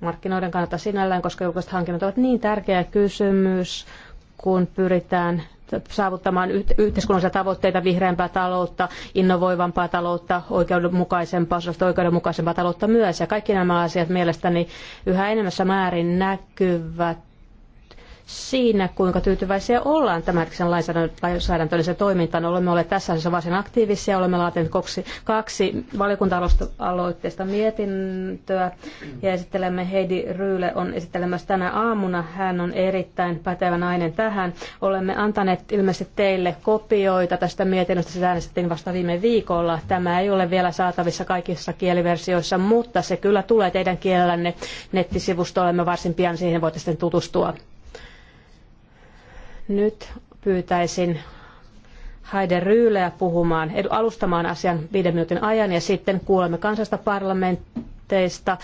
markkinoiden kannalta sinällään, koska julkiset hankinnat ovat niin tärkeä kysymys, kun pyritään saavuttamaan yhteiskunnallisia tavoitteita, vihreämpää taloutta, innovoivampaa taloutta, oikeudenmukaisempaa, oikeudenmukaisempaa taloutta myös. Ja kaikki nämä asiat mielestäni yhä enemmässä määrin näkyvät siinä, kuinka tyytyväisiä ollaan tämän lainsäädäntöön ja toimintaan. Olemme olleet tässä asiassa varsin aktiivisia. Olemme laatineet kaksi, kaksi valiokunta-aloitteista mietintöä ja esittelemme Heidi Ryyle on esittelemässä tänä aamuna. Hän on erittäin pätevä nainen tähän. Olemme antaneet ilmeisesti teille kopioita tästä mietinnöstä. Sitä äänestettiin vasta viime viikolla. Tämä ei ole vielä saatavissa kaikissa kieliversioissa, mutta se kyllä tulee teidän kielellänne nettisivustollemme varsin pian. Siihen voitte sitten tutustua nyt pyytäisin Haide Ryyleä puhumaan, alustamaan asian viiden minuutin ajan ja sitten kuulemme kansasta parlamentteista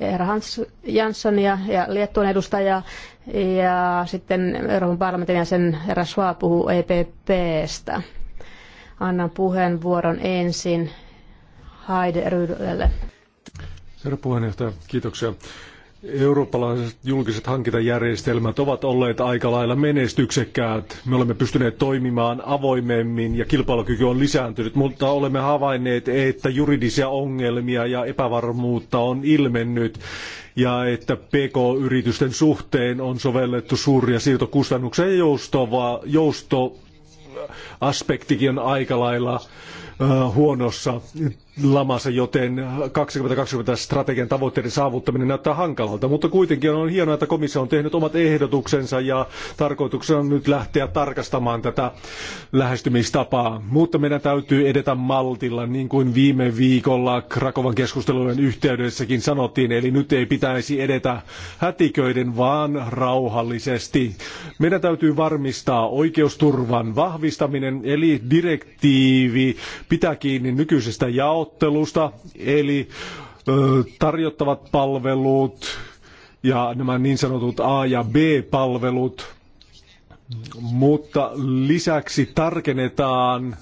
herra Hans Janssonia ja Liettuan edustajaa ja sitten Euroopan parlamentin jäsen herra Schwab puhuu EPPstä. Annan puheenvuoron ensin Haide Ryylelle. Herra puheenjohtaja, kiitoksia eurooppalaiset julkiset hankintajärjestelmät ovat olleet aika lailla menestyksekkäät. Me olemme pystyneet toimimaan avoimemmin ja kilpailukyky on lisääntynyt, mutta olemme havainneet, että juridisia ongelmia ja epävarmuutta on ilmennyt ja että PK-yritysten suhteen on sovellettu suuria siirtokustannuksia ja joustova, joustoaspektikin on aika lailla huonossa lamassa, joten 2020 strategian tavoitteiden saavuttaminen näyttää hankalalta. Mutta kuitenkin on hienoa, että komissio on tehnyt omat ehdotuksensa ja tarkoituksena on nyt lähteä tarkastamaan tätä lähestymistapaa. Mutta meidän täytyy edetä maltilla, niin kuin viime viikolla Krakovan keskustelujen yhteydessäkin sanottiin. Eli nyt ei pitäisi edetä hätiköiden, vaan rauhallisesti. Meidän täytyy varmistaa oikeusturvan vahvistaminen, eli direktiivi pitää kiinni nykyisestä jaosta neuvottelusta, eli tarjottavat palvelut ja nämä niin sanotut A- ja B-palvelut, mutta lisäksi tarkennetaan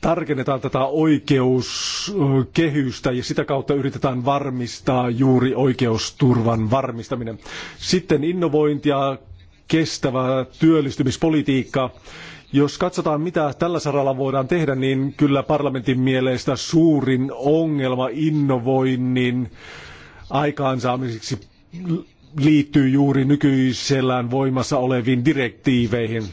tarkennetaan tätä oikeuskehystä ja sitä kautta yritetään varmistaa juuri oikeusturvan varmistaminen. Sitten innovointia, kestävä työllistymispolitiikka jos katsotaan, mitä tällä saralla voidaan tehdä, niin kyllä parlamentin mielestä suurin ongelma innovoinnin aikaansaamiseksi liittyy juuri nykyisellään voimassa oleviin direktiiveihin.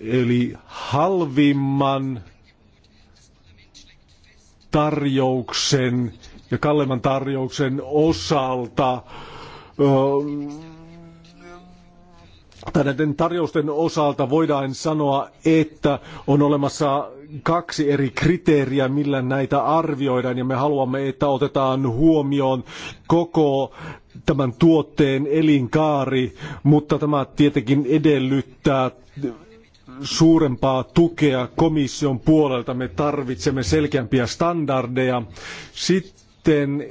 Eli halvimman tarjouksen ja kalleimman tarjouksen osalta näiden tarjousten osalta voidaan sanoa, että on olemassa kaksi eri kriteeriä, millä näitä arvioidaan, ja me haluamme, että otetaan huomioon koko tämän tuotteen elinkaari, mutta tämä tietenkin edellyttää suurempaa tukea komission puolelta. Me tarvitsemme selkeämpiä standardeja. Sitten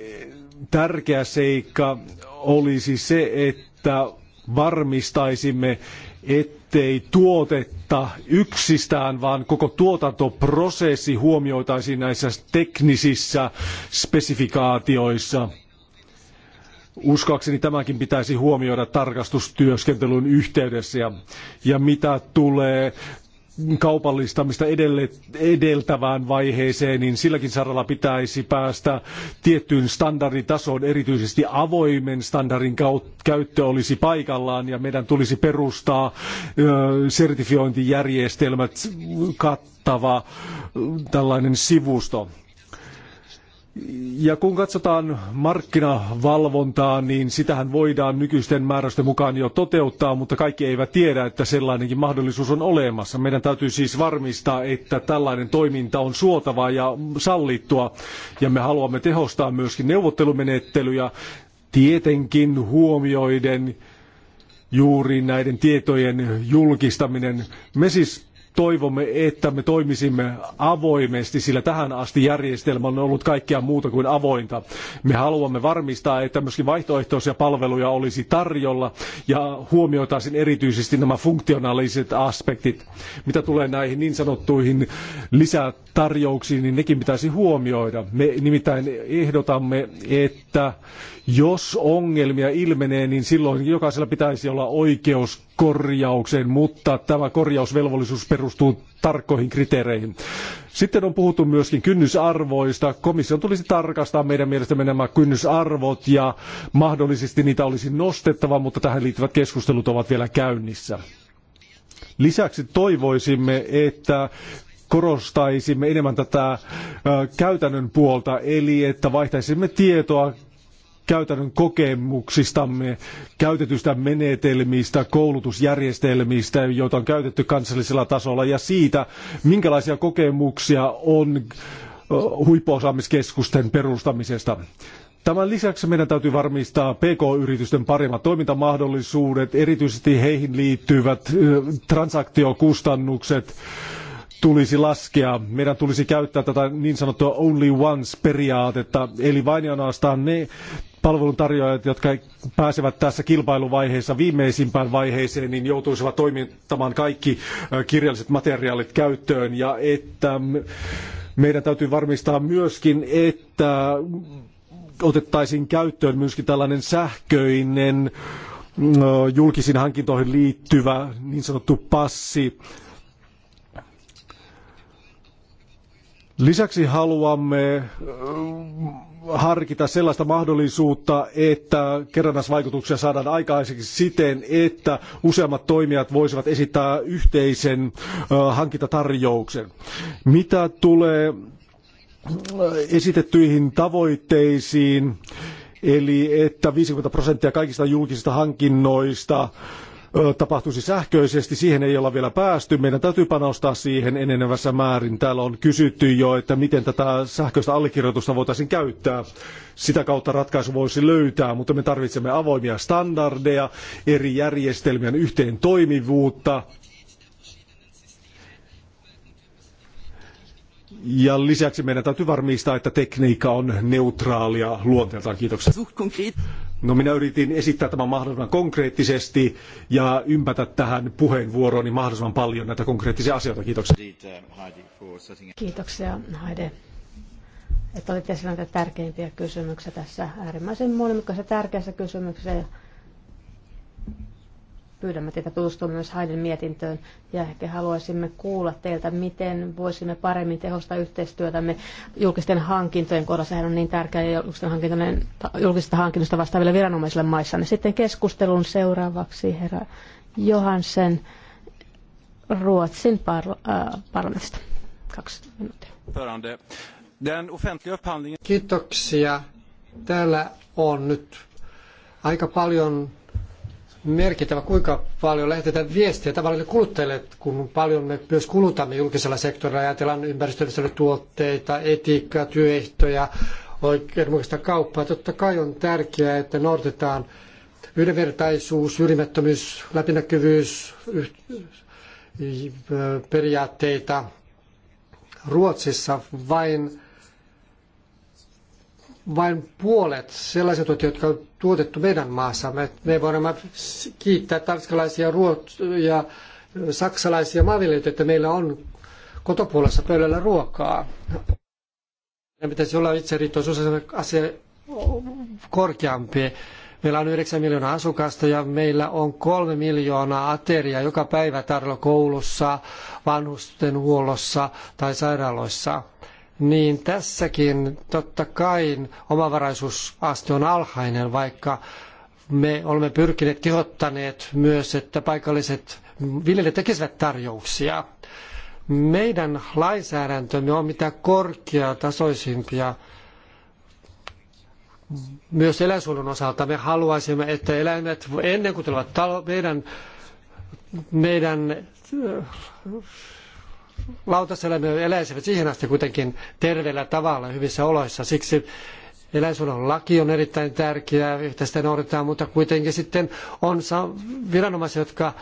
tärkeä seikka olisi se, että varmistaisimme, ettei tuotetta yksistään, vaan koko tuotantoprosessi huomioitaisiin näissä teknisissä spesifikaatioissa. Uskoakseni tämäkin pitäisi huomioida tarkastustyöskentelyn yhteydessä. Ja, ja mitä tulee kaupallistamista edeltävään vaiheeseen, niin silläkin saralla pitäisi päästä tiettyyn standarditasoon, erityisesti avoimen standardin käyttö olisi paikallaan ja meidän tulisi perustaa sertifiointijärjestelmät kattava tällainen sivusto. Ja kun katsotaan markkinavalvontaa, niin sitähän voidaan nykyisten määräysten mukaan jo toteuttaa, mutta kaikki eivät tiedä, että sellainenkin mahdollisuus on olemassa. Meidän täytyy siis varmistaa, että tällainen toiminta on suotavaa ja sallittua, ja me haluamme tehostaa myöskin neuvottelumenettelyjä, tietenkin huomioiden juuri näiden tietojen julkistaminen. Me siis toivomme, että me toimisimme avoimesti, sillä tähän asti järjestelmä on ollut kaikkea muuta kuin avointa. Me haluamme varmistaa, että myöskin vaihtoehtoisia palveluja olisi tarjolla ja huomioitaisiin erityisesti nämä funktionaaliset aspektit. Mitä tulee näihin niin sanottuihin lisätarjouksiin, niin nekin pitäisi huomioida. Me nimittäin ehdotamme, että jos ongelmia ilmenee, niin silloin jokaisella pitäisi olla oikeus korjaukseen, mutta tämä korjausvelvollisuus perustuu tarkkoihin kriteereihin. Sitten on puhuttu myöskin kynnysarvoista. Komission tulisi tarkastaa meidän mielestämme nämä kynnysarvot ja mahdollisesti niitä olisi nostettava, mutta tähän liittyvät keskustelut ovat vielä käynnissä. Lisäksi toivoisimme, että korostaisimme enemmän tätä käytännön puolta, eli että vaihtaisimme tietoa käytännön kokemuksistamme, käytetystä menetelmistä, koulutusjärjestelmistä, joita on käytetty kansallisella tasolla ja siitä, minkälaisia kokemuksia on huippuosaamiskeskusten perustamisesta. Tämän lisäksi meidän täytyy varmistaa PK-yritysten paremmat toimintamahdollisuudet, erityisesti heihin liittyvät transaktiokustannukset, tulisi laskea. Meidän tulisi käyttää tätä niin sanottua only once-periaatetta, eli vain ja ainoastaan ne palveluntarjoajat, jotka pääsevät tässä kilpailuvaiheessa viimeisimpään vaiheeseen, niin joutuisivat toimittamaan kaikki kirjalliset materiaalit käyttöön. Ja että meidän täytyy varmistaa myöskin, että otettaisiin käyttöön myöskin tällainen sähköinen julkisiin hankintoihin liittyvä niin sanottu passi, Lisäksi haluamme harkita sellaista mahdollisuutta, että kerrannaisvaikutuksia saadaan aikaiseksi siten, että useammat toimijat voisivat esittää yhteisen hankintatarjouksen. Mitä tulee esitettyihin tavoitteisiin, eli että 50 prosenttia kaikista julkisista hankinnoista tapahtuisi sähköisesti. Siihen ei olla vielä päästy. Meidän täytyy panostaa siihen enenevässä määrin. Täällä on kysytty jo, että miten tätä sähköistä allekirjoitusta voitaisiin käyttää. Sitä kautta ratkaisu voisi löytää, mutta me tarvitsemme avoimia standardeja, eri järjestelmien yhteen toimivuutta, Ja lisäksi meidän täytyy varmistaa, että tekniikka on neutraalia luonteeltaan. Kiitoksia. No minä yritin esittää tämän mahdollisimman konkreettisesti ja ympätä tähän puheenvuorooni mahdollisimman paljon näitä konkreettisia asioita. Kiitoksia. Kiitoksia Heide, että olit esillä näitä tärkeimpiä kysymyksiä tässä äärimmäisen monimutkaisessa tärkeässä kysymyksessä pyydämme teitä tutustumaan myös Haiden mietintöön ja ehkä haluaisimme kuulla teiltä, miten voisimme paremmin tehostaa yhteistyötämme julkisten hankintojen kohdassa, Sehän on niin tärkeää julkisten hankintojen, julkisista hankinnoista vastaaville viranomaisille maissa. Sitten keskustelun seuraavaksi herra Johansen Ruotsin parla- äh, parlamentista. Kaksi minuuttia. Kiitoksia. Täällä on nyt aika paljon merkittävä, kuinka paljon lähetetään viestiä tavallisille kuluttajille, kun paljon me myös kulutamme julkisella sektorilla, ajatellaan ympäristöllisiä tuotteita, etiikkaa, työehtoja, oikeudenmukaista kauppaa. Totta kai on tärkeää, että noudatetaan yhdenvertaisuus, syrjimättömyys, läpinäkyvyys, periaatteita. Ruotsissa vain vain puolet sellaiset tuotteet, jotka on tuotettu meidän maassamme. Me voimme kiittää tanskalaisia ruot- ja saksalaisia maanviljelijöitä, että meillä on kotopuolessa pöydällä ruokaa. Meidän pitäisi olla itseriittoisuus asia korkeampi. Meillä on 9 miljoonaa asukasta ja meillä on 3 miljoonaa ateriaa joka päivä tarjolla koulussa, vanhustenhuollossa tai sairaaloissa niin tässäkin totta kai omavaraisuusaste on alhainen, vaikka me olemme pyrkineet kehottaneet myös, että paikalliset viljelijät tekisivät tarjouksia. Meidän lainsäädäntömme on mitä korkeatasoisimpia myös eläinsuojelun osalta. Me haluaisimme, että eläimet ennen kuin tulevat meidän, meidän lautaseläimet eläisivät siihen asti kuitenkin terveellä tavalla hyvissä oloissa. Siksi eläinsuojelun laki on erittäin tärkeä yhtä sitä noudatetaan, mutta kuitenkin sitten on viranomaisia, jotka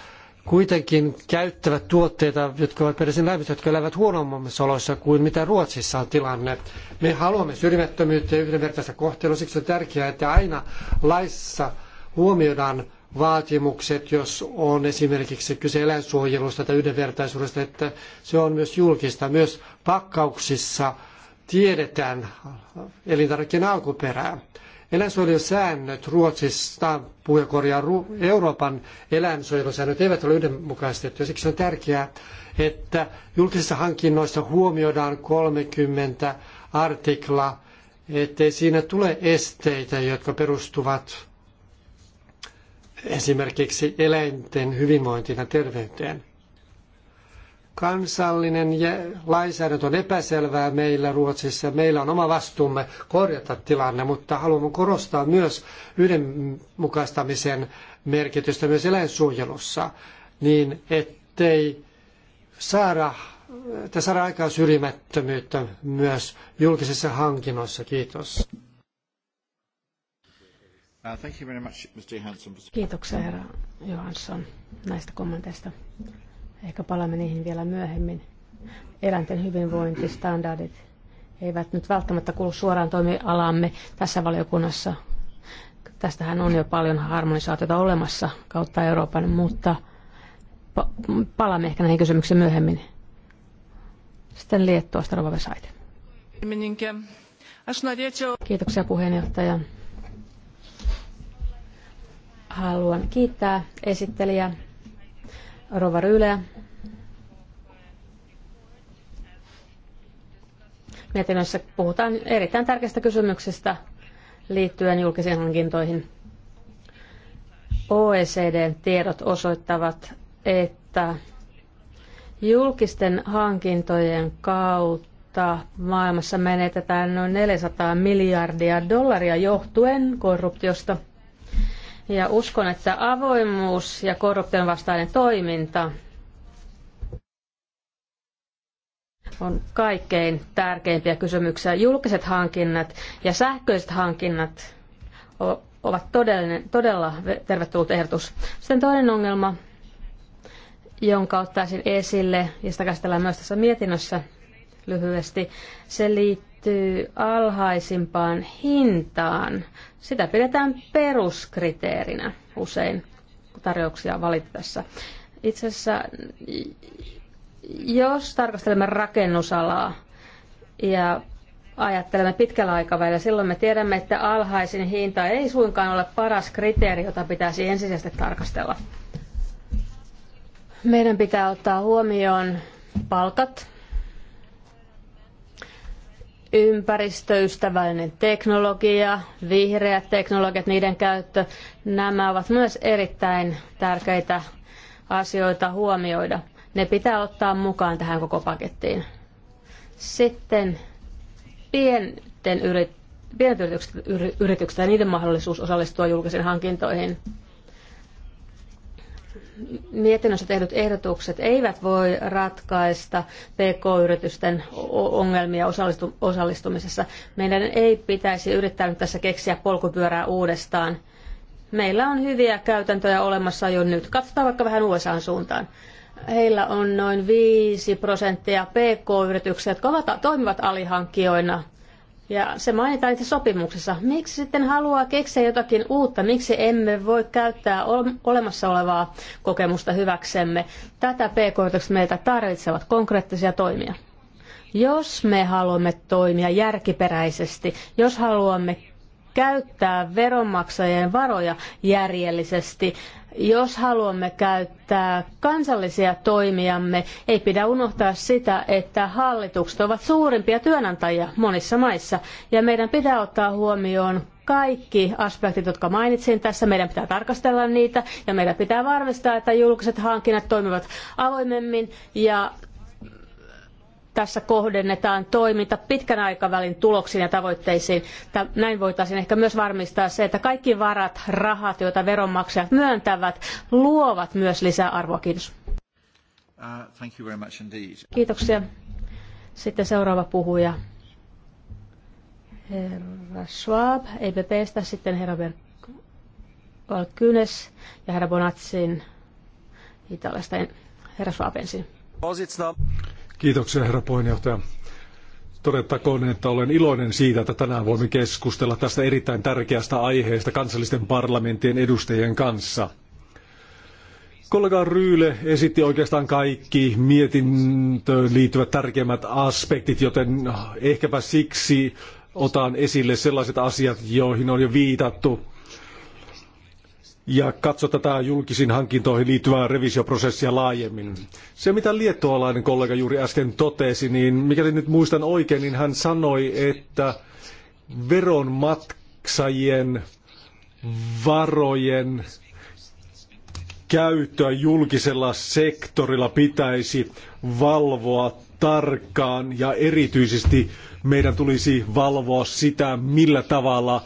kuitenkin käyttävät tuotteita, jotka ovat peräisin lämpöistä, jotka elävät huonommissa oloissa kuin mitä Ruotsissa on tilanne. Me haluamme syrjimättömyyttä ja yhdenvertaista kohtelua, siksi on tärkeää, että aina laissa huomioidaan vaatimukset, jos on esimerkiksi kyse eläinsuojelusta tai yhdenvertaisuudesta, että se on myös julkista. Myös pakkauksissa tiedetään elintarvikkeen alkuperää. Eläinsuojelusäännöt Ruotsista, puhujakorjaa Euroopan eläinsuojelusäännöt eivät ole yhdenmukaistettuja. Siksi on tärkeää, että julkisissa hankinnoissa huomioidaan 30 artikla, ettei siinä tule esteitä, jotka perustuvat esimerkiksi eläinten hyvinvointiin ja terveyteen. Kansallinen lainsäädäntö on epäselvää meillä Ruotsissa. Meillä on oma vastuumme korjata tilanne, mutta haluamme korostaa myös yhdenmukaistamisen merkitystä myös eläinsuojelussa, niin ettei saada, että saada aikaa syrjimättömyyttä myös julkisissa hankinnoissa. Kiitos. Uh, Kiitoksia herra Johansson näistä kommenteista. Ehkä palaamme niihin vielä myöhemmin. Eläinten hyvinvointistandardit eivät nyt välttämättä kuulu suoraan toimialaamme tässä valiokunnassa. Tästähän on jo paljon harmonisaatiota olemassa kautta Euroopan, mutta palaamme ehkä näihin kysymyksiin myöhemmin. Sitten Liettuasta Rova Vesaite. Kiitoksia puheenjohtaja. Haluan kiittää esittelijä Rova Ryyleä mietinnössä puhutaan erittäin tärkeästä kysymyksestä liittyen julkisiin hankintoihin. OECDn tiedot osoittavat, että julkisten hankintojen kautta maailmassa menetetään noin 400 miljardia dollaria johtuen korruptiosta – ja uskon, että avoimuus ja korruption vastainen toiminta on kaikkein tärkeimpiä kysymyksiä. Julkiset hankinnat ja sähköiset hankinnat ovat todella tervetullut ehdotus. Sitten toinen ongelma, jonka ottaisin esille, ja sitä käsitellään myös tässä mietinnössä lyhyesti, se liittyy liittyy alhaisimpaan hintaan. Sitä pidetään peruskriteerinä usein tarjouksia valitessa. Itse asiassa, jos tarkastelemme rakennusalaa ja ajattelemme pitkällä aikavälillä, silloin me tiedämme, että alhaisin hinta ei suinkaan ole paras kriteeri, jota pitäisi ensisijaisesti tarkastella. Meidän pitää ottaa huomioon palkat, ympäristöystävällinen teknologia, vihreät teknologiat, niiden käyttö, nämä ovat myös erittäin tärkeitä asioita huomioida. Ne pitää ottaa mukaan tähän koko pakettiin. Sitten pienten yrit, pienet yritykset, yritykset ja niiden mahdollisuus osallistua julkisiin hankintoihin mietinnössä tehdyt ehdotukset eivät voi ratkaista PK-yritysten ongelmia osallistumisessa. Meidän ei pitäisi yrittää nyt tässä keksiä polkupyörää uudestaan. Meillä on hyviä käytäntöjä olemassa jo nyt. Katsotaan vaikka vähän USAn suuntaan. Heillä on noin 5 prosenttia PK-yrityksiä, jotka ovat, toimivat alihankkijoina – ja se mainitaan itse sopimuksessa. Miksi sitten haluaa keksiä jotakin uutta? Miksi emme voi käyttää olemassa olevaa kokemusta hyväksemme? Tätä pk meiltä tarvitsevat konkreettisia toimia. Jos me haluamme toimia järkiperäisesti, jos haluamme käyttää veronmaksajien varoja järjellisesti, jos haluamme käyttää kansallisia toimijamme, ei pidä unohtaa sitä, että hallitukset ovat suurimpia työnantajia monissa maissa, ja meidän pitää ottaa huomioon kaikki aspektit, jotka mainitsin tässä. Meidän pitää tarkastella niitä ja meidän pitää varmistaa, että julkiset hankinnat toimivat avoimemmin ja tässä kohdennetaan toiminta pitkän aikavälin tuloksiin ja tavoitteisiin. Näin voitaisiin ehkä myös varmistaa se, että kaikki varat, rahat, joita veronmaksajat myöntävät, luovat myös lisäarvoa. Kiitos. Uh, Kiitoksia. Sitten seuraava puhuja. Herra Schwab, EPPstä, sitten herra Berk- Valkynes ja herra Bonatsin Italiasta. Herra Schwab ensin. Kiitoksia, herra puheenjohtaja. Todettakoon, että olen iloinen siitä, että tänään voimme keskustella tästä erittäin tärkeästä aiheesta kansallisten parlamenttien edustajien kanssa. Kollega Ryyle esitti oikeastaan kaikki mietintöön liittyvät tärkeimmät aspektit, joten ehkäpä siksi otan esille sellaiset asiat, joihin on jo viitattu ja katso tätä julkisiin hankintoihin liittyvää revisioprosessia laajemmin. Se, mitä liettualainen kollega juuri äsken totesi, niin mikäli nyt muistan oikein, niin hän sanoi, että veronmaksajien varojen käyttöä julkisella sektorilla pitäisi valvoa tarkkaan ja erityisesti meidän tulisi valvoa sitä, millä tavalla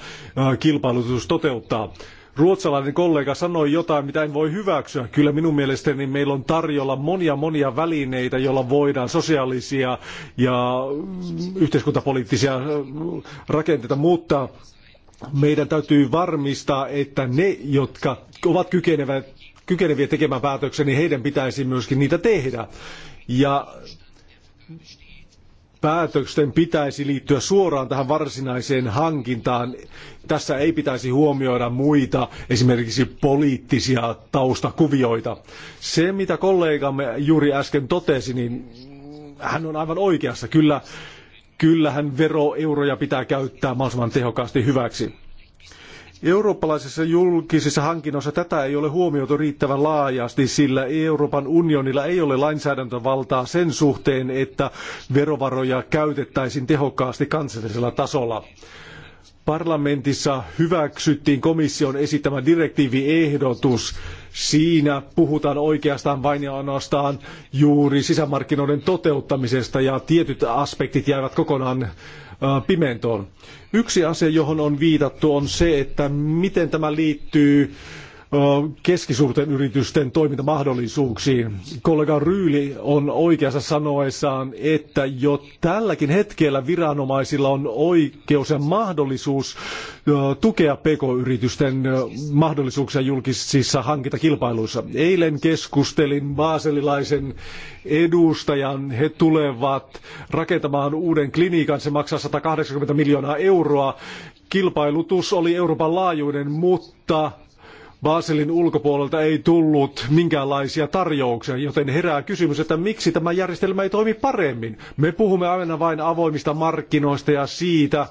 kilpailutus toteuttaa ruotsalainen kollega sanoi jotain, mitä en voi hyväksyä. Kyllä minun mielestäni meillä on tarjolla monia monia välineitä, joilla voidaan sosiaalisia ja yhteiskuntapoliittisia äh, rakenteita muuttaa. Meidän täytyy varmistaa, että ne, jotka ovat kykenevät, kykeneviä tekemään päätöksiä, niin heidän pitäisi myöskin niitä tehdä. Ja päätösten pitäisi liittyä suoraan tähän varsinaiseen hankintaan. Tässä ei pitäisi huomioida muita, esimerkiksi poliittisia taustakuvioita. Se, mitä kollegamme juuri äsken totesi, niin hän on aivan oikeassa. Kyllä, kyllähän veroeuroja pitää käyttää mahdollisimman tehokkaasti hyväksi. Eurooppalaisissa julkisissa hankinnoissa tätä ei ole huomioitu riittävän laajasti, sillä Euroopan unionilla ei ole lainsäädäntövaltaa sen suhteen, että verovaroja käytettäisiin tehokkaasti kansallisella tasolla. Parlamentissa hyväksyttiin komission esittämä direktiiviehdotus. Siinä puhutaan oikeastaan vain ja ainoastaan juuri sisämarkkinoiden toteuttamisesta ja tietyt aspektit jäävät kokonaan pimentoon. Yksi asia, johon on viitattu, on se, että miten tämä liittyy Äh, keskisuurten yritysten toimintamahdollisuuksiin. Kollega Ryyli on oikeassa sanoessaan, että jo tälläkin hetkellä viranomaisilla on oikeus ja mahdollisuus äh, tukea pk-yritysten äh, mahdollisuuksia julkisissa hankintakilpailuissa. Eilen keskustelin vaaselilaisen edustajan. He tulevat rakentamaan uuden klinikan. Se maksaa 180 miljoonaa euroa. Kilpailutus oli Euroopan laajuinen, mutta Baselin ulkopuolelta ei tullut minkäänlaisia tarjouksia, joten herää kysymys, että miksi tämä järjestelmä ei toimi paremmin. Me puhumme aina vain avoimista markkinoista ja siitä,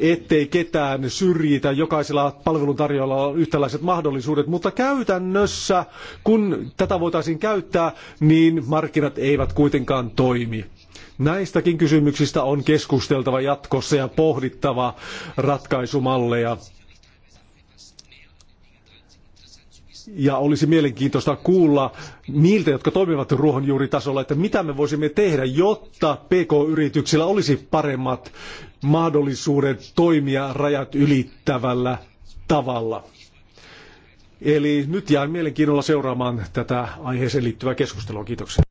ettei ketään syrjitä, jokaisella palveluntarjoajalla on yhtäläiset mahdollisuudet, mutta käytännössä, kun tätä voitaisiin käyttää, niin markkinat eivät kuitenkaan toimi. Näistäkin kysymyksistä on keskusteltava jatkossa ja pohdittava ratkaisumalleja. ja olisi mielenkiintoista kuulla niiltä, jotka toimivat ruohonjuuritasolla, että mitä me voisimme tehdä, jotta PK-yrityksillä olisi paremmat mahdollisuudet toimia rajat ylittävällä tavalla. Eli nyt jään mielenkiinnolla seuraamaan tätä aiheeseen liittyvää keskustelua. Kiitoksia.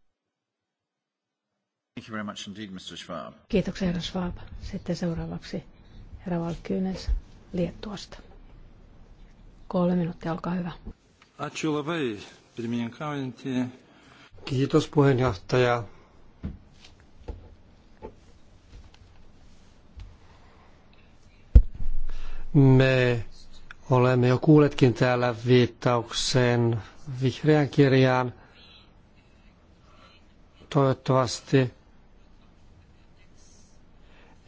Kiitoksia, herra Schwab. Sitten seuraavaksi herra Valkyynes Liettuasta. Kolme minuuttia, olkaa hyvä. Ačiū labai, pirmininkaujantį. Kiitos puheenjohtaja. Me olemme jo kuulletkin täällä viittaukseen vihreän kirjaan. Toivottavasti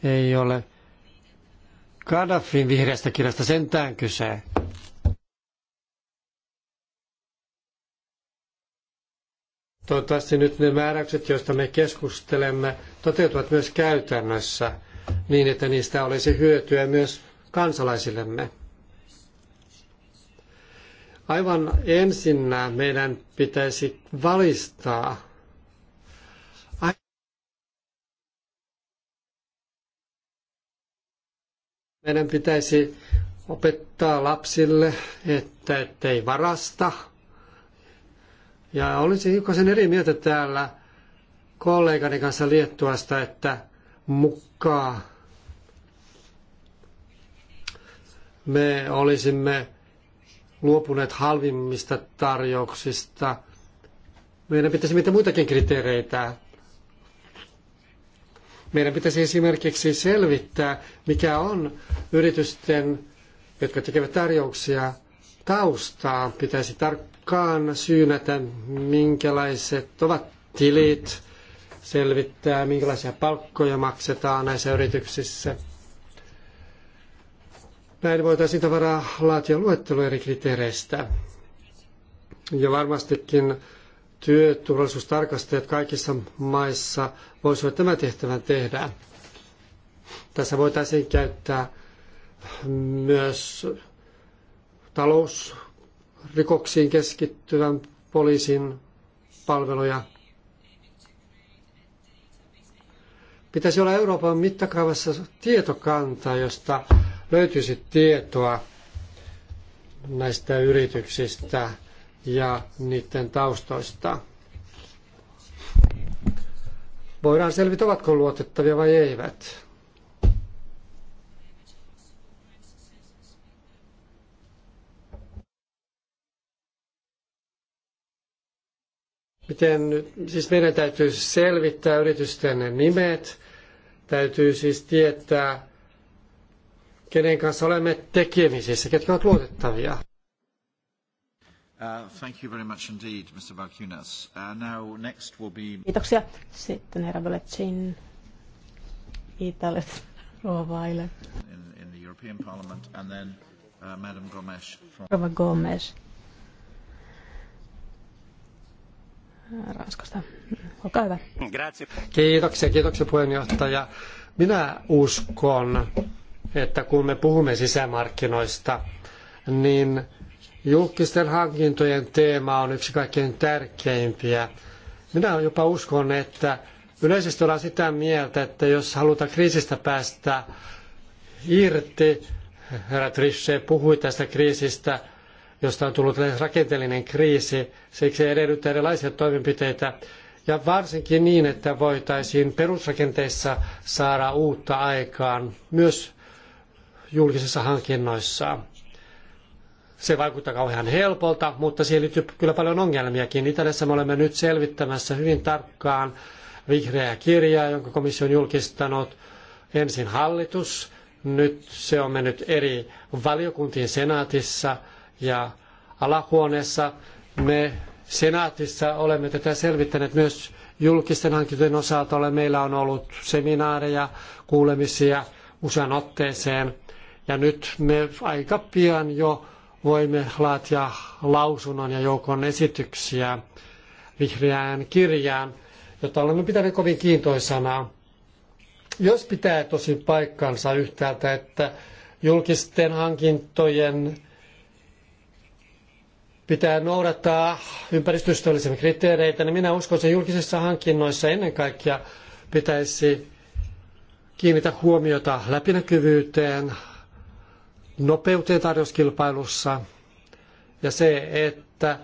ei ole Gaddafin vihreästä kirjasta sentään kyse. Toivottavasti nyt ne määräykset, joista me keskustelemme, toteutuvat myös käytännössä niin, että niistä olisi hyötyä myös kansalaisillemme. Aivan ensinnä meidän pitäisi valistaa Meidän pitäisi opettaa lapsille, että ettei varasta, ja olisin hiukan sen eri mieltä täällä kollegani kanssa Liettuasta, että mukaan me olisimme luopuneet halvimmista tarjouksista. Meidän pitäisi miettiä muitakin kriteereitä. Meidän pitäisi esimerkiksi selvittää, mikä on yritysten, jotka tekevät tarjouksia, taustaa pitäisi tarkkaan syynätä, minkälaiset ovat tilit, selvittää, minkälaisia palkkoja maksetaan näissä yrityksissä. Näin voitaisiin tavaraa laatia luettelo eri kriteereistä. Ja varmastikin työturvallisuustarkastajat kaikissa maissa voisivat tämän tehtävän tehdä. Tässä voitaisiin käyttää myös talousrikoksiin keskittyvän poliisin palveluja. Pitäisi olla Euroopan mittakaavassa tietokanta, josta löytyisi tietoa näistä yrityksistä ja niiden taustoista. Voidaan selvitä, ovatko luotettavia vai eivät. Miten, siis meidän täytyy selvittää yritysten nimet, täytyy siis tietää, kenen kanssa olemme tekemisissä, ketkä ovat luotettavia. Uh, thank you very much indeed, Mr. Balkunas. Uh, now next will be... Kiitoksia. Sitten herra Bolecin. Italiasta Ruovaille. In, in the European Parliament and then uh, Madam Gomes from... Rova Gomes. Ranskasta. Olkaa hyvä. Kiitoksia, kiitoksia puheenjohtaja. Minä uskon, että kun me puhumme sisämarkkinoista, niin julkisten hankintojen teema on yksi kaikkein tärkeimpiä. Minä jopa uskon, että yleisesti ollaan sitä mieltä, että jos halutaan kriisistä päästä irti, herra Trichet puhui tästä kriisistä, josta on tullut lähes rakenteellinen kriisi. Siksi edellyttää erilaisia toimenpiteitä ja varsinkin niin, että voitaisiin perusrakenteissa saada uutta aikaan myös julkisissa hankinnoissa. Se vaikuttaa kauhean helpolta, mutta siihen liittyy kyllä paljon ongelmiakin. Italiassa me olemme nyt selvittämässä hyvin tarkkaan vihreää kirjaa, jonka komissio on julkistanut. Ensin hallitus, nyt se on mennyt eri valiokuntiin senaatissa – ja alahuoneessa me senaatissa olemme tätä selvittäneet myös julkisten hankintojen osalta. Meillä on ollut seminaareja, kuulemisia usean otteeseen. Ja nyt me aika pian jo voimme laatia lausunnon ja joukon esityksiä vihreään kirjaan, jota olemme pitäneet kovin kiintoisana. Jos pitää tosi paikkansa yhtäältä, että julkisten hankintojen pitää noudattaa ympäristöystävällisiä kriteereitä, niin minä uskon, että julkisissa hankinnoissa ennen kaikkea pitäisi kiinnitä huomiota läpinäkyvyyteen, nopeuteen tarjouskilpailussa ja se, että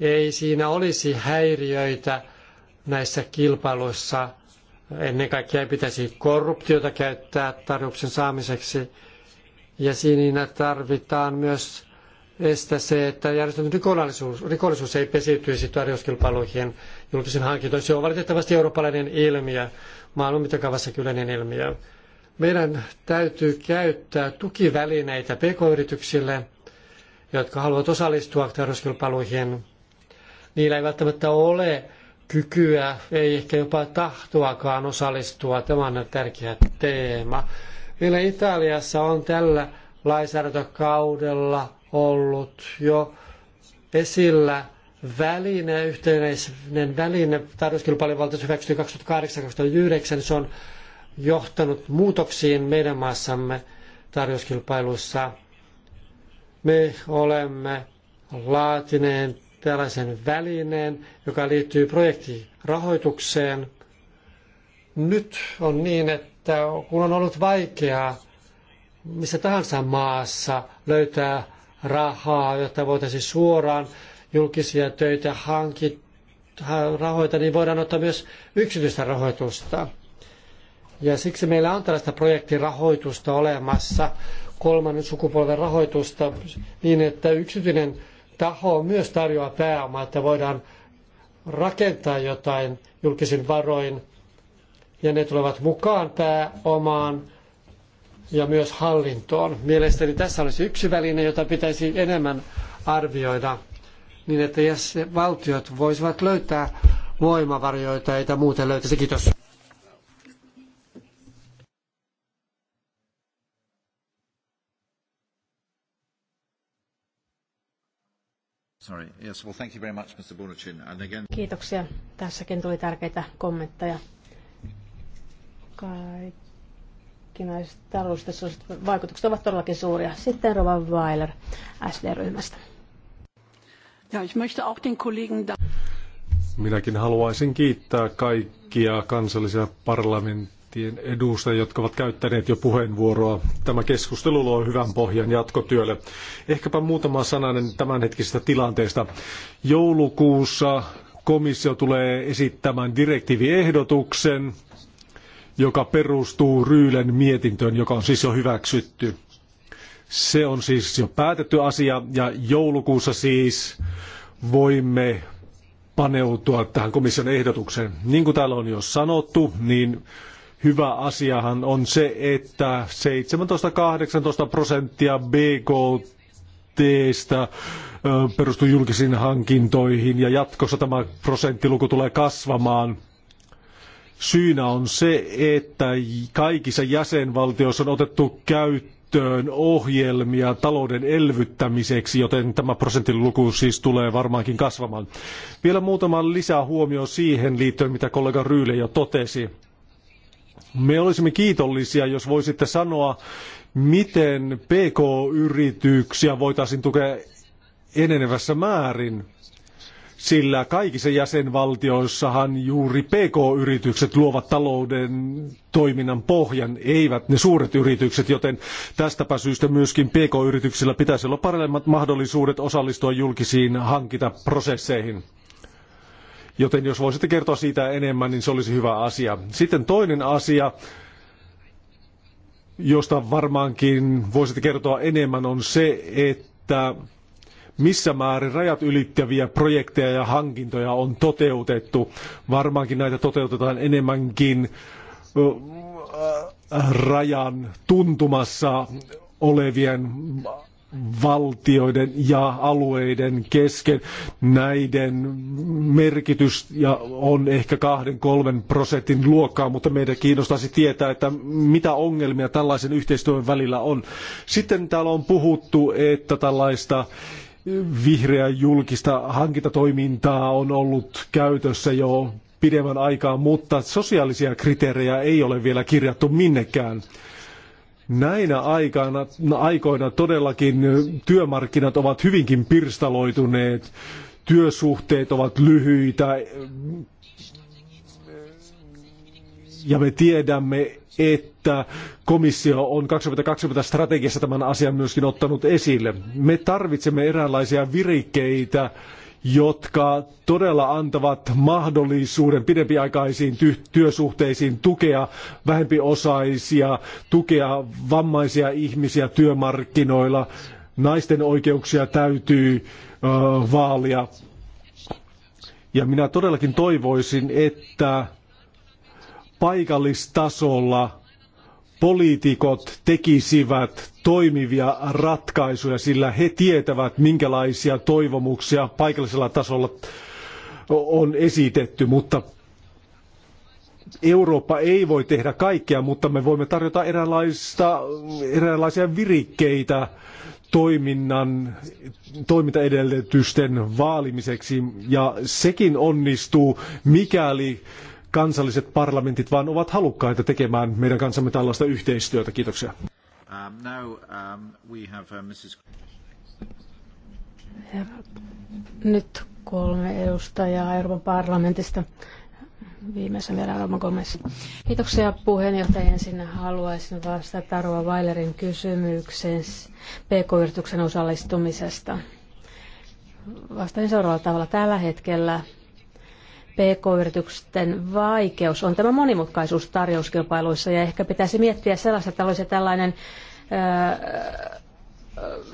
ei siinä olisi häiriöitä näissä kilpailuissa. Ennen kaikkea ei pitäisi korruptiota käyttää tarjouksen saamiseksi. Ja siinä tarvitaan myös estä se, että järjestetty rikollisuus, rikollisuus ei pesiytyisi tarjouskilpailuihin julkisiin hankintoihin. Se on valitettavasti eurooppalainen ilmiö, maailman mittakaavassa kyläinen ilmiö. Meidän täytyy käyttää tukivälineitä pk-yrityksille, jotka haluavat osallistua tarjouskilpailuihin. Niillä ei välttämättä ole kykyä, ei ehkä jopa tahtoakaan osallistua. Tämä on tärkeä teema. Meillä Italiassa on tällä lainsäädäntökaudella ollut jo esillä väline, yhteinen väline, tarjouskilpailuvaltuus hyväksytty 2008-2009, se on johtanut muutoksiin meidän maassamme tarjouskilpailuissa. Me olemme laatineen tällaisen välineen, joka liittyy projektirahoitukseen. Nyt on niin, että kun on ollut vaikeaa missä tahansa maassa löytää rahaa, jotta voitaisiin suoraan julkisia töitä hankit, rahoita, niin voidaan ottaa myös yksityistä rahoitusta. Ja siksi meillä on tällaista projektirahoitusta olemassa, kolmannen sukupolven rahoitusta, niin että yksityinen taho myös tarjoaa pääomaa, että voidaan rakentaa jotain julkisin varoin, ja ne tulevat mukaan pääomaan ja myös hallintoon. Mielestäni tässä olisi yksi väline, jota pitäisi enemmän arvioida, niin että jäsenvaltiot voisivat löytää voimavarjoita, joita muuten löytäisi. Kiitos. Kiitoksia. Tässäkin tuli tärkeitä kommentteja. Kaikki markkinaiset taloudelliset vaikutukset ovat todellakin suuria. Sitten Rova Weiler SD-ryhmästä. Ja, ich möchte auch den Kollegen da Minäkin haluaisin kiittää kaikkia kansallisia parlamenttien edustajia, jotka ovat käyttäneet jo puheenvuoroa. Tämä keskustelu luo hyvän pohjan jatkotyölle. Ehkäpä muutama sananen tämänhetkisestä tilanteesta. Joulukuussa komissio tulee esittämään direktiiviehdotuksen joka perustuu Ryylen mietintöön, joka on siis jo hyväksytty. Se on siis jo päätetty asia ja joulukuussa siis voimme paneutua tähän komission ehdotukseen. Niin kuin täällä on jo sanottu, niin hyvä asiahan on se, että 17-18 prosenttia BKTstä perustuu julkisiin hankintoihin ja jatkossa tämä prosenttiluku tulee kasvamaan – Syynä on se, että kaikissa jäsenvaltioissa on otettu käyttöön ohjelmia talouden elvyttämiseksi, joten tämä prosenttiluku siis tulee varmaankin kasvamaan. Vielä muutama lisähuomio siihen liittyen, mitä kollega Ryyle jo totesi. Me olisimme kiitollisia, jos voisitte sanoa, miten PK-yrityksiä voitaisiin tukea enenevässä määrin sillä kaikissa jäsenvaltioissahan juuri PK-yritykset luovat talouden toiminnan pohjan, eivät ne suuret yritykset, joten tästäpä syystä myöskin PK-yrityksillä pitäisi olla paremmat mahdollisuudet osallistua julkisiin hankintaprosesseihin. Joten jos voisitte kertoa siitä enemmän, niin se olisi hyvä asia. Sitten toinen asia, josta varmaankin voisitte kertoa enemmän, on se, että missä määrin rajat ylittäviä projekteja ja hankintoja on toteutettu. Varmaankin näitä toteutetaan enemmänkin rajan tuntumassa olevien valtioiden ja alueiden kesken. Näiden merkitys ja on ehkä kahden kolmen prosentin luokkaa, mutta meidän kiinnostaisi tietää, että mitä ongelmia tällaisen yhteistyön välillä on. Sitten täällä on puhuttu, että tällaista vihreä julkista hankintatoimintaa on ollut käytössä jo pidemmän aikaa, mutta sosiaalisia kriteerejä ei ole vielä kirjattu minnekään. Näinä aikana, aikoina todellakin työmarkkinat ovat hyvinkin pirstaloituneet, työsuhteet ovat lyhyitä ja me tiedämme, että komissio on 2020 strategiassa tämän asian myöskin ottanut esille. Me tarvitsemme eräänlaisia virikkeitä, jotka todella antavat mahdollisuuden pidempiaikaisiin työsuhteisiin tukea vähempiosaisia, tukea vammaisia ihmisiä työmarkkinoilla. Naisten oikeuksia täytyy ö, vaalia. Ja minä todellakin toivoisin, että paikallistasolla poliitikot tekisivät toimivia ratkaisuja, sillä he tietävät, minkälaisia toivomuksia paikallisella tasolla on esitetty, mutta Eurooppa ei voi tehdä kaikkea, mutta me voimme tarjota eräänlaisia virikkeitä toiminnan, toimintaedellytysten vaalimiseksi, ja sekin onnistuu, mikäli kansalliset parlamentit vaan ovat halukkaita tekemään meidän kanssamme tällaista yhteistyötä. Kiitoksia. Um, now, um, have, uh, Mrs... Nyt kolme edustajaa Euroopan parlamentista viimeisen vielä Rauman komessa. Kiitoksia puheenjohtaja. Ensin haluaisin vastata Rova Weilerin kysymykseen PK-yrityksen osallistumisesta. Vastaan seuraavalla tavalla. Tällä hetkellä PK-yritysten vaikeus on tämä monimutkaisuus tarjouskilpailuissa ja ehkä pitäisi miettiä sellaista, että olisi tällainen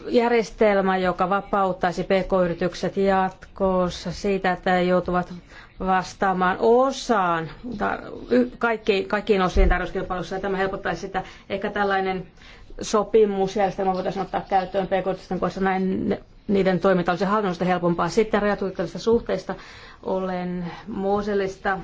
järjestelmä, joka vapauttaisi pk-yritykset jatkossa siitä, että he joutuvat vastaamaan osaan, kaikkiin, kaikkiin osiin tarjouskilpailussa, ja tämä helpottaisi sitä. Ehkä tällainen sopimusjärjestelmä voitaisiin ottaa käyttöön pk-yritysten kanssa, näin niiden toiminta olisi hallinnosta helpompaa. Sitten rajatuittavista suhteista olen Mooselista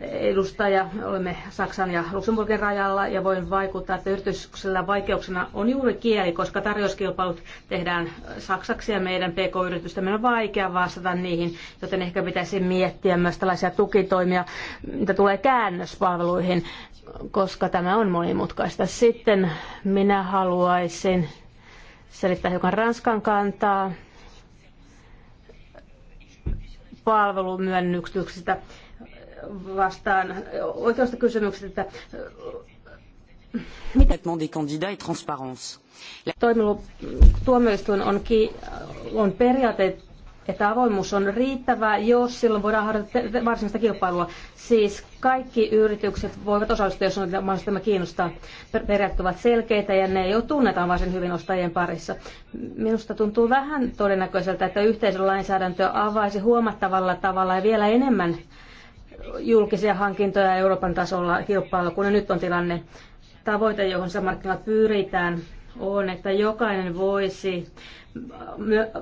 edustaja. Olemme Saksan ja Luxemburgin rajalla ja voin vaikuttaa, että yrityksellä vaikeuksena on juuri kieli, koska tarjouskilpailut tehdään saksaksi ja meidän pk-yritystä on vaikea vastata niihin, joten ehkä pitäisi miettiä myös tällaisia tukitoimia, mitä tulee käännöspalveluihin, koska tämä on monimutkaista. Sitten minä haluaisin selittää hiukan Ranskan kantaa palvelumyönnyksistä vastaan oikeasta kysymyksestä, että Toimilu, Tuomioistuin on, ki- on periaatteet että avoimuus on riittävä, jos silloin voidaan harjoittaa varsinaista kilpailua. Siis kaikki yritykset voivat osallistua, jos on mahdollista tämä kiinnostaa. Periaatteet ovat selkeitä ja ne jo tunnetaan varsin hyvin ostajien parissa. Minusta tuntuu vähän todennäköiseltä, että yhteisölainsäädäntö avaisi huomattavalla tavalla ja vielä enemmän julkisia hankintoja Euroopan tasolla kilpailua, kun nyt on tilanne tavoite, johon se sisämarkkinoilla pyritään on, että jokainen voisi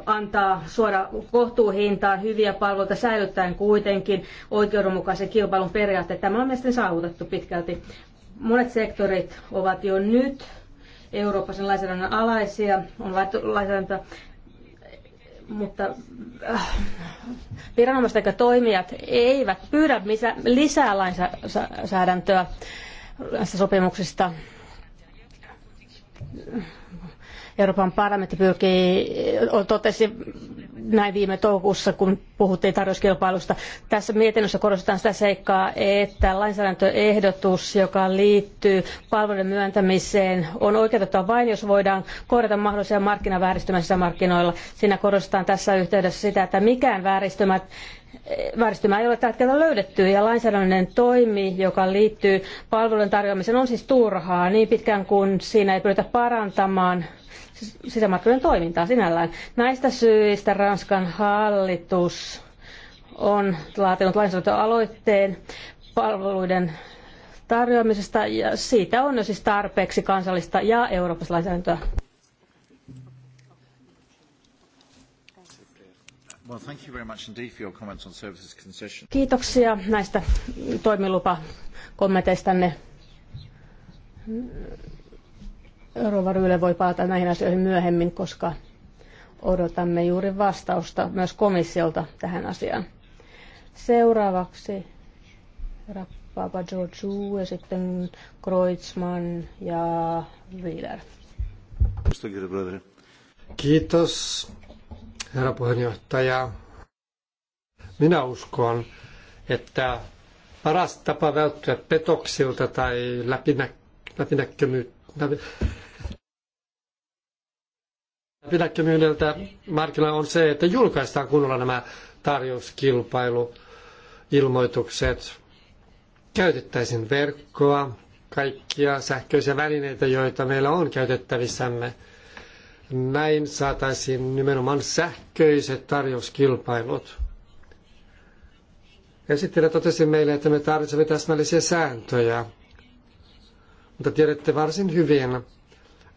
antaa suora kohtuuhintaan hyviä palveluita säilyttäen kuitenkin oikeudenmukaisen kilpailun periaatteet. Tämä on mielestäni saavutettu pitkälti. Monet sektorit ovat jo nyt Euroopan lainsäädännön alaisia, on lainsäädäntö mutta äh, viranomaiset ja toimijat eivät pyydä lisää lainsäädäntöä näistä sopimuksista Euroopan parlamentti pyrkii, totesi näin viime toukokuussa, kun puhuttiin tarjouskilpailusta. Tässä mietinnössä korostetaan sitä seikkaa, että lainsäädäntöehdotus, joka liittyy palveluiden myöntämiseen, on oikeutettua vain, jos voidaan korjata mahdollisia markkinavääristymäisiä markkinoilla. Siinä korostetaan tässä yhteydessä sitä, että mikään vääristymät vääristymää ei ole tällä hetkellä löydetty ja lainsäädännöllinen toimi, joka liittyy palvelujen tarjoamiseen, on siis turhaa niin pitkään kuin siinä ei pyritä parantamaan sisämarkkinoiden toimintaa sinällään. Näistä syistä Ranskan hallitus on laatinut lainsäädäntöaloitteen palveluiden tarjoamisesta ja siitä on jo siis tarpeeksi kansallista ja eurooppalaista lainsäädäntöä. Kiitoksia näistä toimilupakommenteistanne. Rova Ryyle voi palata näihin asioihin myöhemmin, koska odotamme juuri vastausta myös komissiolta tähän asiaan. Seuraavaksi Rappapa ja sitten Kreutzmann ja Wieler. Kiitos herra puheenjohtaja. Minä uskon, että paras tapa välttyä petoksilta tai läpinä, läpinäkyvyydeltä markkinoilla on se, että julkaistaan kunnolla nämä tarjouskilpailuilmoitukset. Käytettäisiin verkkoa, kaikkia sähköisiä välineitä, joita meillä on käytettävissämme – näin saataisiin nimenomaan sähköiset tarjouskilpailut. Esittelijä totesi meille, että me tarvitsemme täsmällisiä sääntöjä. Mutta tiedätte varsin hyvin,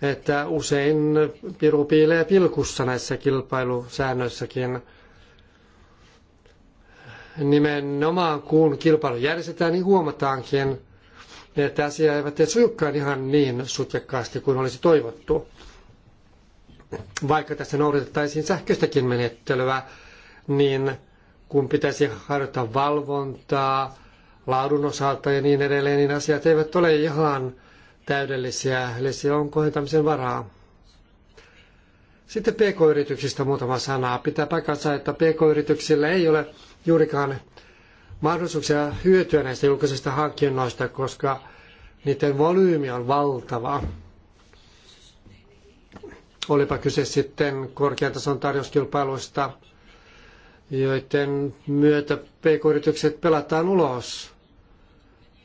että usein piru piilee pilkussa näissä kilpailusäännöissäkin. Nimenomaan kun kilpailu järjestetään, niin huomataankin, että asia eivät sujukaan ihan niin sutjakkaasti kuin olisi toivottu vaikka tässä noudatettaisiin sähköistäkin menettelyä, niin kun pitäisi harjoittaa valvontaa laadun osalta ja niin edelleen, niin asiat eivät ole ihan täydellisiä, eli siellä on kohentamisen varaa. Sitten pk-yrityksistä muutama sana. Pitää paikkansa, että pk-yrityksillä ei ole juurikaan mahdollisuuksia hyötyä näistä julkisista hankinnoista, koska niiden volyymi on valtava olipa kyse sitten korkean tason tarjouskilpailuista, joiden myötä pk-yritykset pelataan ulos.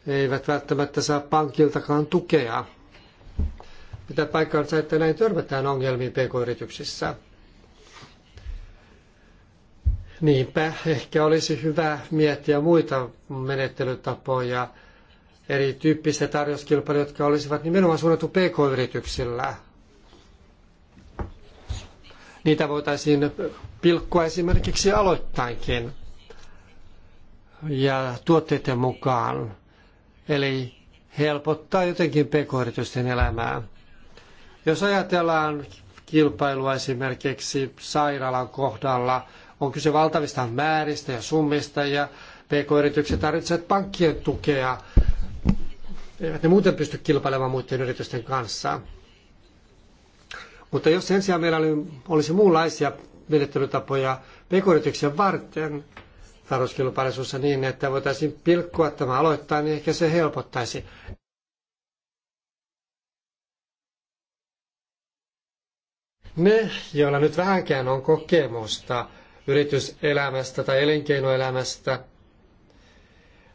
Eivät välttämättä saa pankiltakaan tukea. Pitää paikkaansa, että näin törmätään ongelmiin pk-yrityksissä. Niinpä, ehkä olisi hyvä miettiä muita menettelytapoja, erityyppisiä tarjouskilpailuja, jotka olisivat nimenomaan suunnattu pk-yrityksillä – Niitä voitaisiin pilkkua esimerkiksi aloittainkin ja tuotteiden mukaan. Eli helpottaa jotenkin pk-yritysten elämää. Jos ajatellaan kilpailua esimerkiksi sairaalan kohdalla, on kyse valtavista määristä ja summista ja pk-yritykset tarvitsevat pankkien tukea. Eivät ne muuten pysty kilpailemaan muiden yritysten kanssa. Mutta jos sen sijaan meillä olisi muunlaisia menettelytapoja pk varten tarjouskilpailussa niin, että voitaisiin pilkkoa tämä aloittaa, niin ehkä se helpottaisi. Ne, joilla nyt vähänkään on kokemusta yrityselämästä tai elinkeinoelämästä,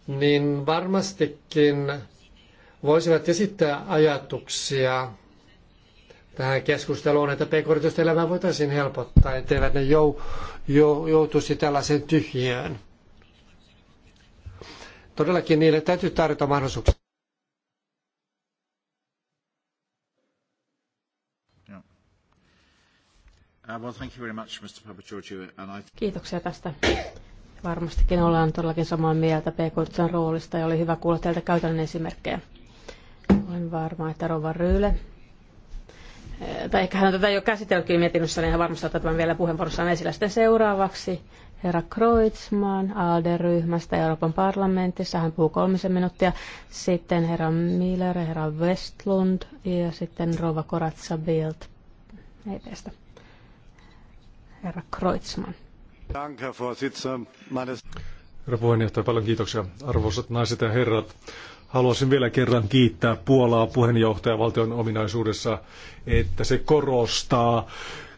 niin varmastikin voisivat esittää ajatuksia tähän keskusteluun, että pk-yritysten elämää voitaisiin helpottaa, etteivät ne jou, jou, joutuisi tällaiseen tyhjiöön. Todellakin niille täytyy tarjota mahdollisuuksia. Uh, Kiitoksia tästä. Varmastikin ollaan todellakin samaa mieltä pk roolista ja oli hyvä kuulla teiltä käytännön esimerkkejä. Olen varma, että Rova Ryyle Eh, tai ehkä hän on tätä jo käsitellytkin mietinnössä, niin hän varmasti ottaa tämän vielä puheenvuorossaan esillä. Sitten seuraavaksi herra Kreutzmann ALDE-ryhmästä Euroopan parlamentissa. Hän puhuu kolmisen minuuttia. Sitten herra Miller, herra Westlund ja sitten rova Koratsa Bild. Ei tästä. Herra Kreutzmann. Herra puheenjohtaja, paljon kiitoksia. Arvoisat naiset ja herrat, Haluaisin vielä kerran kiittää Puolaa puheenjohtajavaltion ominaisuudessa, että se korostaa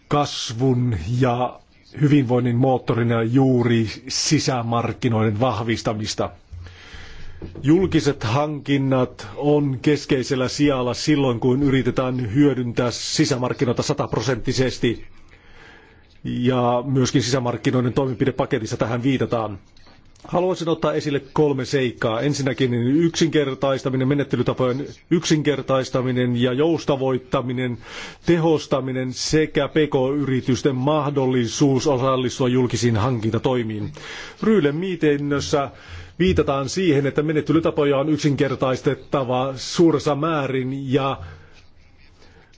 kasvun ja hyvinvoinnin moottorina juuri sisämarkkinoiden vahvistamista. Julkiset hankinnat on keskeisellä sijalla silloin, kun yritetään hyödyntää sisämarkkinoita sataprosenttisesti. Ja myöskin sisämarkkinoiden toimenpidepaketissa tähän viitataan. Haluaisin ottaa esille kolme seikkaa. Ensinnäkin yksinkertaistaminen, menettelytapojen yksinkertaistaminen ja joustavoittaminen, tehostaminen sekä PK-yritysten mahdollisuus osallistua julkisiin hankintatoimiin. Ryylen mietinnössä viitataan siihen, että menettelytapoja on yksinkertaistettava suuressa määrin ja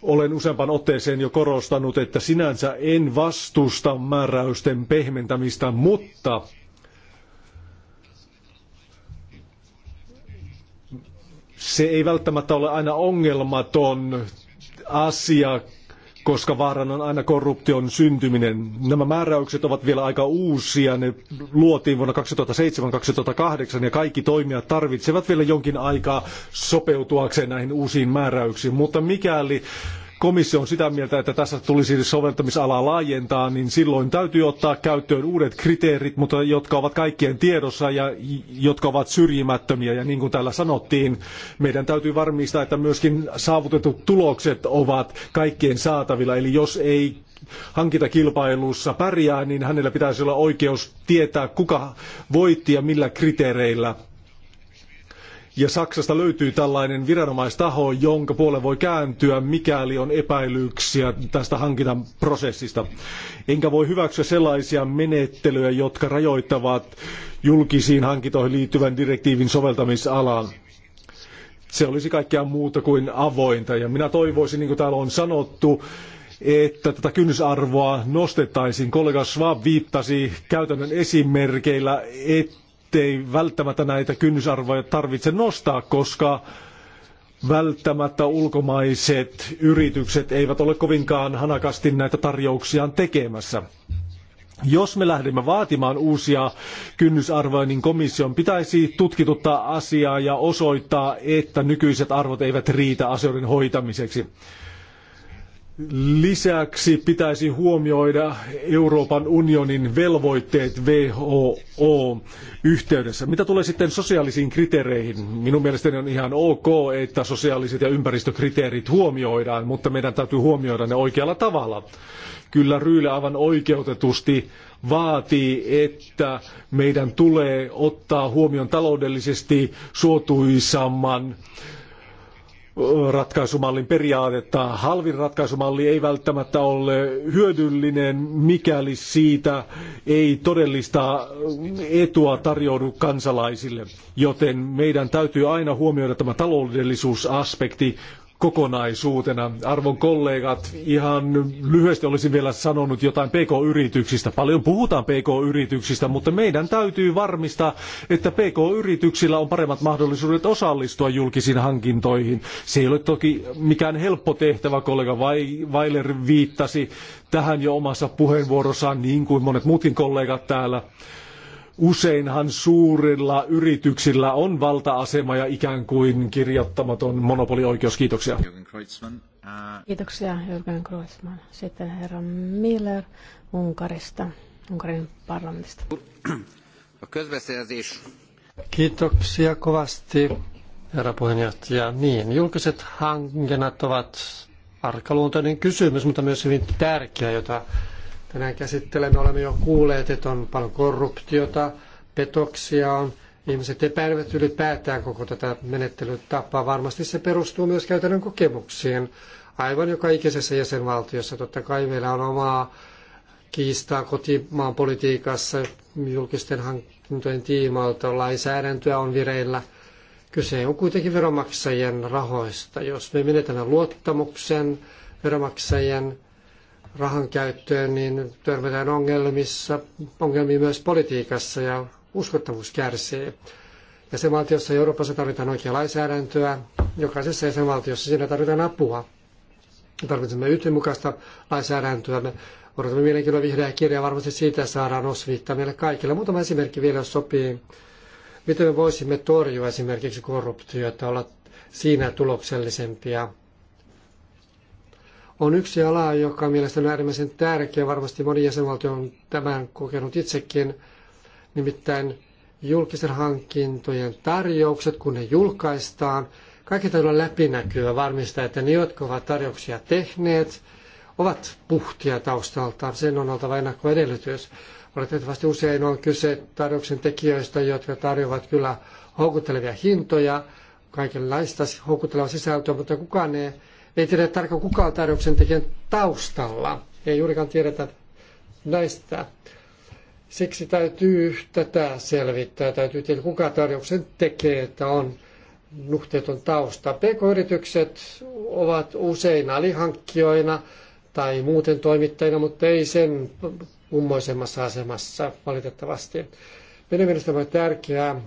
olen useampaan otteeseen jo korostanut, että sinänsä en vastusta määräysten pehmentämistä, mutta se ei välttämättä ole aina ongelmaton asia, koska vaaran on aina korruption syntyminen. Nämä määräykset ovat vielä aika uusia, ne luotiin vuonna 2007-2008 ja kaikki toimijat tarvitsevat vielä jonkin aikaa sopeutuakseen näihin uusiin määräyksiin, mutta mikäli komissio on sitä mieltä, että tässä tulisi soveltamisalaa laajentaa, niin silloin täytyy ottaa käyttöön uudet kriteerit, mutta jotka ovat kaikkien tiedossa ja jotka ovat syrjimättömiä. Ja niin kuin täällä sanottiin, meidän täytyy varmistaa, että myöskin saavutetut tulokset ovat kaikkien saatavilla. Eli jos ei hankintakilpailussa pärjää, niin hänellä pitäisi olla oikeus tietää, kuka voitti ja millä kriteereillä. Ja Saksasta löytyy tällainen viranomaistaho, jonka puoleen voi kääntyä, mikäli on epäilyksiä tästä hankinnan prosessista. Enkä voi hyväksyä sellaisia menettelyjä, jotka rajoittavat julkisiin hankintoihin liittyvän direktiivin soveltamisalaan. se olisi kaikkea muuta kuin avointa. Ja minä toivoisin, niin kuin täällä on sanottu, että tätä kynnysarvoa nostettaisiin. Kollega Schwab viittasi käytännön esimerkeillä. että ettei välttämättä näitä kynnysarvoja tarvitse nostaa, koska välttämättä ulkomaiset yritykset eivät ole kovinkaan hanakasti näitä tarjouksiaan tekemässä. Jos me lähdemme vaatimaan uusia kynnysarvoja, niin komission pitäisi tutkituttaa asiaa ja osoittaa, että nykyiset arvot eivät riitä asioiden hoitamiseksi. Lisäksi pitäisi huomioida Euroopan unionin velvoitteet WHO-yhteydessä. Mitä tulee sitten sosiaalisiin kriteereihin? Minun mielestäni on ihan ok, että sosiaaliset ja ympäristökriteerit huomioidaan, mutta meidän täytyy huomioida ne oikealla tavalla. Kyllä Ryylä aivan oikeutetusti vaatii, että meidän tulee ottaa huomioon taloudellisesti suotuisamman äh, ratkaisumallin periaatetta. Halvin ratkaisumalli ei välttämättä ole hyödyllinen, mikäli siitä ei todellista etua tarjoudu kansalaisille. Joten meidän täytyy aina huomioida tämä taloudellisuusaspekti, kokonaisuutena. Arvon kollegat, ihan lyhyesti olisin vielä sanonut jotain PK-yrityksistä. Paljon puhutaan PK-yrityksistä, mutta meidän täytyy varmistaa, että PK-yrityksillä on paremmat mahdollisuudet osallistua julkisiin hankintoihin. Se ei ole toki mikään helppo tehtävä, kollega Weiler viittasi tähän jo omassa puheenvuorossaan, niin kuin monet muutkin kollegat täällä. Useinhan suurilla yrityksillä on valta-asema ja ikään kuin kirjoittamaton monopolioikeus. Kiitoksia. Äh, Kiitoksia, Jürgen Kreutzmann. Sitten herra Miller Unkarista, Unkarin parlamentista. Kiitoksia kovasti, herra puheenjohtaja. Niin, julkiset hankinnat ovat arkaluontoinen kysymys, mutta myös hyvin tärkeä, jota tänään käsittelemme. Olemme jo kuulleet, että on paljon korruptiota, petoksia on. Ihmiset epäilevät ylipäätään koko tätä menettelytapaa. Varmasti se perustuu myös käytännön kokemuksiin. Aivan joka ikisessä jäsenvaltiossa totta kai meillä on omaa kiistaa kotimaan politiikassa julkisten hankintojen tiimoilta. Lainsäädäntöä on vireillä. Kyse on kuitenkin veronmaksajien rahoista. Jos me menetämme luottamuksen veronmaksajien rahan käyttöön, niin törmätään ongelmissa, ongelmia myös politiikassa ja uskottavuus kärsii. Jäsenvaltiossa ja Euroopassa tarvitaan oikea lainsäädäntöä. Jokaisessa jäsenvaltiossa siinä tarvitaan apua. Me tarvitsemme yhdenmukaista lainsäädäntöä. Me odotamme mielenkiinnolla vihreää kirjaa. Varmasti siitä saadaan osviittaa meille kaikille. Muutama esimerkki vielä, jos sopii. Miten me voisimme torjua esimerkiksi korruptiota, olla siinä tuloksellisempia on yksi ala, joka mielestäni on äärimmäisen tärkeä. Varmasti moni jäsenvaltio on tämän kokenut itsekin, nimittäin julkisten hankintojen tarjoukset, kun ne julkaistaan. Kaikki täytyy olla läpinäkyvä varmistaa, että ne, jotka ovat tarjouksia tehneet, ovat puhtia taustaltaan. Sen on oltava ennakkoedellytys. Oletettavasti usein on kyse tarjouksen tekijöistä, jotka tarjoavat kyllä houkuttelevia hintoja, kaikenlaista houkuttelevaa sisältöä, mutta kukaan ei ei tiedä tarkkaan kuka on tarjouksen tekijän taustalla. Ei juurikaan tiedetä näistä. Siksi täytyy tätä selvittää. Täytyy tietää, kuka tarjouksen tekee, että on nuhteeton tausta. PK-yritykset ovat usein alihankkijoina tai muuten toimittajina, mutta ei sen kummoisemmassa asemassa valitettavasti. Meidän mielestämme on tärkeää,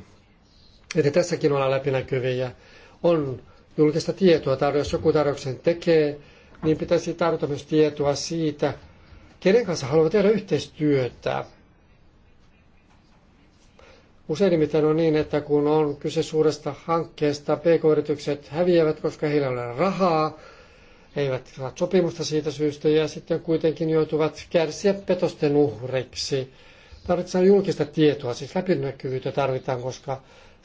että tässäkin ollaan läpinäkyviä. On julkista tietoa. tarjoa jos joku tarjouksen tekee, niin pitäisi tarjota myös tietoa siitä, kenen kanssa haluaa tehdä yhteistyötä. Usein nimittäin on niin, että kun on kyse suuresta hankkeesta, pk-yritykset häviävät, koska heillä ei ole rahaa, eivät saa sopimusta siitä syystä ja sitten kuitenkin joutuvat kärsiä petosten uhreiksi. Tarvitaan julkista tietoa, siis läpinäkyvyyttä tarvitaan, koska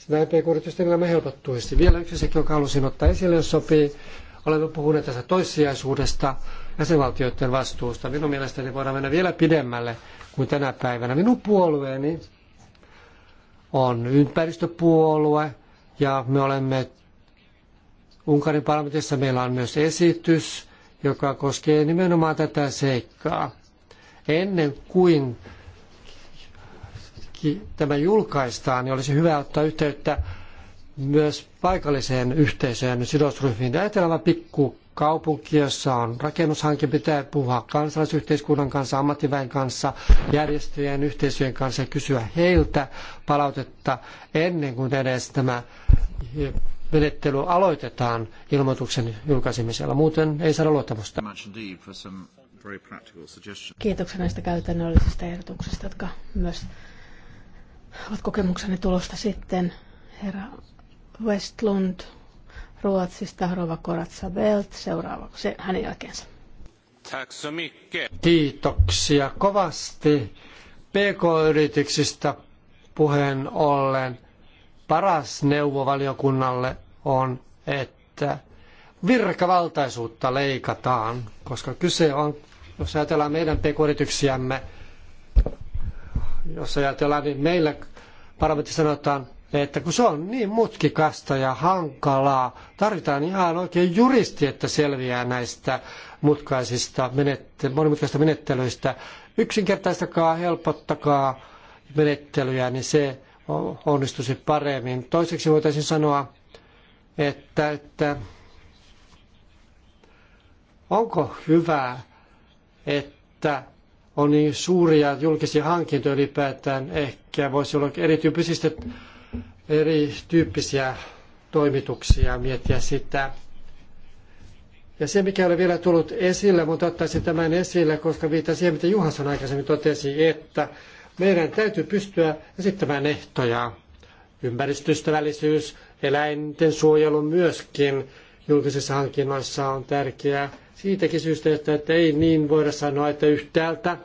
näin pk-yritysten elämä helpottuisi. Vielä yksi sekin, jonka halusin ottaa esille, jos sopii. Olemme puhuneet tästä toissijaisuudesta, jäsenvaltioiden vastuusta. Minun mielestäni voidaan mennä vielä pidemmälle kuin tänä päivänä. Minun puolueeni on ympäristöpuolue ja me olemme Unkarin parlamentissa meillä on myös esitys, joka koskee nimenomaan tätä seikkaa. Ennen kuin kaikki tämä julkaistaan, niin olisi hyvä ottaa yhteyttä myös paikalliseen yhteisöön sidosryhmiin. Ajatellaan pikku kaupunki, jossa on rakennushanke, pitää puhua kansalaisyhteiskunnan kanssa, ammattiväen kanssa, järjestöjen, yhteisöjen kanssa ja kysyä heiltä palautetta ennen kuin edes tämä menettely aloitetaan ilmoituksen julkaisemisella. Muuten ei saada luottamusta. Kiitoksia näistä käytännöllisistä ehdotuksista, jotka myös ovat kokemuksenne tulosta sitten herra Westlund Ruotsista, Rova Koratsa Belt, seuraavaksi hänen jälkeensä. Kiitoksia kovasti PK-yrityksistä puheen ollen. Paras neuvo valiokunnalle on, että virkavaltaisuutta leikataan, koska kyse on, jos ajatellaan meidän PK-yrityksiämme, jos ajatellaan, niin meillä parlamentti sanotaan, että kun se on niin mutkikasta ja hankalaa, tarvitaan ihan oikein juristi, että selviää näistä mutkaisista, monimutkaisista menettelyistä. Yksinkertaistakaa, helpottakaa menettelyjä, niin se onnistuisi paremmin. Toiseksi voitaisiin sanoa, että, että onko hyvä, että on niin suuria julkisia hankintoja ylipäätään. Ehkä voisi olla erityyppisistä, erityyppisiä toimituksia miettiä sitä. Ja se, mikä oli vielä tullut esille, mutta ottaisin tämän esille, koska viittaa siihen, mitä Juhansson aikaisemmin totesi, että meidän täytyy pystyä esittämään ehtoja. Ympäristöystävällisyys, eläinten suojelu myöskin julkisissa hankinnoissa on tärkeää. Siitäkin syystä, että, ei niin voida sanoa, että yhtäältä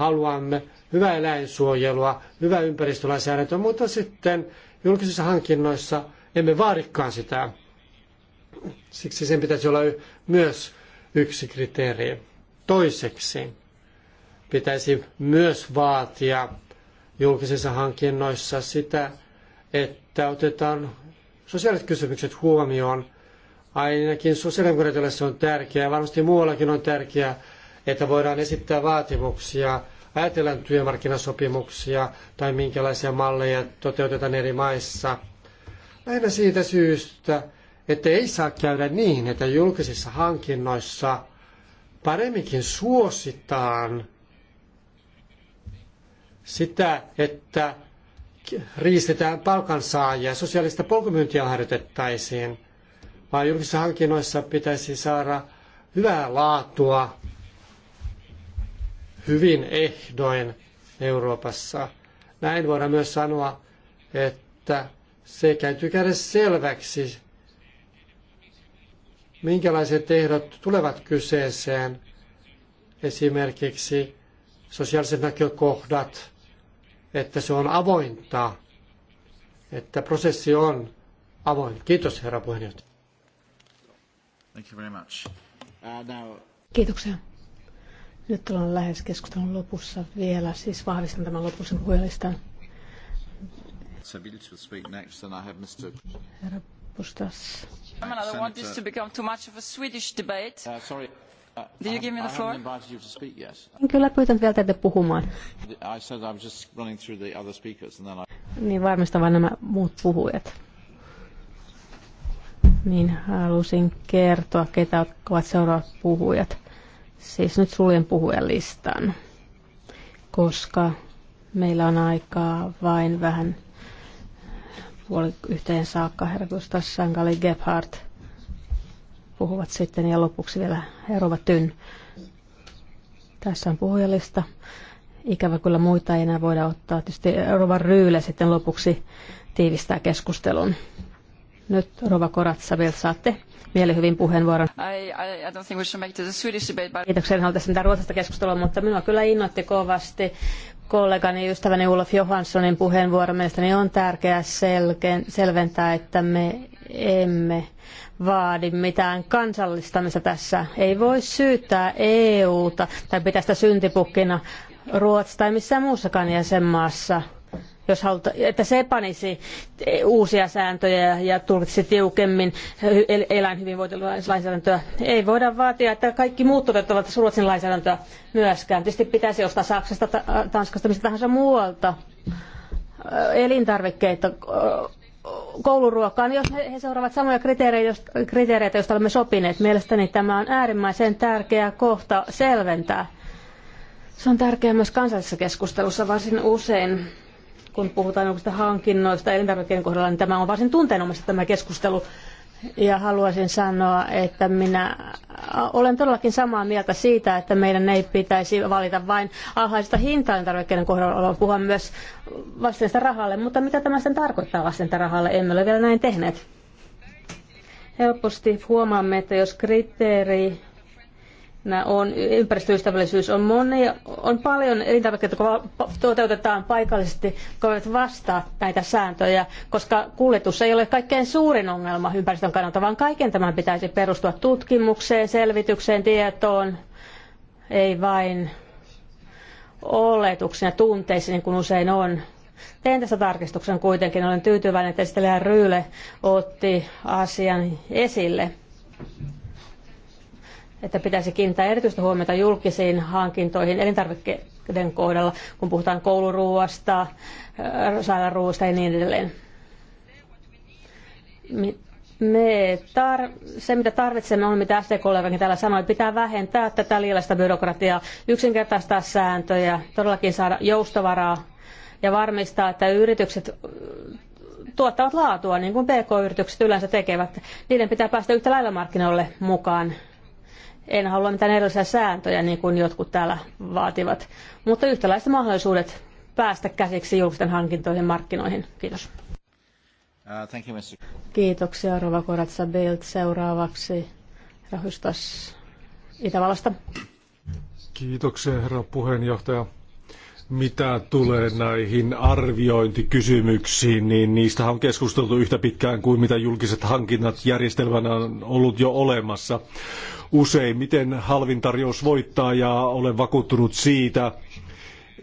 haluamme hyvää eläinsuojelua, hyvää ympäristölainsäädäntöä, mutta sitten julkisissa hankinnoissa emme vaadikaan sitä. Siksi sen pitäisi olla myös yksi kriteeri. Toiseksi pitäisi myös vaatia julkisissa hankinnoissa sitä, että otetaan sosiaaliset kysymykset huomioon. Ainakin sosiaalidemokraatiolle se on tärkeää, varmasti muuallakin on tärkeää että voidaan esittää vaatimuksia, ajatellaan työmarkkinasopimuksia tai minkälaisia malleja toteutetaan eri maissa. Lähinnä siitä syystä, että ei saa käydä niin, että julkisissa hankinnoissa paremminkin suositaan sitä, että riistetään palkansaajia, sosiaalista polkumyyntiä harjoitettaisiin, vaan julkisissa hankinnoissa pitäisi saada hyvää laatua hyvin ehdoin Euroopassa. Näin voidaan myös sanoa, että se käytyy käydä selväksi, minkälaiset ehdot tulevat kyseeseen, esimerkiksi sosiaaliset näkökohdat, että se on avointa, että prosessi on avoin. Kiitos herra puheenjohtaja. Uh, Kiitoksia. Nyt ollaan lähes keskustelun lopussa vielä, siis vahvistan tämän lopussa puhujalistan. Herra Pustas. I want this to become too much of a Swedish debate. Uh, sorry. Uh, Do you give me the floor? En niin, kyllä pyytänyt vielä teitä puhumaan. I said I'm just running through the other speakers and then I... Niin varmistan vain nämä muut puhujat. Niin halusin kertoa, ketä ovat seuraavat puhujat. Siis nyt suljen puhujan koska meillä on aikaa vain vähän puoli yhteen saakka. Herra Gustav Sankali Gebhardt puhuvat sitten ja lopuksi vielä Herova Tyn. Tässä on puhujalista. Ikävä kyllä muita ei enää voida ottaa. Tietysti Rova Ryyle sitten lopuksi tiivistää keskustelun. Nyt Rova Koratsa vielä saatte mielihyvin puheenvuoron. Kiitoksia, en halua tässä Ruotsista keskustelua, mutta minua kyllä innoitti kovasti kollegani ystäväni ulof Johanssonin puheenvuoro. Mielestäni on tärkeää selventää, että me emme vaadi mitään kansallistamista tässä. Ei voi syyttää EUta tai pitää sitä syntipukkina Ruotsissa tai missään muussakaan jäsenmaassa – jos haluta, että se panisi uusia sääntöjä ja tulkitsisi tiukemmin eläinhyvinvointilainsäädäntöä. Ei voida vaatia, että kaikki muut toteuttavat Ruotsin lainsäädäntöä myöskään. Tietysti pitäisi ostaa Saksasta, Tanskasta, mistä tahansa muualta elintarvikkeita niin jos he seuraavat samoja kriteereitä, joista olemme sopineet. Mielestäni tämä on äärimmäisen tärkeä kohta selventää. Se on tärkeää myös kansallisessa keskustelussa varsin usein kun puhutaan hankinnoista elintarvikkeiden kohdalla, niin tämä on varsin tunteenomaista tämä keskustelu. Ja haluaisin sanoa, että minä olen todellakin samaa mieltä siitä, että meidän ei pitäisi valita vain alhaisista hintaan tarvikkeiden kohdalla, vaan puhua myös vasteista rahalle. Mutta mitä tämä sitten tarkoittaa vasteista rahalle? Emme ole vielä näin tehneet. Helposti huomaamme, että jos kriteeri on, ympäristöystävällisyys on monia, on paljon elintarvikkeita, jotka toteutetaan paikallisesti, jotka voivat vastaa näitä sääntöjä, koska kuljetus ei ole kaikkein suurin ongelma ympäristön kannalta, vaan kaiken tämän pitäisi perustua tutkimukseen, selvitykseen, tietoon, ei vain ja tunteisiin, niin kuin usein on. Tein tässä tarkistuksen kuitenkin, olen tyytyväinen, että esittelijä Ryyle otti asian esille että pitäisi kiinnittää erityistä huomiota julkisiin hankintoihin elintarvikkeiden kohdalla, kun puhutaan kouluruuasta, äh, sairaanruuasta ja niin edelleen. Me tar- se, mitä tarvitsemme, on mitä sd kollegakin täällä sanoi, pitää vähentää tätä liiallista byrokratiaa, yksinkertaistaa sääntöjä, todellakin saada joustovaraa ja varmistaa, että yritykset äh, tuottavat laatua, niin kuin PK-yritykset yleensä tekevät. Niiden pitää päästä yhtä lailla markkinoille mukaan en halua mitään erilaisia sääntöjä, niin kuin jotkut täällä vaativat, mutta yhtäläiset mahdollisuudet päästä käsiksi julkisten hankintoihin markkinoihin. Kiitos. Uh, thank you, Mr. Kiitoksia, Rova Koratsa Bild. Seuraavaksi Rahystas Itävallasta. Kiitoksia, herra puheenjohtaja. Mitä tulee näihin arviointikysymyksiin, niin niistä on keskusteltu yhtä pitkään kuin mitä julkiset hankinnat järjestelmänä on ollut jo olemassa. miten halvin tarjous voittaa ja olen vakuuttunut siitä,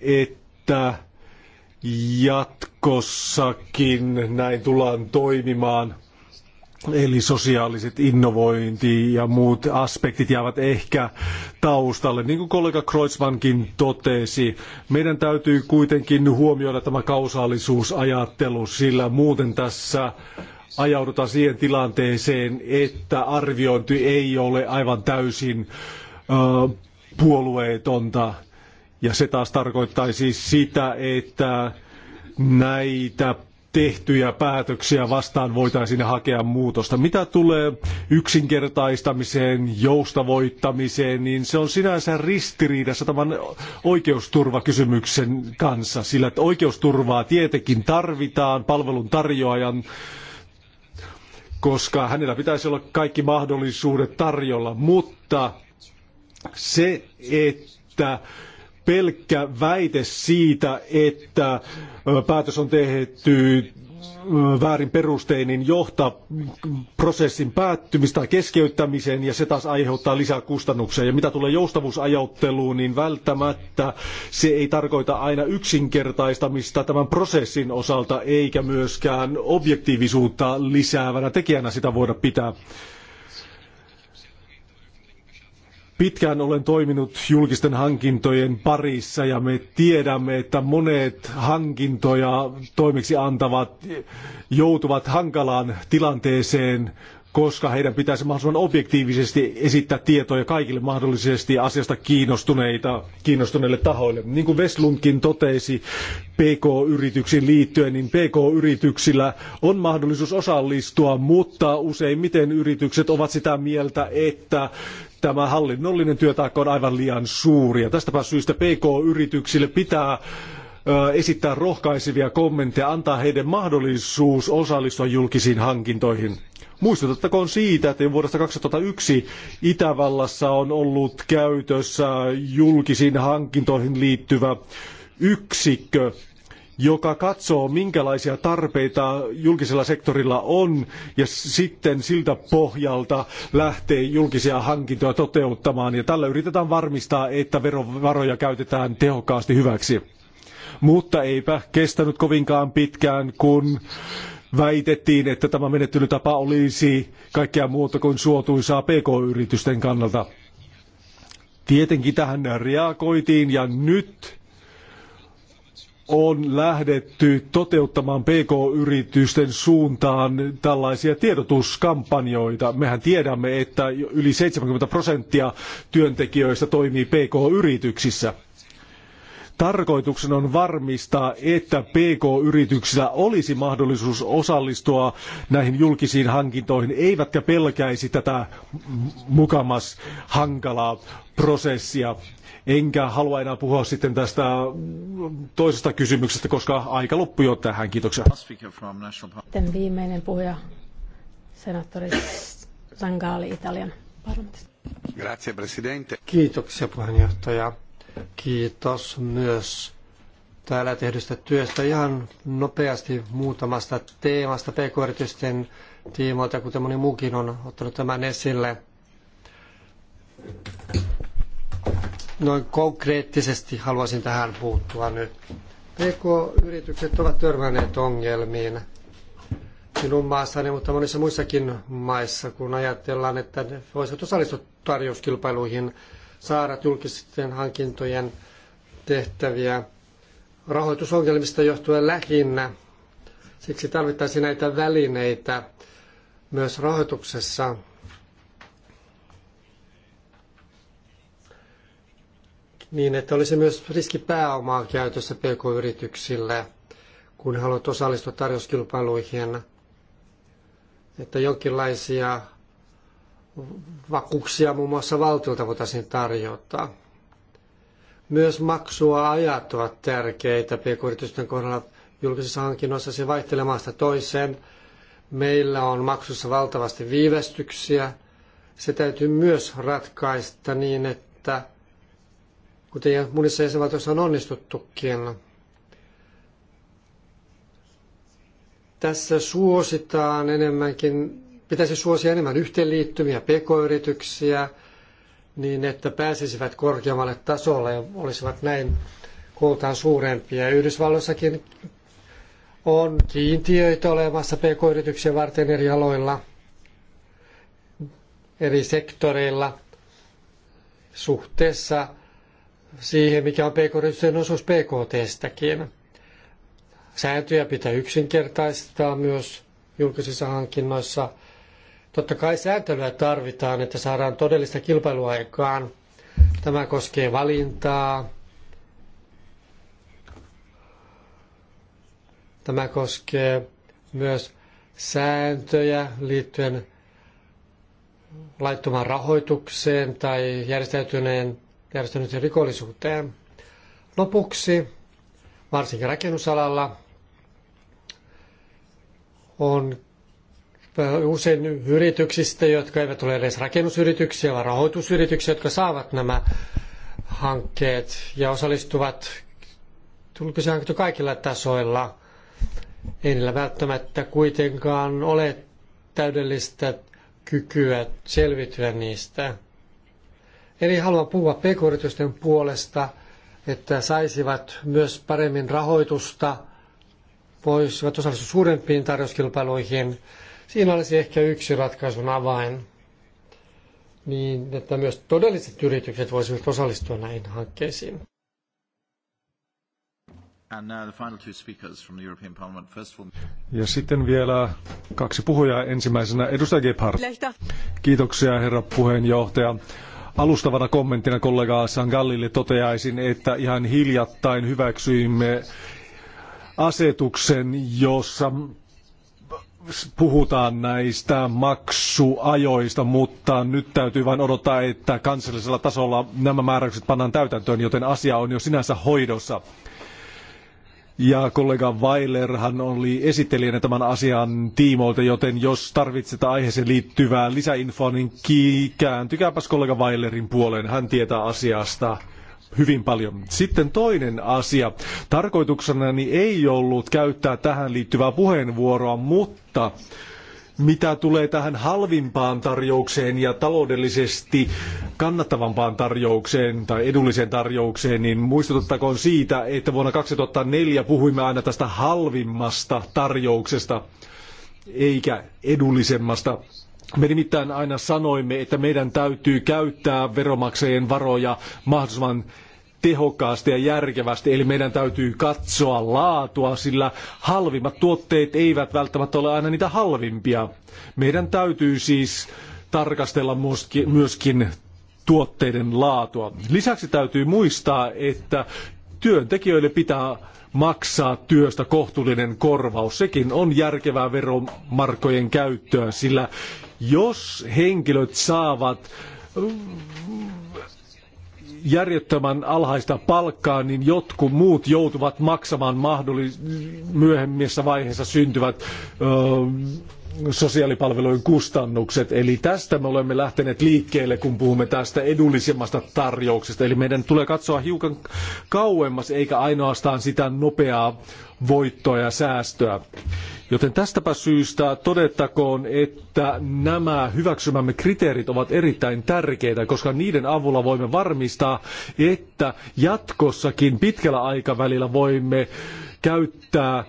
että jatkossakin näin tullaan toimimaan – Eli sosiaaliset innovointi ja muut aspektit jäävät ehkä taustalle. Niin kuin kollega Kreutzmannkin totesi, meidän täytyy kuitenkin huomioida tämä kausaalisuusajattelu, sillä muuten tässä ajaudutaan siihen tilanteeseen, että arviointi ei ole aivan täysin ö, puolueetonta. Ja se taas tarkoittaisi sitä, että näitä tehtyjä päätöksiä vastaan voitaisiin hakea muutosta. Mitä tulee yksinkertaistamiseen, joustavoittamiseen, niin se on sinänsä ristiriidassa tämän oikeusturvakysymyksen kanssa, sillä että oikeusturvaa tietenkin tarvitaan palvelun tarjoajan koska hänellä pitäisi olla kaikki mahdollisuudet tarjolla, mutta se, että pelkkä väite siitä, että päätös on tehty väärin perusteinin johtaa prosessin päättymistä tai keskeyttämiseen ja se taas aiheuttaa lisää kustannuksia. Ja mitä tulee joustavuusajatteluun, niin välttämättä se ei tarkoita aina yksinkertaistamista tämän prosessin osalta eikä myöskään objektiivisuutta lisäävänä tekijänä sitä voida pitää. Pitkään olen toiminut julkisten hankintojen parissa ja me tiedämme, että monet hankintoja toimiksi antavat joutuvat hankalaan tilanteeseen, koska heidän pitäisi mahdollisimman objektiivisesti esittää tietoja kaikille mahdollisesti asiasta kiinnostuneita, kiinnostuneille tahoille. Niin kuin Veslunkin totesi PK-yrityksiin liittyen, niin PK-yrityksillä on mahdollisuus osallistua, mutta useimmiten yritykset ovat sitä mieltä, että tämä hallinnollinen työtaakka on aivan liian suuri. Ja tästäpä syystä PK-yrityksille pitää esittää rohkaisevia kommentteja, antaa heidän mahdollisuus osallistua julkisiin hankintoihin. Muistutettakoon siitä, että jo vuodesta 2001 Itävallassa on ollut käytössä julkisiin hankintoihin liittyvä yksikkö, joka katsoo, minkälaisia tarpeita julkisella sektorilla on, ja sitten siltä pohjalta lähtee julkisia hankintoja toteuttamaan, ja tällä yritetään varmistaa, että verovaroja käytetään tehokkaasti hyväksi. Mutta eipä kestänyt kovinkaan pitkään, kun väitettiin, että tämä menettelytapa olisi kaikkea muuta kuin suotuisaa pk-yritysten kannalta. Tietenkin tähän reagoitiin ja nyt on lähdetty toteuttamaan PK-yritysten suuntaan tällaisia tiedotuskampanjoita. Mehän tiedämme, että yli 70 prosenttia työntekijöistä toimii PK-yrityksissä. Tarkoituksena on varmistaa, että PK-yrityksillä olisi mahdollisuus osallistua näihin julkisiin hankintoihin, eivätkä pelkäisi tätä mukamas hankalaa prosessia. Enkä halua enää puhua sitten tästä toisesta kysymyksestä, koska aika loppui jo tähän. Kiitoksia. Sitten viimeinen puhuja, senaattori Sangaali Italian parlamentista. Grazie, presidente. Kiitoksia puheenjohtaja. Kiitos myös täällä tehdystä työstä. Ihan nopeasti muutamasta teemasta pk-yritysten tiimoilta, kuten moni muukin on ottanut tämän esille noin konkreettisesti haluaisin tähän puuttua nyt. PK-yritykset ovat törmänneet ongelmiin minun maassani, mutta monissa muissakin maissa, kun ajatellaan, että ne voisivat osallistua tarjouskilpailuihin, saada julkisten hankintojen tehtäviä rahoitusongelmista johtuen lähinnä. Siksi tarvittaisiin näitä välineitä myös rahoituksessa niin, että olisi myös riski pääomaa käytössä pk-yrityksille, kun haluat osallistua tarjouskilpailuihin, että jonkinlaisia vakuuksia muun muassa valtiolta voitaisiin tarjota. Myös maksua ajat ovat tärkeitä pk-yritysten kohdalla julkisissa hankinnoissa se vaihtelemasta toiseen. Meillä on maksussa valtavasti viivästyksiä. Se täytyy myös ratkaista niin, että kuten monissa jäsenvaltioissa on onnistuttukin. Tässä suositaan enemmänkin, pitäisi suosia enemmän yhteenliittymiä, pk-yrityksiä, niin että pääsisivät korkeammalle tasolle ja olisivat näin kooltaan suurempia. Yhdysvalloissakin on kiintiöitä olemassa pk-yrityksiä varten eri aloilla, eri sektoreilla suhteessa siihen, mikä on pk-yritysten osuus PKTstäkin. Sääntöjä pitää yksinkertaistaa myös julkisissa hankinnoissa. Totta kai sääntelyä tarvitaan, että saadaan todellista kilpailuaikaan. Tämä koskee valintaa. Tämä koskee myös sääntöjä liittyen laittomaan rahoitukseen tai järjestäytyneen järjestäytyneeseen rikollisuuteen. Lopuksi, varsinkin rakennusalalla, on usein yrityksistä, jotka eivät ole edes rakennusyrityksiä, vaan rahoitusyrityksiä, jotka saavat nämä hankkeet ja osallistuvat julkisia hankkeita kaikilla tasoilla. Ei niillä välttämättä kuitenkaan ole täydellistä kykyä selvityä niistä. Eli haluan puhua pk-yritysten puolesta, että saisivat myös paremmin rahoitusta, voisivat osallistua suurempiin tarjouskilpailuihin. Siinä olisi ehkä yksi ratkaisun avain, niin että myös todelliset yritykset voisivat osallistua näihin hankkeisiin. Ja sitten vielä kaksi puhujaa ensimmäisenä. Edustaja Gebhardt. Kiitoksia herra puheenjohtaja. Alustavana kommenttina kollega Sangallille toteaisin, että ihan hiljattain hyväksyimme asetuksen, jossa puhutaan näistä maksuajoista, mutta nyt täytyy vain odottaa, että kansallisella tasolla nämä määräykset pannaan täytäntöön, joten asia on jo sinänsä hoidossa. Ja kollega Weilerhan oli esittelijänä tämän asian tiimoilta, joten jos tarvitset aiheeseen liittyvää lisäinfoa, niin kääntykääpäs kollega Weilerin puoleen. Hän tietää asiasta hyvin paljon. Sitten toinen asia. Tarkoituksena ei ollut käyttää tähän liittyvää puheenvuoroa, mutta mitä tulee tähän halvimpaan tarjoukseen ja taloudellisesti kannattavampaan tarjoukseen tai edulliseen tarjoukseen, niin muistutettakoon siitä, että vuonna 2004 puhuimme aina tästä halvimmasta tarjouksesta eikä edullisemmasta. Me nimittäin aina sanoimme, että meidän täytyy käyttää veromaksajien varoja mahdollisimman tehokkaasti ja järkevästi. Eli meidän täytyy katsoa laatua, sillä halvimmat tuotteet eivät välttämättä ole aina niitä halvimpia. Meidän täytyy siis tarkastella myöskin tuotteiden laatua. Lisäksi täytyy muistaa, että työntekijöille pitää maksaa työstä kohtuullinen korvaus. Sekin on järkevää veromarkkojen käyttöä, sillä jos henkilöt saavat järjettömän alhaista palkkaa, niin jotkut muut joutuvat maksamaan mahdollis- myöhemmissä vaiheissa syntyvät ö, sosiaalipalvelujen kustannukset. Eli tästä me olemme lähteneet liikkeelle, kun puhumme tästä edullisemmasta tarjouksesta. Eli meidän tulee katsoa hiukan kauemmas, eikä ainoastaan sitä nopeaa voittoa ja säästöä. Joten tästäpä syystä todettakoon, että nämä hyväksymämme kriteerit ovat erittäin tärkeitä, koska niiden avulla voimme varmistaa, että jatkossakin pitkällä aikavälillä voimme käyttää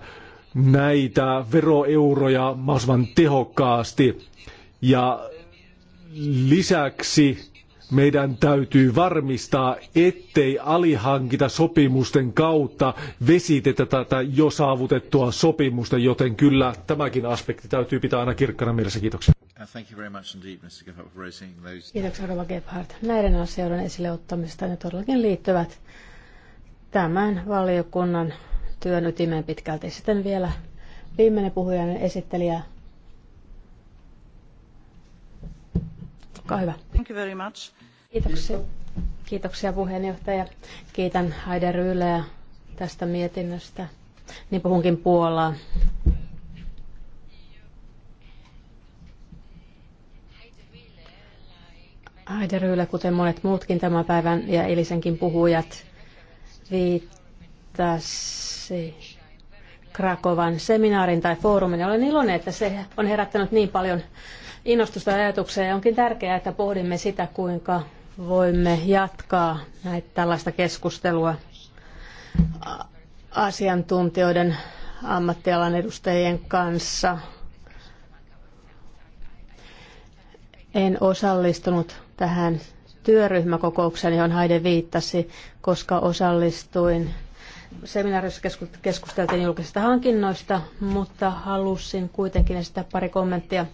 näitä veroeuroja mahdollisimman tehokkaasti. Ja lisäksi meidän täytyy varmistaa, ettei alihankita sopimusten kautta vesitetä tätä jo saavutettua sopimusta, joten kyllä tämäkin aspekti täytyy pitää aina kirkkana mielessä. Kiitoksia. Uh, Kiitoksia Rova Gebhardt. Näiden asioiden esille ottamista ne todellakin liittyvät tämän valiokunnan työn ytimeen pitkälti. Sitten vielä viimeinen puhujan esittelijä. Olkaa hyvä. Thank you very much. Kiitoksia. Kiitoksia puheenjohtaja. Kiitän Haider Ryyleä tästä mietinnöstä. Niin puhunkin Puolaa. Haideryllä, kuten monet muutkin tämän päivän ja ilisenkin puhujat, viittasi miksi Krakovan seminaarin tai foorumin. Olen iloinen, että se on herättänyt niin paljon innostusta ja ajatuksia. Ja onkin tärkeää, että pohdimme sitä, kuinka voimme jatkaa näitä tällaista keskustelua asiantuntijoiden ammattialan edustajien kanssa. En osallistunut tähän työryhmäkokoukseen, johon Haide viittasi, koska osallistuin seminaarissa keskusteltiin julkisista hankinnoista, mutta halusin kuitenkin esittää pari kommenttia.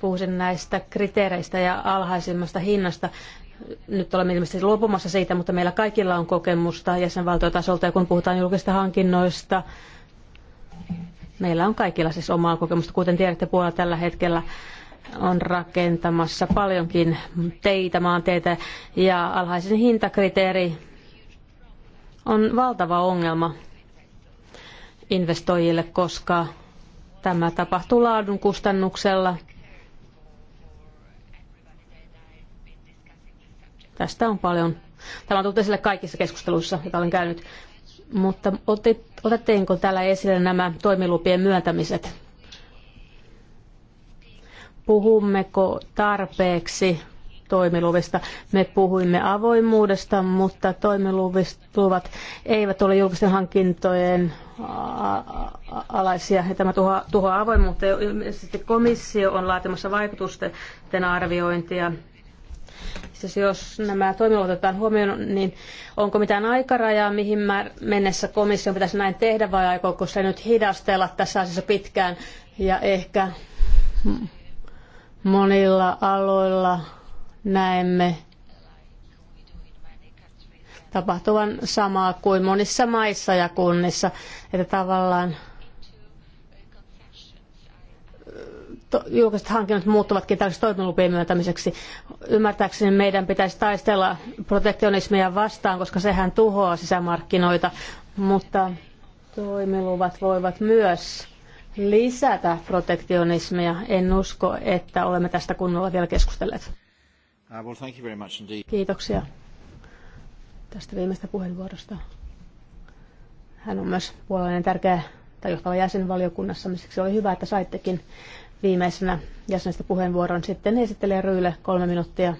Puhuisin näistä kriteereistä ja alhaisimmasta hinnasta. Nyt olemme ilmeisesti luopumassa siitä, mutta meillä kaikilla on kokemusta jäsenvaltiotasolta ja kun puhutaan julkisista hankinnoista, meillä on kaikilla siis omaa kokemusta. Kuten tiedätte, puolella tällä hetkellä on rakentamassa paljonkin teitä, maanteitä ja alhaisin hintakriteeri on valtava ongelma investoijille, koska tämä tapahtuu laadun kustannuksella. Tästä on paljon. Tämä on tullut esille kaikissa keskusteluissa, joita olen käynyt. Mutta otetteinko täällä esille nämä toimilupien myöntämiset? Puhummeko tarpeeksi toimiluvista. Me puhuimme avoimuudesta, mutta toimiluvat eivät ole julkisten hankintojen alaisia. Ja tämä tuhoaa tuho avoimuutta. Sitten komissio on laatimassa vaikutusten arviointia. Siis jos nämä toimiluvat otetaan huomioon, niin onko mitään aikarajaa, mihin mennessä komission pitäisi näin tehdä vai aikooko se nyt hidastella tässä asiassa pitkään ja ehkä monilla aloilla näemme tapahtuvan samaa kuin monissa maissa ja kunnissa, että tavallaan äh, julkiset hankinnat muuttuvatkin tällaisen toimilupien myöntämiseksi. Ymmärtääkseni meidän pitäisi taistella protektionismia vastaan, koska sehän tuhoaa sisämarkkinoita, mutta toimiluvat voivat myös lisätä protektionismia. En usko, että olemme tästä kunnolla vielä keskustelleet. Uh, well, thank you very much indeed. Kiitoksia tästä viimeistä puheenvuorosta. Hän on myös puolueen tärkeä tai johtava jäsen valiokunnassa, niin siksi oli hyvä, että saittekin viimeisenä jäsenestä puheenvuoron. Sitten esittelee Ryyle kolme minuuttia.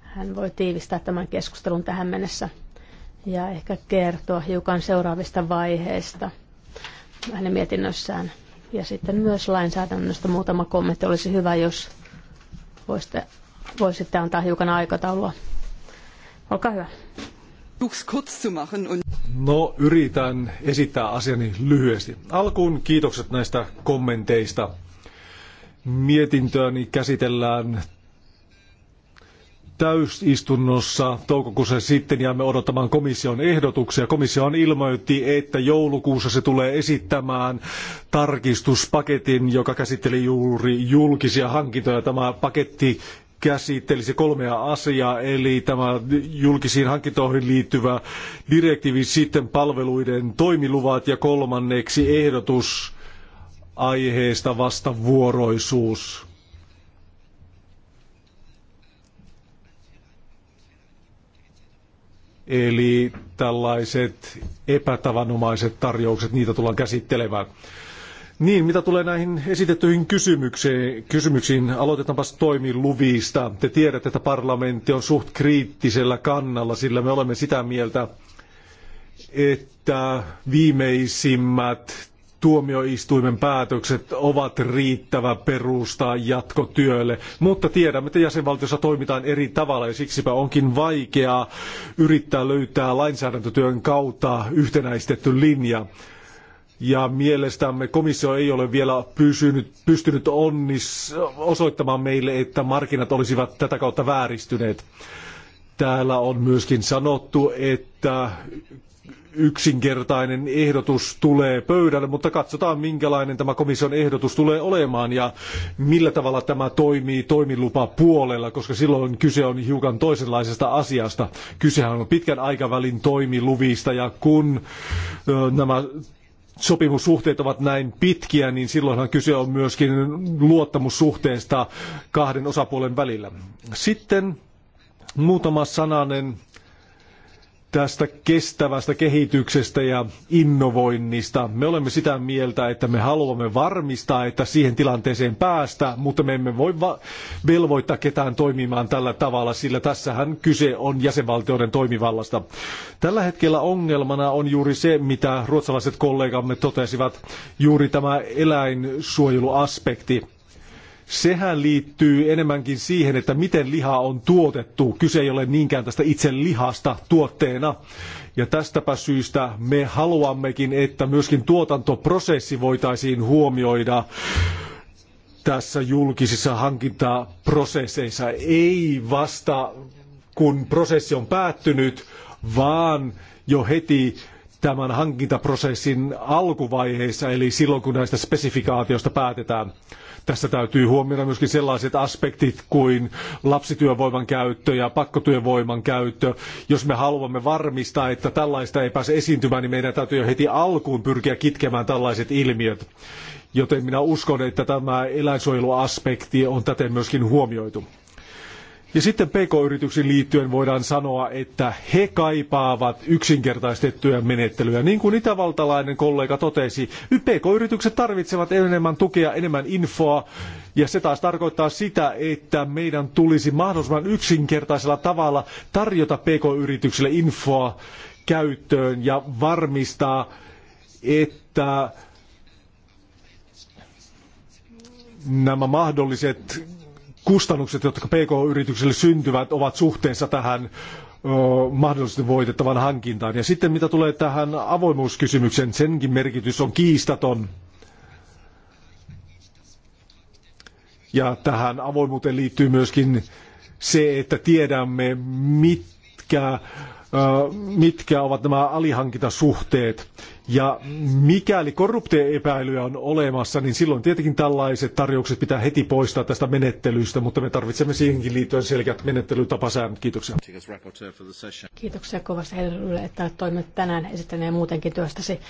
Hän voi tiivistää tämän keskustelun tähän mennessä ja ehkä kertoa hiukan seuraavista vaiheista hänen mietinnössään. Ja sitten myös lainsäädännöstä muutama kommentti. Olisi hyvä, jos voisitte voisitte antaa hiukan aikataulua. Olkaa hyvä. No, yritän esittää asiani lyhyesti. Alkuun kiitokset näistä kommenteista. Mietintöäni käsitellään täysistunnossa toukokuussa sitten jäämme odottamaan komission ehdotuksia. Komissio on ilmoitti, että joulukuussa se tulee esittämään tarkistuspaketin, joka käsitteli juuri julkisia hankintoja. Tämä paketti käsittelisi kolmea asiaa, eli tämä julkisiin hankintoihin liittyvä direktiivi, sitten palveluiden toimiluvat ja kolmanneksi ehdotus aiheesta vastavuoroisuus. Eli tällaiset epätavanomaiset tarjoukset, niitä tullaan käsittelemään. Niin, mitä tulee näihin esitettyihin kysymyksiin, kysymyksiin aloitetaanpa toimiluvista. Te tiedätte, että parlamentti on suht kriittisellä kannalla, sillä me olemme sitä mieltä, että viimeisimmät tuomioistuimen päätökset ovat riittävä perusta jatkotyölle, mutta tiedämme, että jäsenvaltiossa toimitaan eri tavalla ja siksipä onkin vaikeaa yrittää löytää lainsäädäntötyön kautta yhtenäistetty linja. Ja mielestämme komissio ei ole vielä pysynyt, pystynyt onnis, osoittamaan meille, että markkinat olisivat tätä kautta vääristyneet. Täällä on myöskin sanottu, että yksinkertainen ehdotus tulee pöydälle, mutta katsotaan minkälainen tämä komission ehdotus tulee olemaan ja millä tavalla tämä toimii toimilupa puolella, koska silloin kyse on hiukan toisenlaisesta asiasta. Kysehän on pitkän aikavälin toimiluvista ja kun nämä sopimussuhteet ovat näin pitkiä, niin silloinhan kyse on myöskin luottamussuhteesta kahden osapuolen välillä. Sitten muutama sananen tästä kestävästä kehityksestä ja innovoinnista. Me olemme sitä mieltä, että me haluamme varmistaa, että siihen tilanteeseen päästä, mutta me emme voi velvoittaa ketään toimimaan tällä tavalla, sillä tässähän kyse on jäsenvaltioiden toimivallasta. Tällä hetkellä ongelmana on juuri se, mitä ruotsalaiset kollegamme totesivat, juuri tämä eläinsuojeluaspekti. Sehän liittyy enemmänkin siihen, että miten liha on tuotettu. Kyse ei ole niinkään tästä itse lihasta tuotteena. Ja tästäpä syystä me haluammekin, että myöskin tuotantoprosessi voitaisiin huomioida tässä julkisissa hankintaprosesseissa. Ei vasta kun prosessi on päättynyt, vaan jo heti tämän hankintaprosessin alkuvaiheessa, eli silloin kun näistä spesifikaatioista päätetään. Tässä täytyy huomioida myöskin sellaiset aspektit kuin lapsityövoiman käyttö ja pakkotyövoiman käyttö. Jos me haluamme varmistaa, että tällaista ei pääse esiintymään, niin meidän täytyy jo heti alkuun pyrkiä kitkemään tällaiset ilmiöt. Joten minä uskon, että tämä eläinsuojeluaspekti on täten myöskin huomioitu. Ja sitten PK-yrityksiin liittyen voidaan sanoa, että he kaipaavat yksinkertaistettuja menettelyjä. Niin kuin itävaltalainen kollega totesi, PK-yritykset tarvitsevat enemmän tukea, enemmän infoa. Ja se taas tarkoittaa sitä, että meidän tulisi mahdollisimman yksinkertaisella tavalla tarjota PK-yrityksille infoa käyttöön ja varmistaa, että nämä mahdolliset kustannukset, jotka PK-yritykselle syntyvät, ovat suhteessa tähän mahdollisesti voitettavan hankintaan. Ja sitten mitä tulee tähän avoimuuskysymykseen, senkin merkitys on kiistaton. Ja tähän avoimuuteen liittyy myöskin se, että tiedämme, mitkä, mitkä ovat nämä alihankintasuhteet. Ja mikäli korruptioepäilyä on olemassa, niin silloin tietenkin tällaiset tarjoukset pitää heti poistaa tästä menettelystä, mutta me tarvitsemme siihenkin liittyen selkeät menettelytapasäännöt. Kiitoksia. Kiitoksia kovasti Hellylle, että toiminut tänään esittäneen muutenkin työstäsi.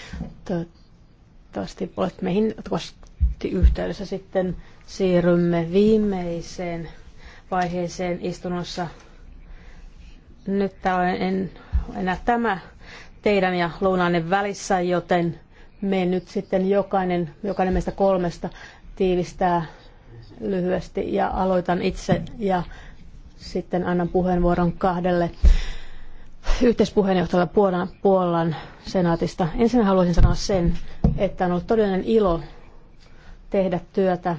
Toivottavasti olet meihin jatkuvasti yhteydessä. Sitten siirrymme viimeiseen vaiheeseen istunnossa. Nyt tämä en enää tämä teidän ja lounaanne välissä, joten me nyt sitten jokainen, jokainen meistä kolmesta tiivistää lyhyesti ja aloitan itse ja sitten annan puheenvuoron kahdelle yhteispuheenjohtajalle Puolan, Puolan senaatista. Ensin haluaisin sanoa sen, että on ollut todellinen ilo tehdä työtä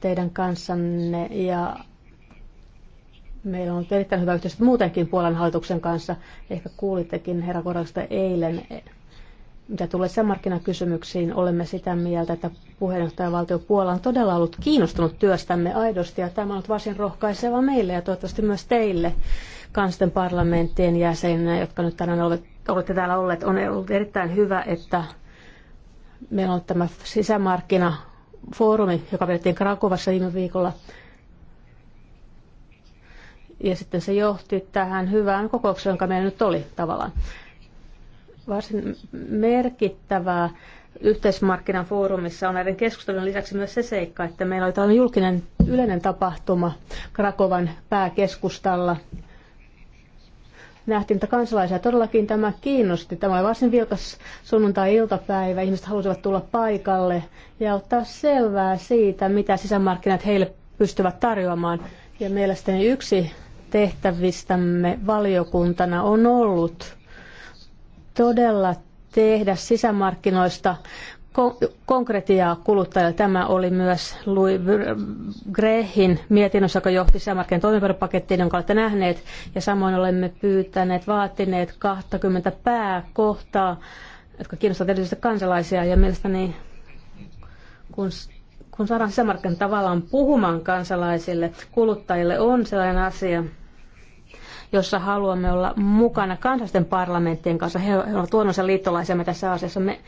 teidän kanssanne ja Meillä on erittäin hyvä yhteistyö muutenkin Puolan hallituksen kanssa. Ehkä kuulittekin herra Korosta eilen. Mitä tulee sen markkinakysymyksiin, olemme sitä mieltä, että valtio Puola on todella ollut kiinnostunut työstämme aidosti ja tämä on ollut varsin rohkaiseva meille ja toivottavasti myös teille kansten parlamenttien jäseninä, jotka nyt tänään olette täällä olleet. On ollut erittäin hyvä, että meillä on tämä sisämarkkinafoorumi, joka pidettiin Krakovassa viime viikolla – ja sitten se johti tähän hyvään kokoukseen, jonka meillä nyt oli tavallaan. Varsin merkittävää yhteismarkkinan foorumissa on näiden keskustelujen lisäksi myös se seikka, että meillä oli tällainen julkinen yleinen tapahtuma Krakovan pääkeskustalla. Nähtiin, että kansalaisia todellakin tämä kiinnosti. Tämä oli varsin vilkas sunnuntai-iltapäivä. Ihmiset halusivat tulla paikalle ja ottaa selvää siitä, mitä sisämarkkinat heille pystyvät tarjoamaan. Ja mielestäni yksi tehtävistämme valiokuntana on ollut todella tehdä sisämarkkinoista konkretiaa kuluttajille. Tämä oli myös Louis Grehin mietinnössä, joka johti sisämarkkinoiden toimenpidepakettiin, jonka olette nähneet. Ja samoin olemme pyytäneet, vaatineet 20 pääkohtaa, jotka kiinnostavat erityisesti kansalaisia. Ja mielestäni kun kun saadaan sisämarkkinat tavallaan puhumaan kansalaisille, kuluttajille, on sellainen asia, jossa haluamme olla mukana kansallisten parlamenttien kanssa. He ovat luonnollisen liittolaisemme tässä asiassa. Me,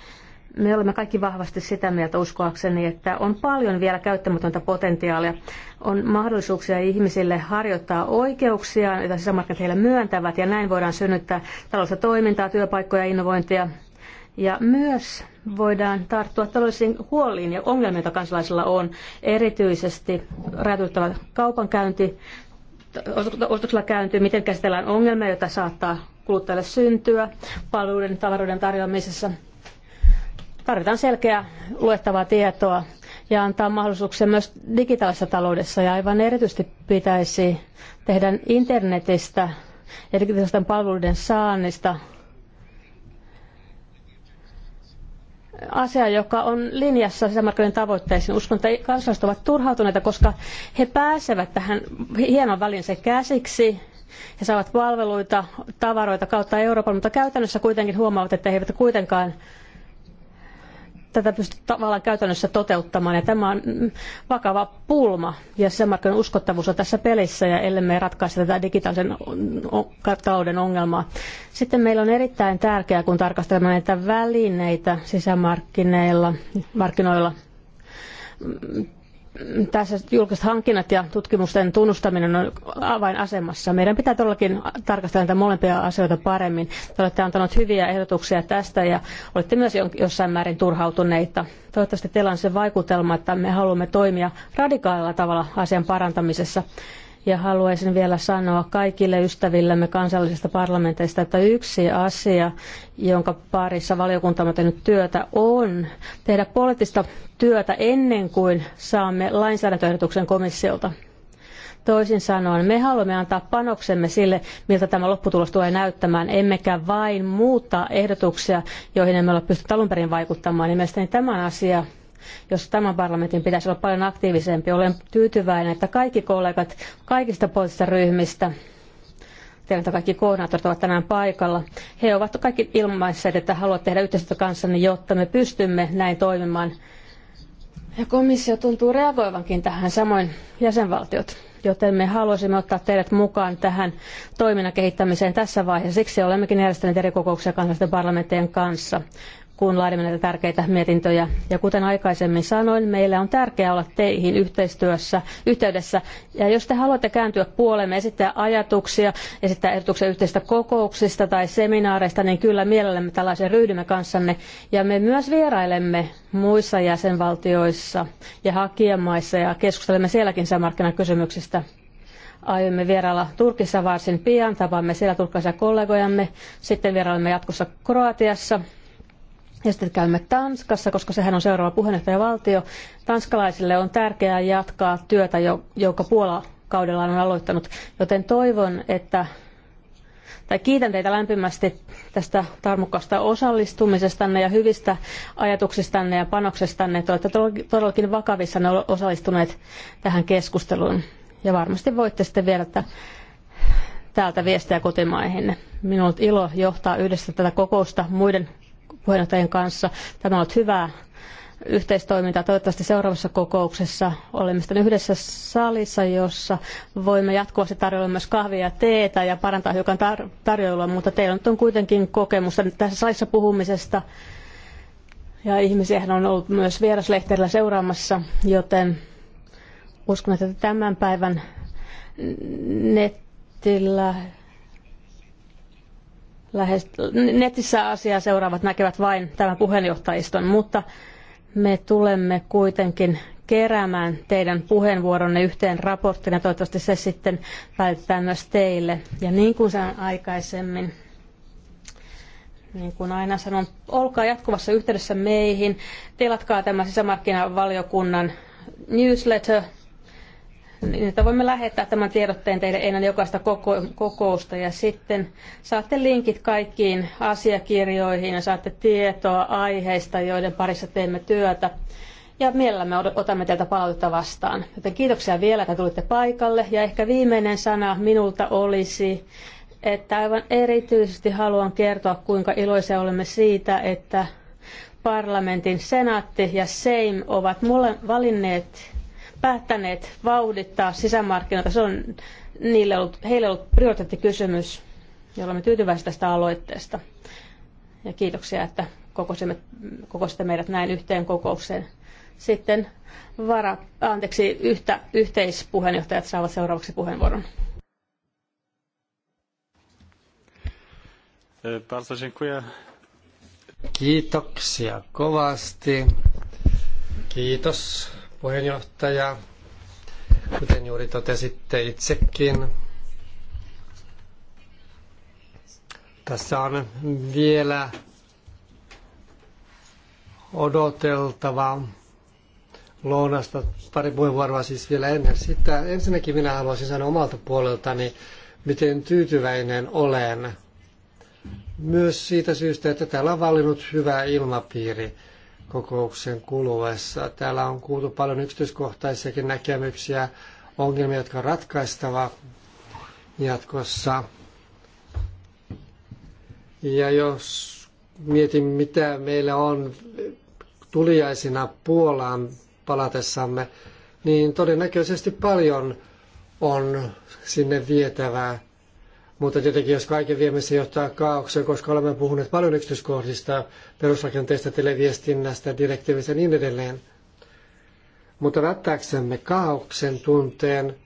me olemme kaikki vahvasti sitä mieltä uskoakseni, että on paljon vielä käyttämätöntä potentiaalia. On mahdollisuuksia ihmisille harjoittaa oikeuksia, joita sisämarkkinat heille myöntävät, ja näin voidaan synnyttää taloudellista toimintaa, työpaikkoja, innovointia ja myös voidaan tarttua taloudellisiin huoliin ja ongelmiin, joita kansalaisilla on, erityisesti rajoituttava kaupankäynti, ostoksella käynti, miten käsitellään ongelmia, joita saattaa kuluttajalle syntyä palveluiden tavaroiden tarjoamisessa. Tarvitaan selkeää luettavaa tietoa ja antaa mahdollisuuksia myös digitaalisessa taloudessa ja aivan erityisesti pitäisi tehdä internetistä ja digitaalisten palveluiden saannista asia, joka on linjassa sisämarkkinoiden tavoitteisiin. Uskon, että kansalaiset ovat turhautuneita, koska he pääsevät tähän hieman välinsä käsiksi. He saavat palveluita, tavaroita kautta Euroopan, mutta käytännössä kuitenkin huomaavat, että he eivät kuitenkaan tätä pysty tavallaan käytännössä toteuttamaan. Ja tämä on vakava pulma ja sisämarkkinoiden uskottavuus on tässä pelissä ja ellemme ratkaise tätä digitaalisen talouden ongelmaa. Sitten meillä on erittäin tärkeää, kun tarkastelemme näitä välineitä sisämarkkinoilla, markkinoilla tässä julkiset hankinnat ja tutkimusten tunnustaminen on avainasemassa. Meidän pitää todellakin tarkastella näitä molempia asioita paremmin. Te olette antaneet hyviä ehdotuksia tästä ja olette myös jossain määrin turhautuneita. Toivottavasti teillä on se vaikutelma, että me haluamme toimia radikaalilla tavalla asian parantamisessa. Ja haluaisin vielä sanoa kaikille ystävillemme kansallisista parlamenteista, että yksi asia, jonka parissa valiokuntamme on tehnyt työtä, on tehdä poliittista työtä ennen kuin saamme lainsäädäntöehdotuksen komissiolta. Toisin sanoen, me haluamme antaa panoksemme sille, miltä tämä lopputulos tulee näyttämään, emmekä vain muuttaa ehdotuksia, joihin emme ole pystyneet alun perin vaikuttamaan. mielestäni tämä asia jossa tämän parlamentin pitäisi olla paljon aktiivisempi. Olen tyytyväinen, että kaikki kollegat kaikista poliittisista ryhmistä teiltä kaikki koordinaattorit ovat tänään paikalla. He ovat kaikki ilmaisseet, että haluavat tehdä yhteistyötä kanssani, jotta me pystymme näin toimimaan. Ja komissio tuntuu reagoivankin tähän, samoin jäsenvaltiot. Joten me haluaisimme ottaa teidät mukaan tähän toiminnan kehittämiseen tässä vaiheessa. Siksi olemmekin järjestäneet eri kokouksia kansallisten parlamenttien kanssa kun laadimme näitä tärkeitä mietintöjä. Ja kuten aikaisemmin sanoin, meillä on tärkeää olla teihin yhteistyössä, yhteydessä. Ja jos te haluatte kääntyä puolemme, esittää ajatuksia, esittää ehdotuksia yhteistä kokouksista tai seminaareista, niin kyllä mielellämme tällaisen ryhdymme kanssanne. Ja me myös vierailemme muissa jäsenvaltioissa ja hakijamaissa ja keskustelemme sielläkin sisämarkkinakysymyksistä aiomme vierailla Turkissa varsin pian. Tapaamme siellä turkkaisia kollegojamme. Sitten vierailemme jatkossa Kroatiassa ja sitten käymme Tanskassa, koska sehän on seuraava puheenjohtajavaltio. Tanskalaisille on tärkeää jatkaa työtä, joka Puola kaudellaan on aloittanut, joten toivon, että tai kiitän teitä lämpimästi tästä tarmokkaasta osallistumisestanne ja hyvistä ajatuksistanne ja panoksestanne, että olette todellakin vakavissa osallistuneet tähän keskusteluun. Ja varmasti voitte sitten viedä täältä viestejä kotimaihinne. Minulla on ilo johtaa yhdessä tätä kokousta muiden puheenjohtajien kanssa. Tämä on ollut hyvää yhteistoimintaa. Toivottavasti seuraavassa kokouksessa olemme sitten yhdessä salissa, jossa voimme jatkuvasti tarjolla myös kahvia ja teetä ja parantaa hiukan tar- tarjoilua, mutta teillä on kuitenkin kokemusta tässä salissa puhumisesta. Ja ihmisiähän on ollut myös vieraslehteillä seuraamassa, joten uskon, että tämän päivän nettillä lähes, netissä asiaa seuraavat näkevät vain tämän puheenjohtajiston, mutta me tulemme kuitenkin keräämään teidän puheenvuoronne yhteen raporttiin ja toivottavasti se sitten välitetään myös teille. Ja niin kuin sanoin aikaisemmin, niin kuin aina sanon, olkaa jatkuvassa yhteydessä meihin. Tilatkaa tämä sisämarkkinavaliokunnan newsletter, niin että voimme lähettää tämän tiedotteen teille ennen jokaista koko- kokousta ja sitten saatte linkit kaikkiin asiakirjoihin ja saatte tietoa aiheista, joiden parissa teemme työtä. Ja mielellämme otamme teiltä palautetta vastaan. Joten kiitoksia vielä, että tulitte paikalle. Ja ehkä viimeinen sana minulta olisi, että aivan erityisesti haluan kertoa, kuinka iloisia olemme siitä, että parlamentin senaatti ja Seim ovat mulle valinneet päättäneet vauhdittaa sisämarkkinoita. Se on niille ollut, heille ollut prioriteettikysymys, jolla me tyytyväisiä tästä aloitteesta. Ja kiitoksia, että kokosimme, kokositte meidät näin yhteen kokoukseen. Sitten vara, anteeksi, yhtä, yhteispuheenjohtajat saavat seuraavaksi puheenvuoron. Kiitoksia kovasti. Kiitos puheenjohtaja. Kuten juuri totesitte itsekin, tässä on vielä odoteltava lounasta pari puheenvuoroa siis vielä ennen sitä. Ensinnäkin minä haluaisin sanoa omalta puoleltani, miten tyytyväinen olen. Myös siitä syystä, että täällä on vallinnut hyvä ilmapiiri kokouksen kuluessa. Täällä on kuultu paljon yksityiskohtaisiakin näkemyksiä, ongelmia, jotka on ratkaistava jatkossa. Ja jos mietin, mitä meillä on tuliaisina Puolaan palatessamme, niin todennäköisesti paljon on sinne vietävää. Mutta tietenkin, jos kaiken viemme, se johtaa kaaukseen, koska olemme puhuneet paljon yksityiskohdista, perusrakenteista, televiestinnästä, direktiivistä ja niin edelleen. Mutta välttääksemme kaauksen tunteen,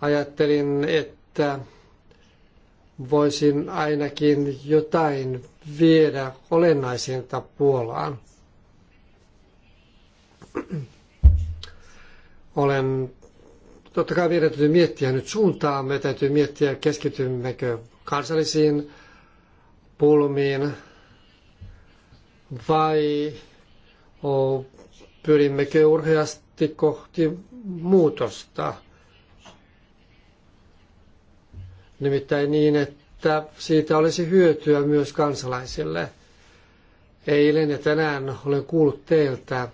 ajattelin, että voisin ainakin jotain viedä olennaisinta Puolaan. Olen Totta kai meidän täytyy miettiä nyt suuntaamme, täytyy miettiä keskitymmekö kansallisiin pulmiin vai pyrimmekö urheasti kohti muutosta. Nimittäin niin, että siitä olisi hyötyä myös kansalaisille. Eilen ja tänään olen kuullut teiltä,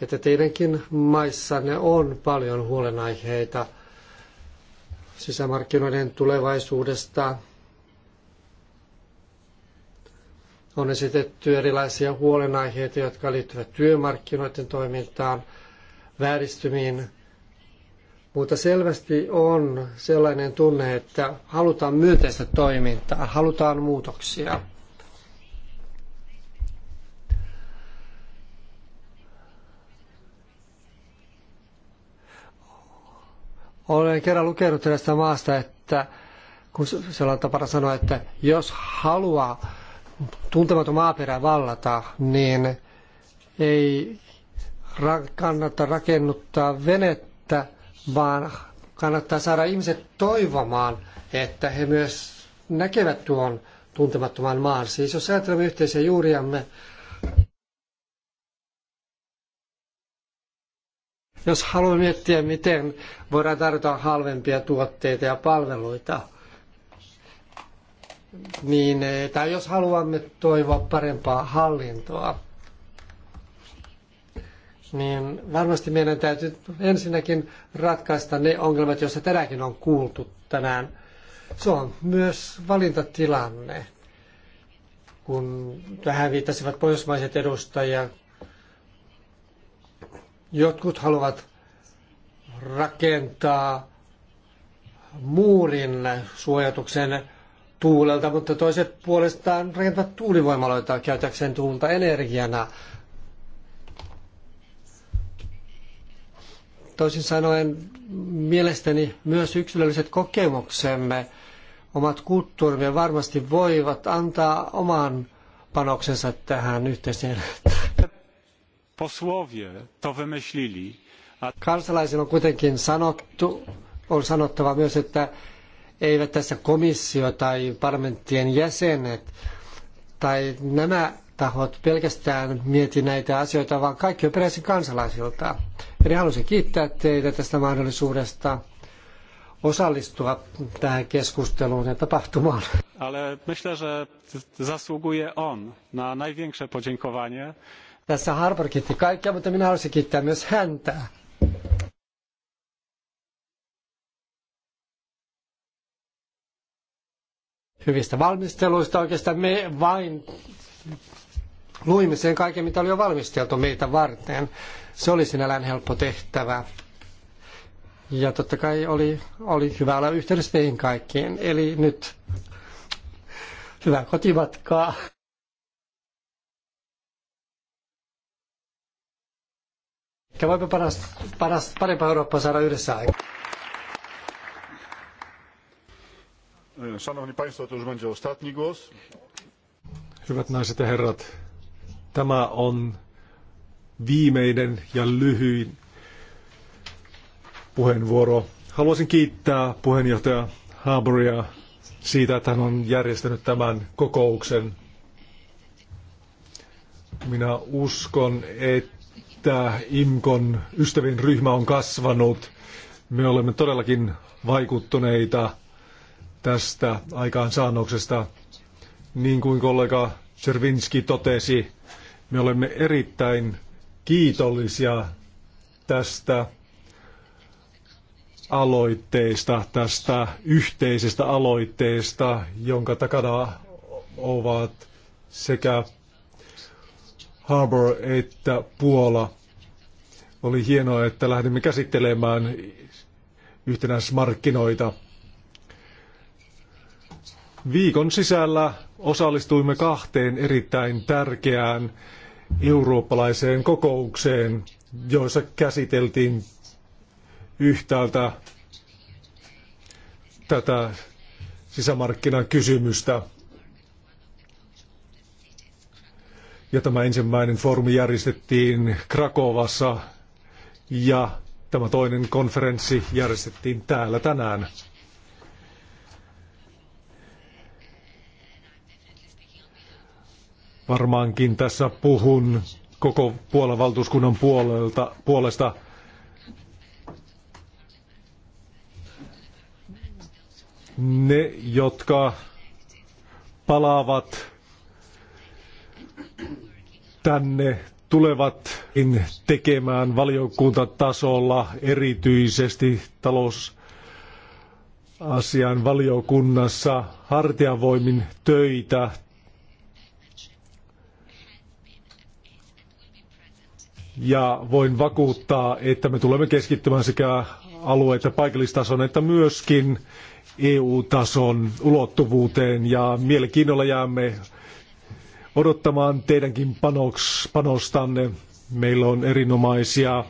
että teidänkin maissanne on paljon huolenaiheita sisämarkkinoiden tulevaisuudesta. On esitetty erilaisia huolenaiheita, jotka liittyvät työmarkkinoiden toimintaan, vääristymiin, mutta selvästi on sellainen tunne, että halutaan myönteistä toimintaa, halutaan muutoksia. Olen kerran lukenut tästä maasta, että kun se on tapana sanoa, että jos haluaa tuntematon maaperä vallata, niin ei kannata rakennuttaa venettä, vaan kannattaa saada ihmiset toivomaan, että he myös näkevät tuon tuntemattoman maan. Siis jos ajattelemme yhteisiä juuriamme, Jos haluamme miettiä, miten voidaan tarjota halvempia tuotteita ja palveluita, niin, tai jos haluamme toivoa parempaa hallintoa, niin varmasti meidän täytyy ensinnäkin ratkaista ne ongelmat, joista tänäänkin on kuultu tänään. Se on myös valintatilanne, kun tähän viittasivat pohjoismaiset edustajat Jotkut haluavat rakentaa muurin suojatuksen tuulelta, mutta toiset puolestaan rakentavat tuulivoimaloita käytäkseen tuulta energiana. Toisin sanoen mielestäni myös yksilölliset kokemuksemme, omat kulttuurimme varmasti voivat antaa oman panoksensa tähän yhteiseen posłowie to wymyślili. A... on kuitenkin sanottu, on sanottava myös, että eivät tässä komissio tai parlamenttien jäsenet tai nämä tahot pelkästään mieti näitä asioita, vaan kaikki on peräisin kansalaisilta. Eli haluaisin kiittää teitä tästä mahdollisuudesta osallistua tähän keskusteluun ja tapahtumaan. Ale myślę, że zasługuje on na największe podziękowanie tässä Harper kiitti kaikkia, mutta minä haluaisin kiittää myös häntä. Hyvistä valmisteluista oikeastaan me vain luimme sen kaiken, mitä oli jo valmisteltu meitä varten. Se oli sinällään helppo tehtävä. Ja totta kai oli, oli hyvä olla yhteydessä teihin kaikkiin. Eli nyt hyvää kotimatkaa. Ehkä voimme parasta, parasta, parempaa Eurooppaa saada yhdessä aikaan. Szanowni Państwo, Hyvät naiset ja herrat, tämä on viimeinen ja lyhyin puheenvuoro. Haluaisin kiittää puheenjohtaja Haberia siitä, että hän on järjestänyt tämän kokouksen. Minä uskon, että että IMKON ystävien ryhmä on kasvanut. Me olemme todellakin vaikuttuneita tästä aikaansaannoksesta. Niin kuin kollega Servinski totesi, me olemme erittäin kiitollisia tästä aloitteesta, tästä yhteisestä aloitteesta, jonka takana ovat sekä Harbour että Puola. Oli hienoa, että lähdimme käsittelemään yhtenäismarkkinoita. Viikon sisällä osallistuimme kahteen erittäin tärkeään eurooppalaiseen kokoukseen, joissa käsiteltiin yhtäältä tätä sisämarkkinakysymystä. kysymystä Ja tämä ensimmäinen foorumi järjestettiin Krakovassa ja tämä toinen konferenssi järjestettiin täällä tänään. Varmaankin tässä puhun koko Puolan valtuuskunnan puolelta, puolesta. Ne, jotka palaavat tänne tulevat tekemään valiokuntatasolla erityisesti talousasian valiokunnassa hartiavoimin töitä Ja voin vakuuttaa, että me tulemme keskittymään sekä alue- että paikallistason että myöskin EU-tason ulottuvuuteen ja mielenkiinnolla jäämme odottamaan teidänkin panoks, panostanne. Meillä on erinomaisia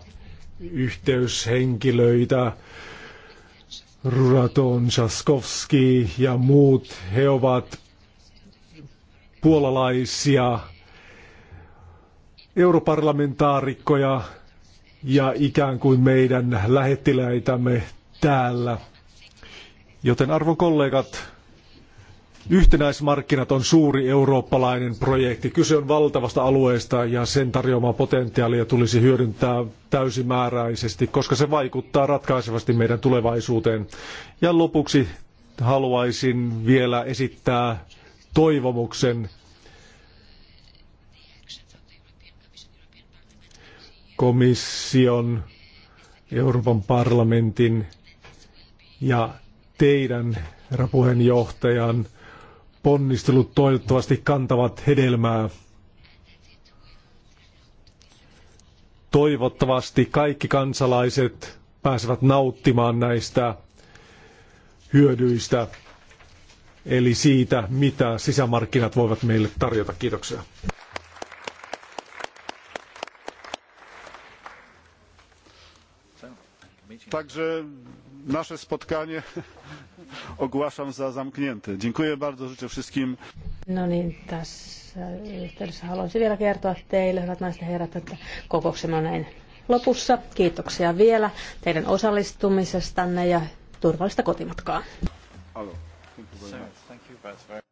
yhteyshenkilöitä, Ruraton, Jaskowski ja muut. He ovat puolalaisia europarlamentaarikkoja ja ikään kuin meidän lähettiläitämme täällä. Joten arvon kollegat, Yhtenäismarkkinat on suuri eurooppalainen projekti. Kyse on valtavasta alueesta ja sen tarjoamaa potentiaalia tulisi hyödyntää täysimääräisesti, koska se vaikuttaa ratkaisevasti meidän tulevaisuuteen. Ja lopuksi haluaisin vielä esittää toivomuksen komission, Euroopan parlamentin ja teidän, herra puheenjohtajan, ponnistelut toivottavasti kantavat hedelmää. Toivottavasti kaikki kansalaiset pääsevät nauttimaan näistä hyödyistä, eli siitä, mitä sisämarkkinat voivat meille tarjota. Kiitoksia. Także nasze spotkanie ogłaszam za zamknięte. Dziękuję bardzo, życzę wszystkim. No niin, tässä yhteydessä haluaisin vielä kertoa teille, hyvät naiset ja herrat, että kokouksemme on näin lopussa. Kiitoksia vielä teidän osallistumisestanne ja turvallista kotimatkaa. Hello. Thank you very much.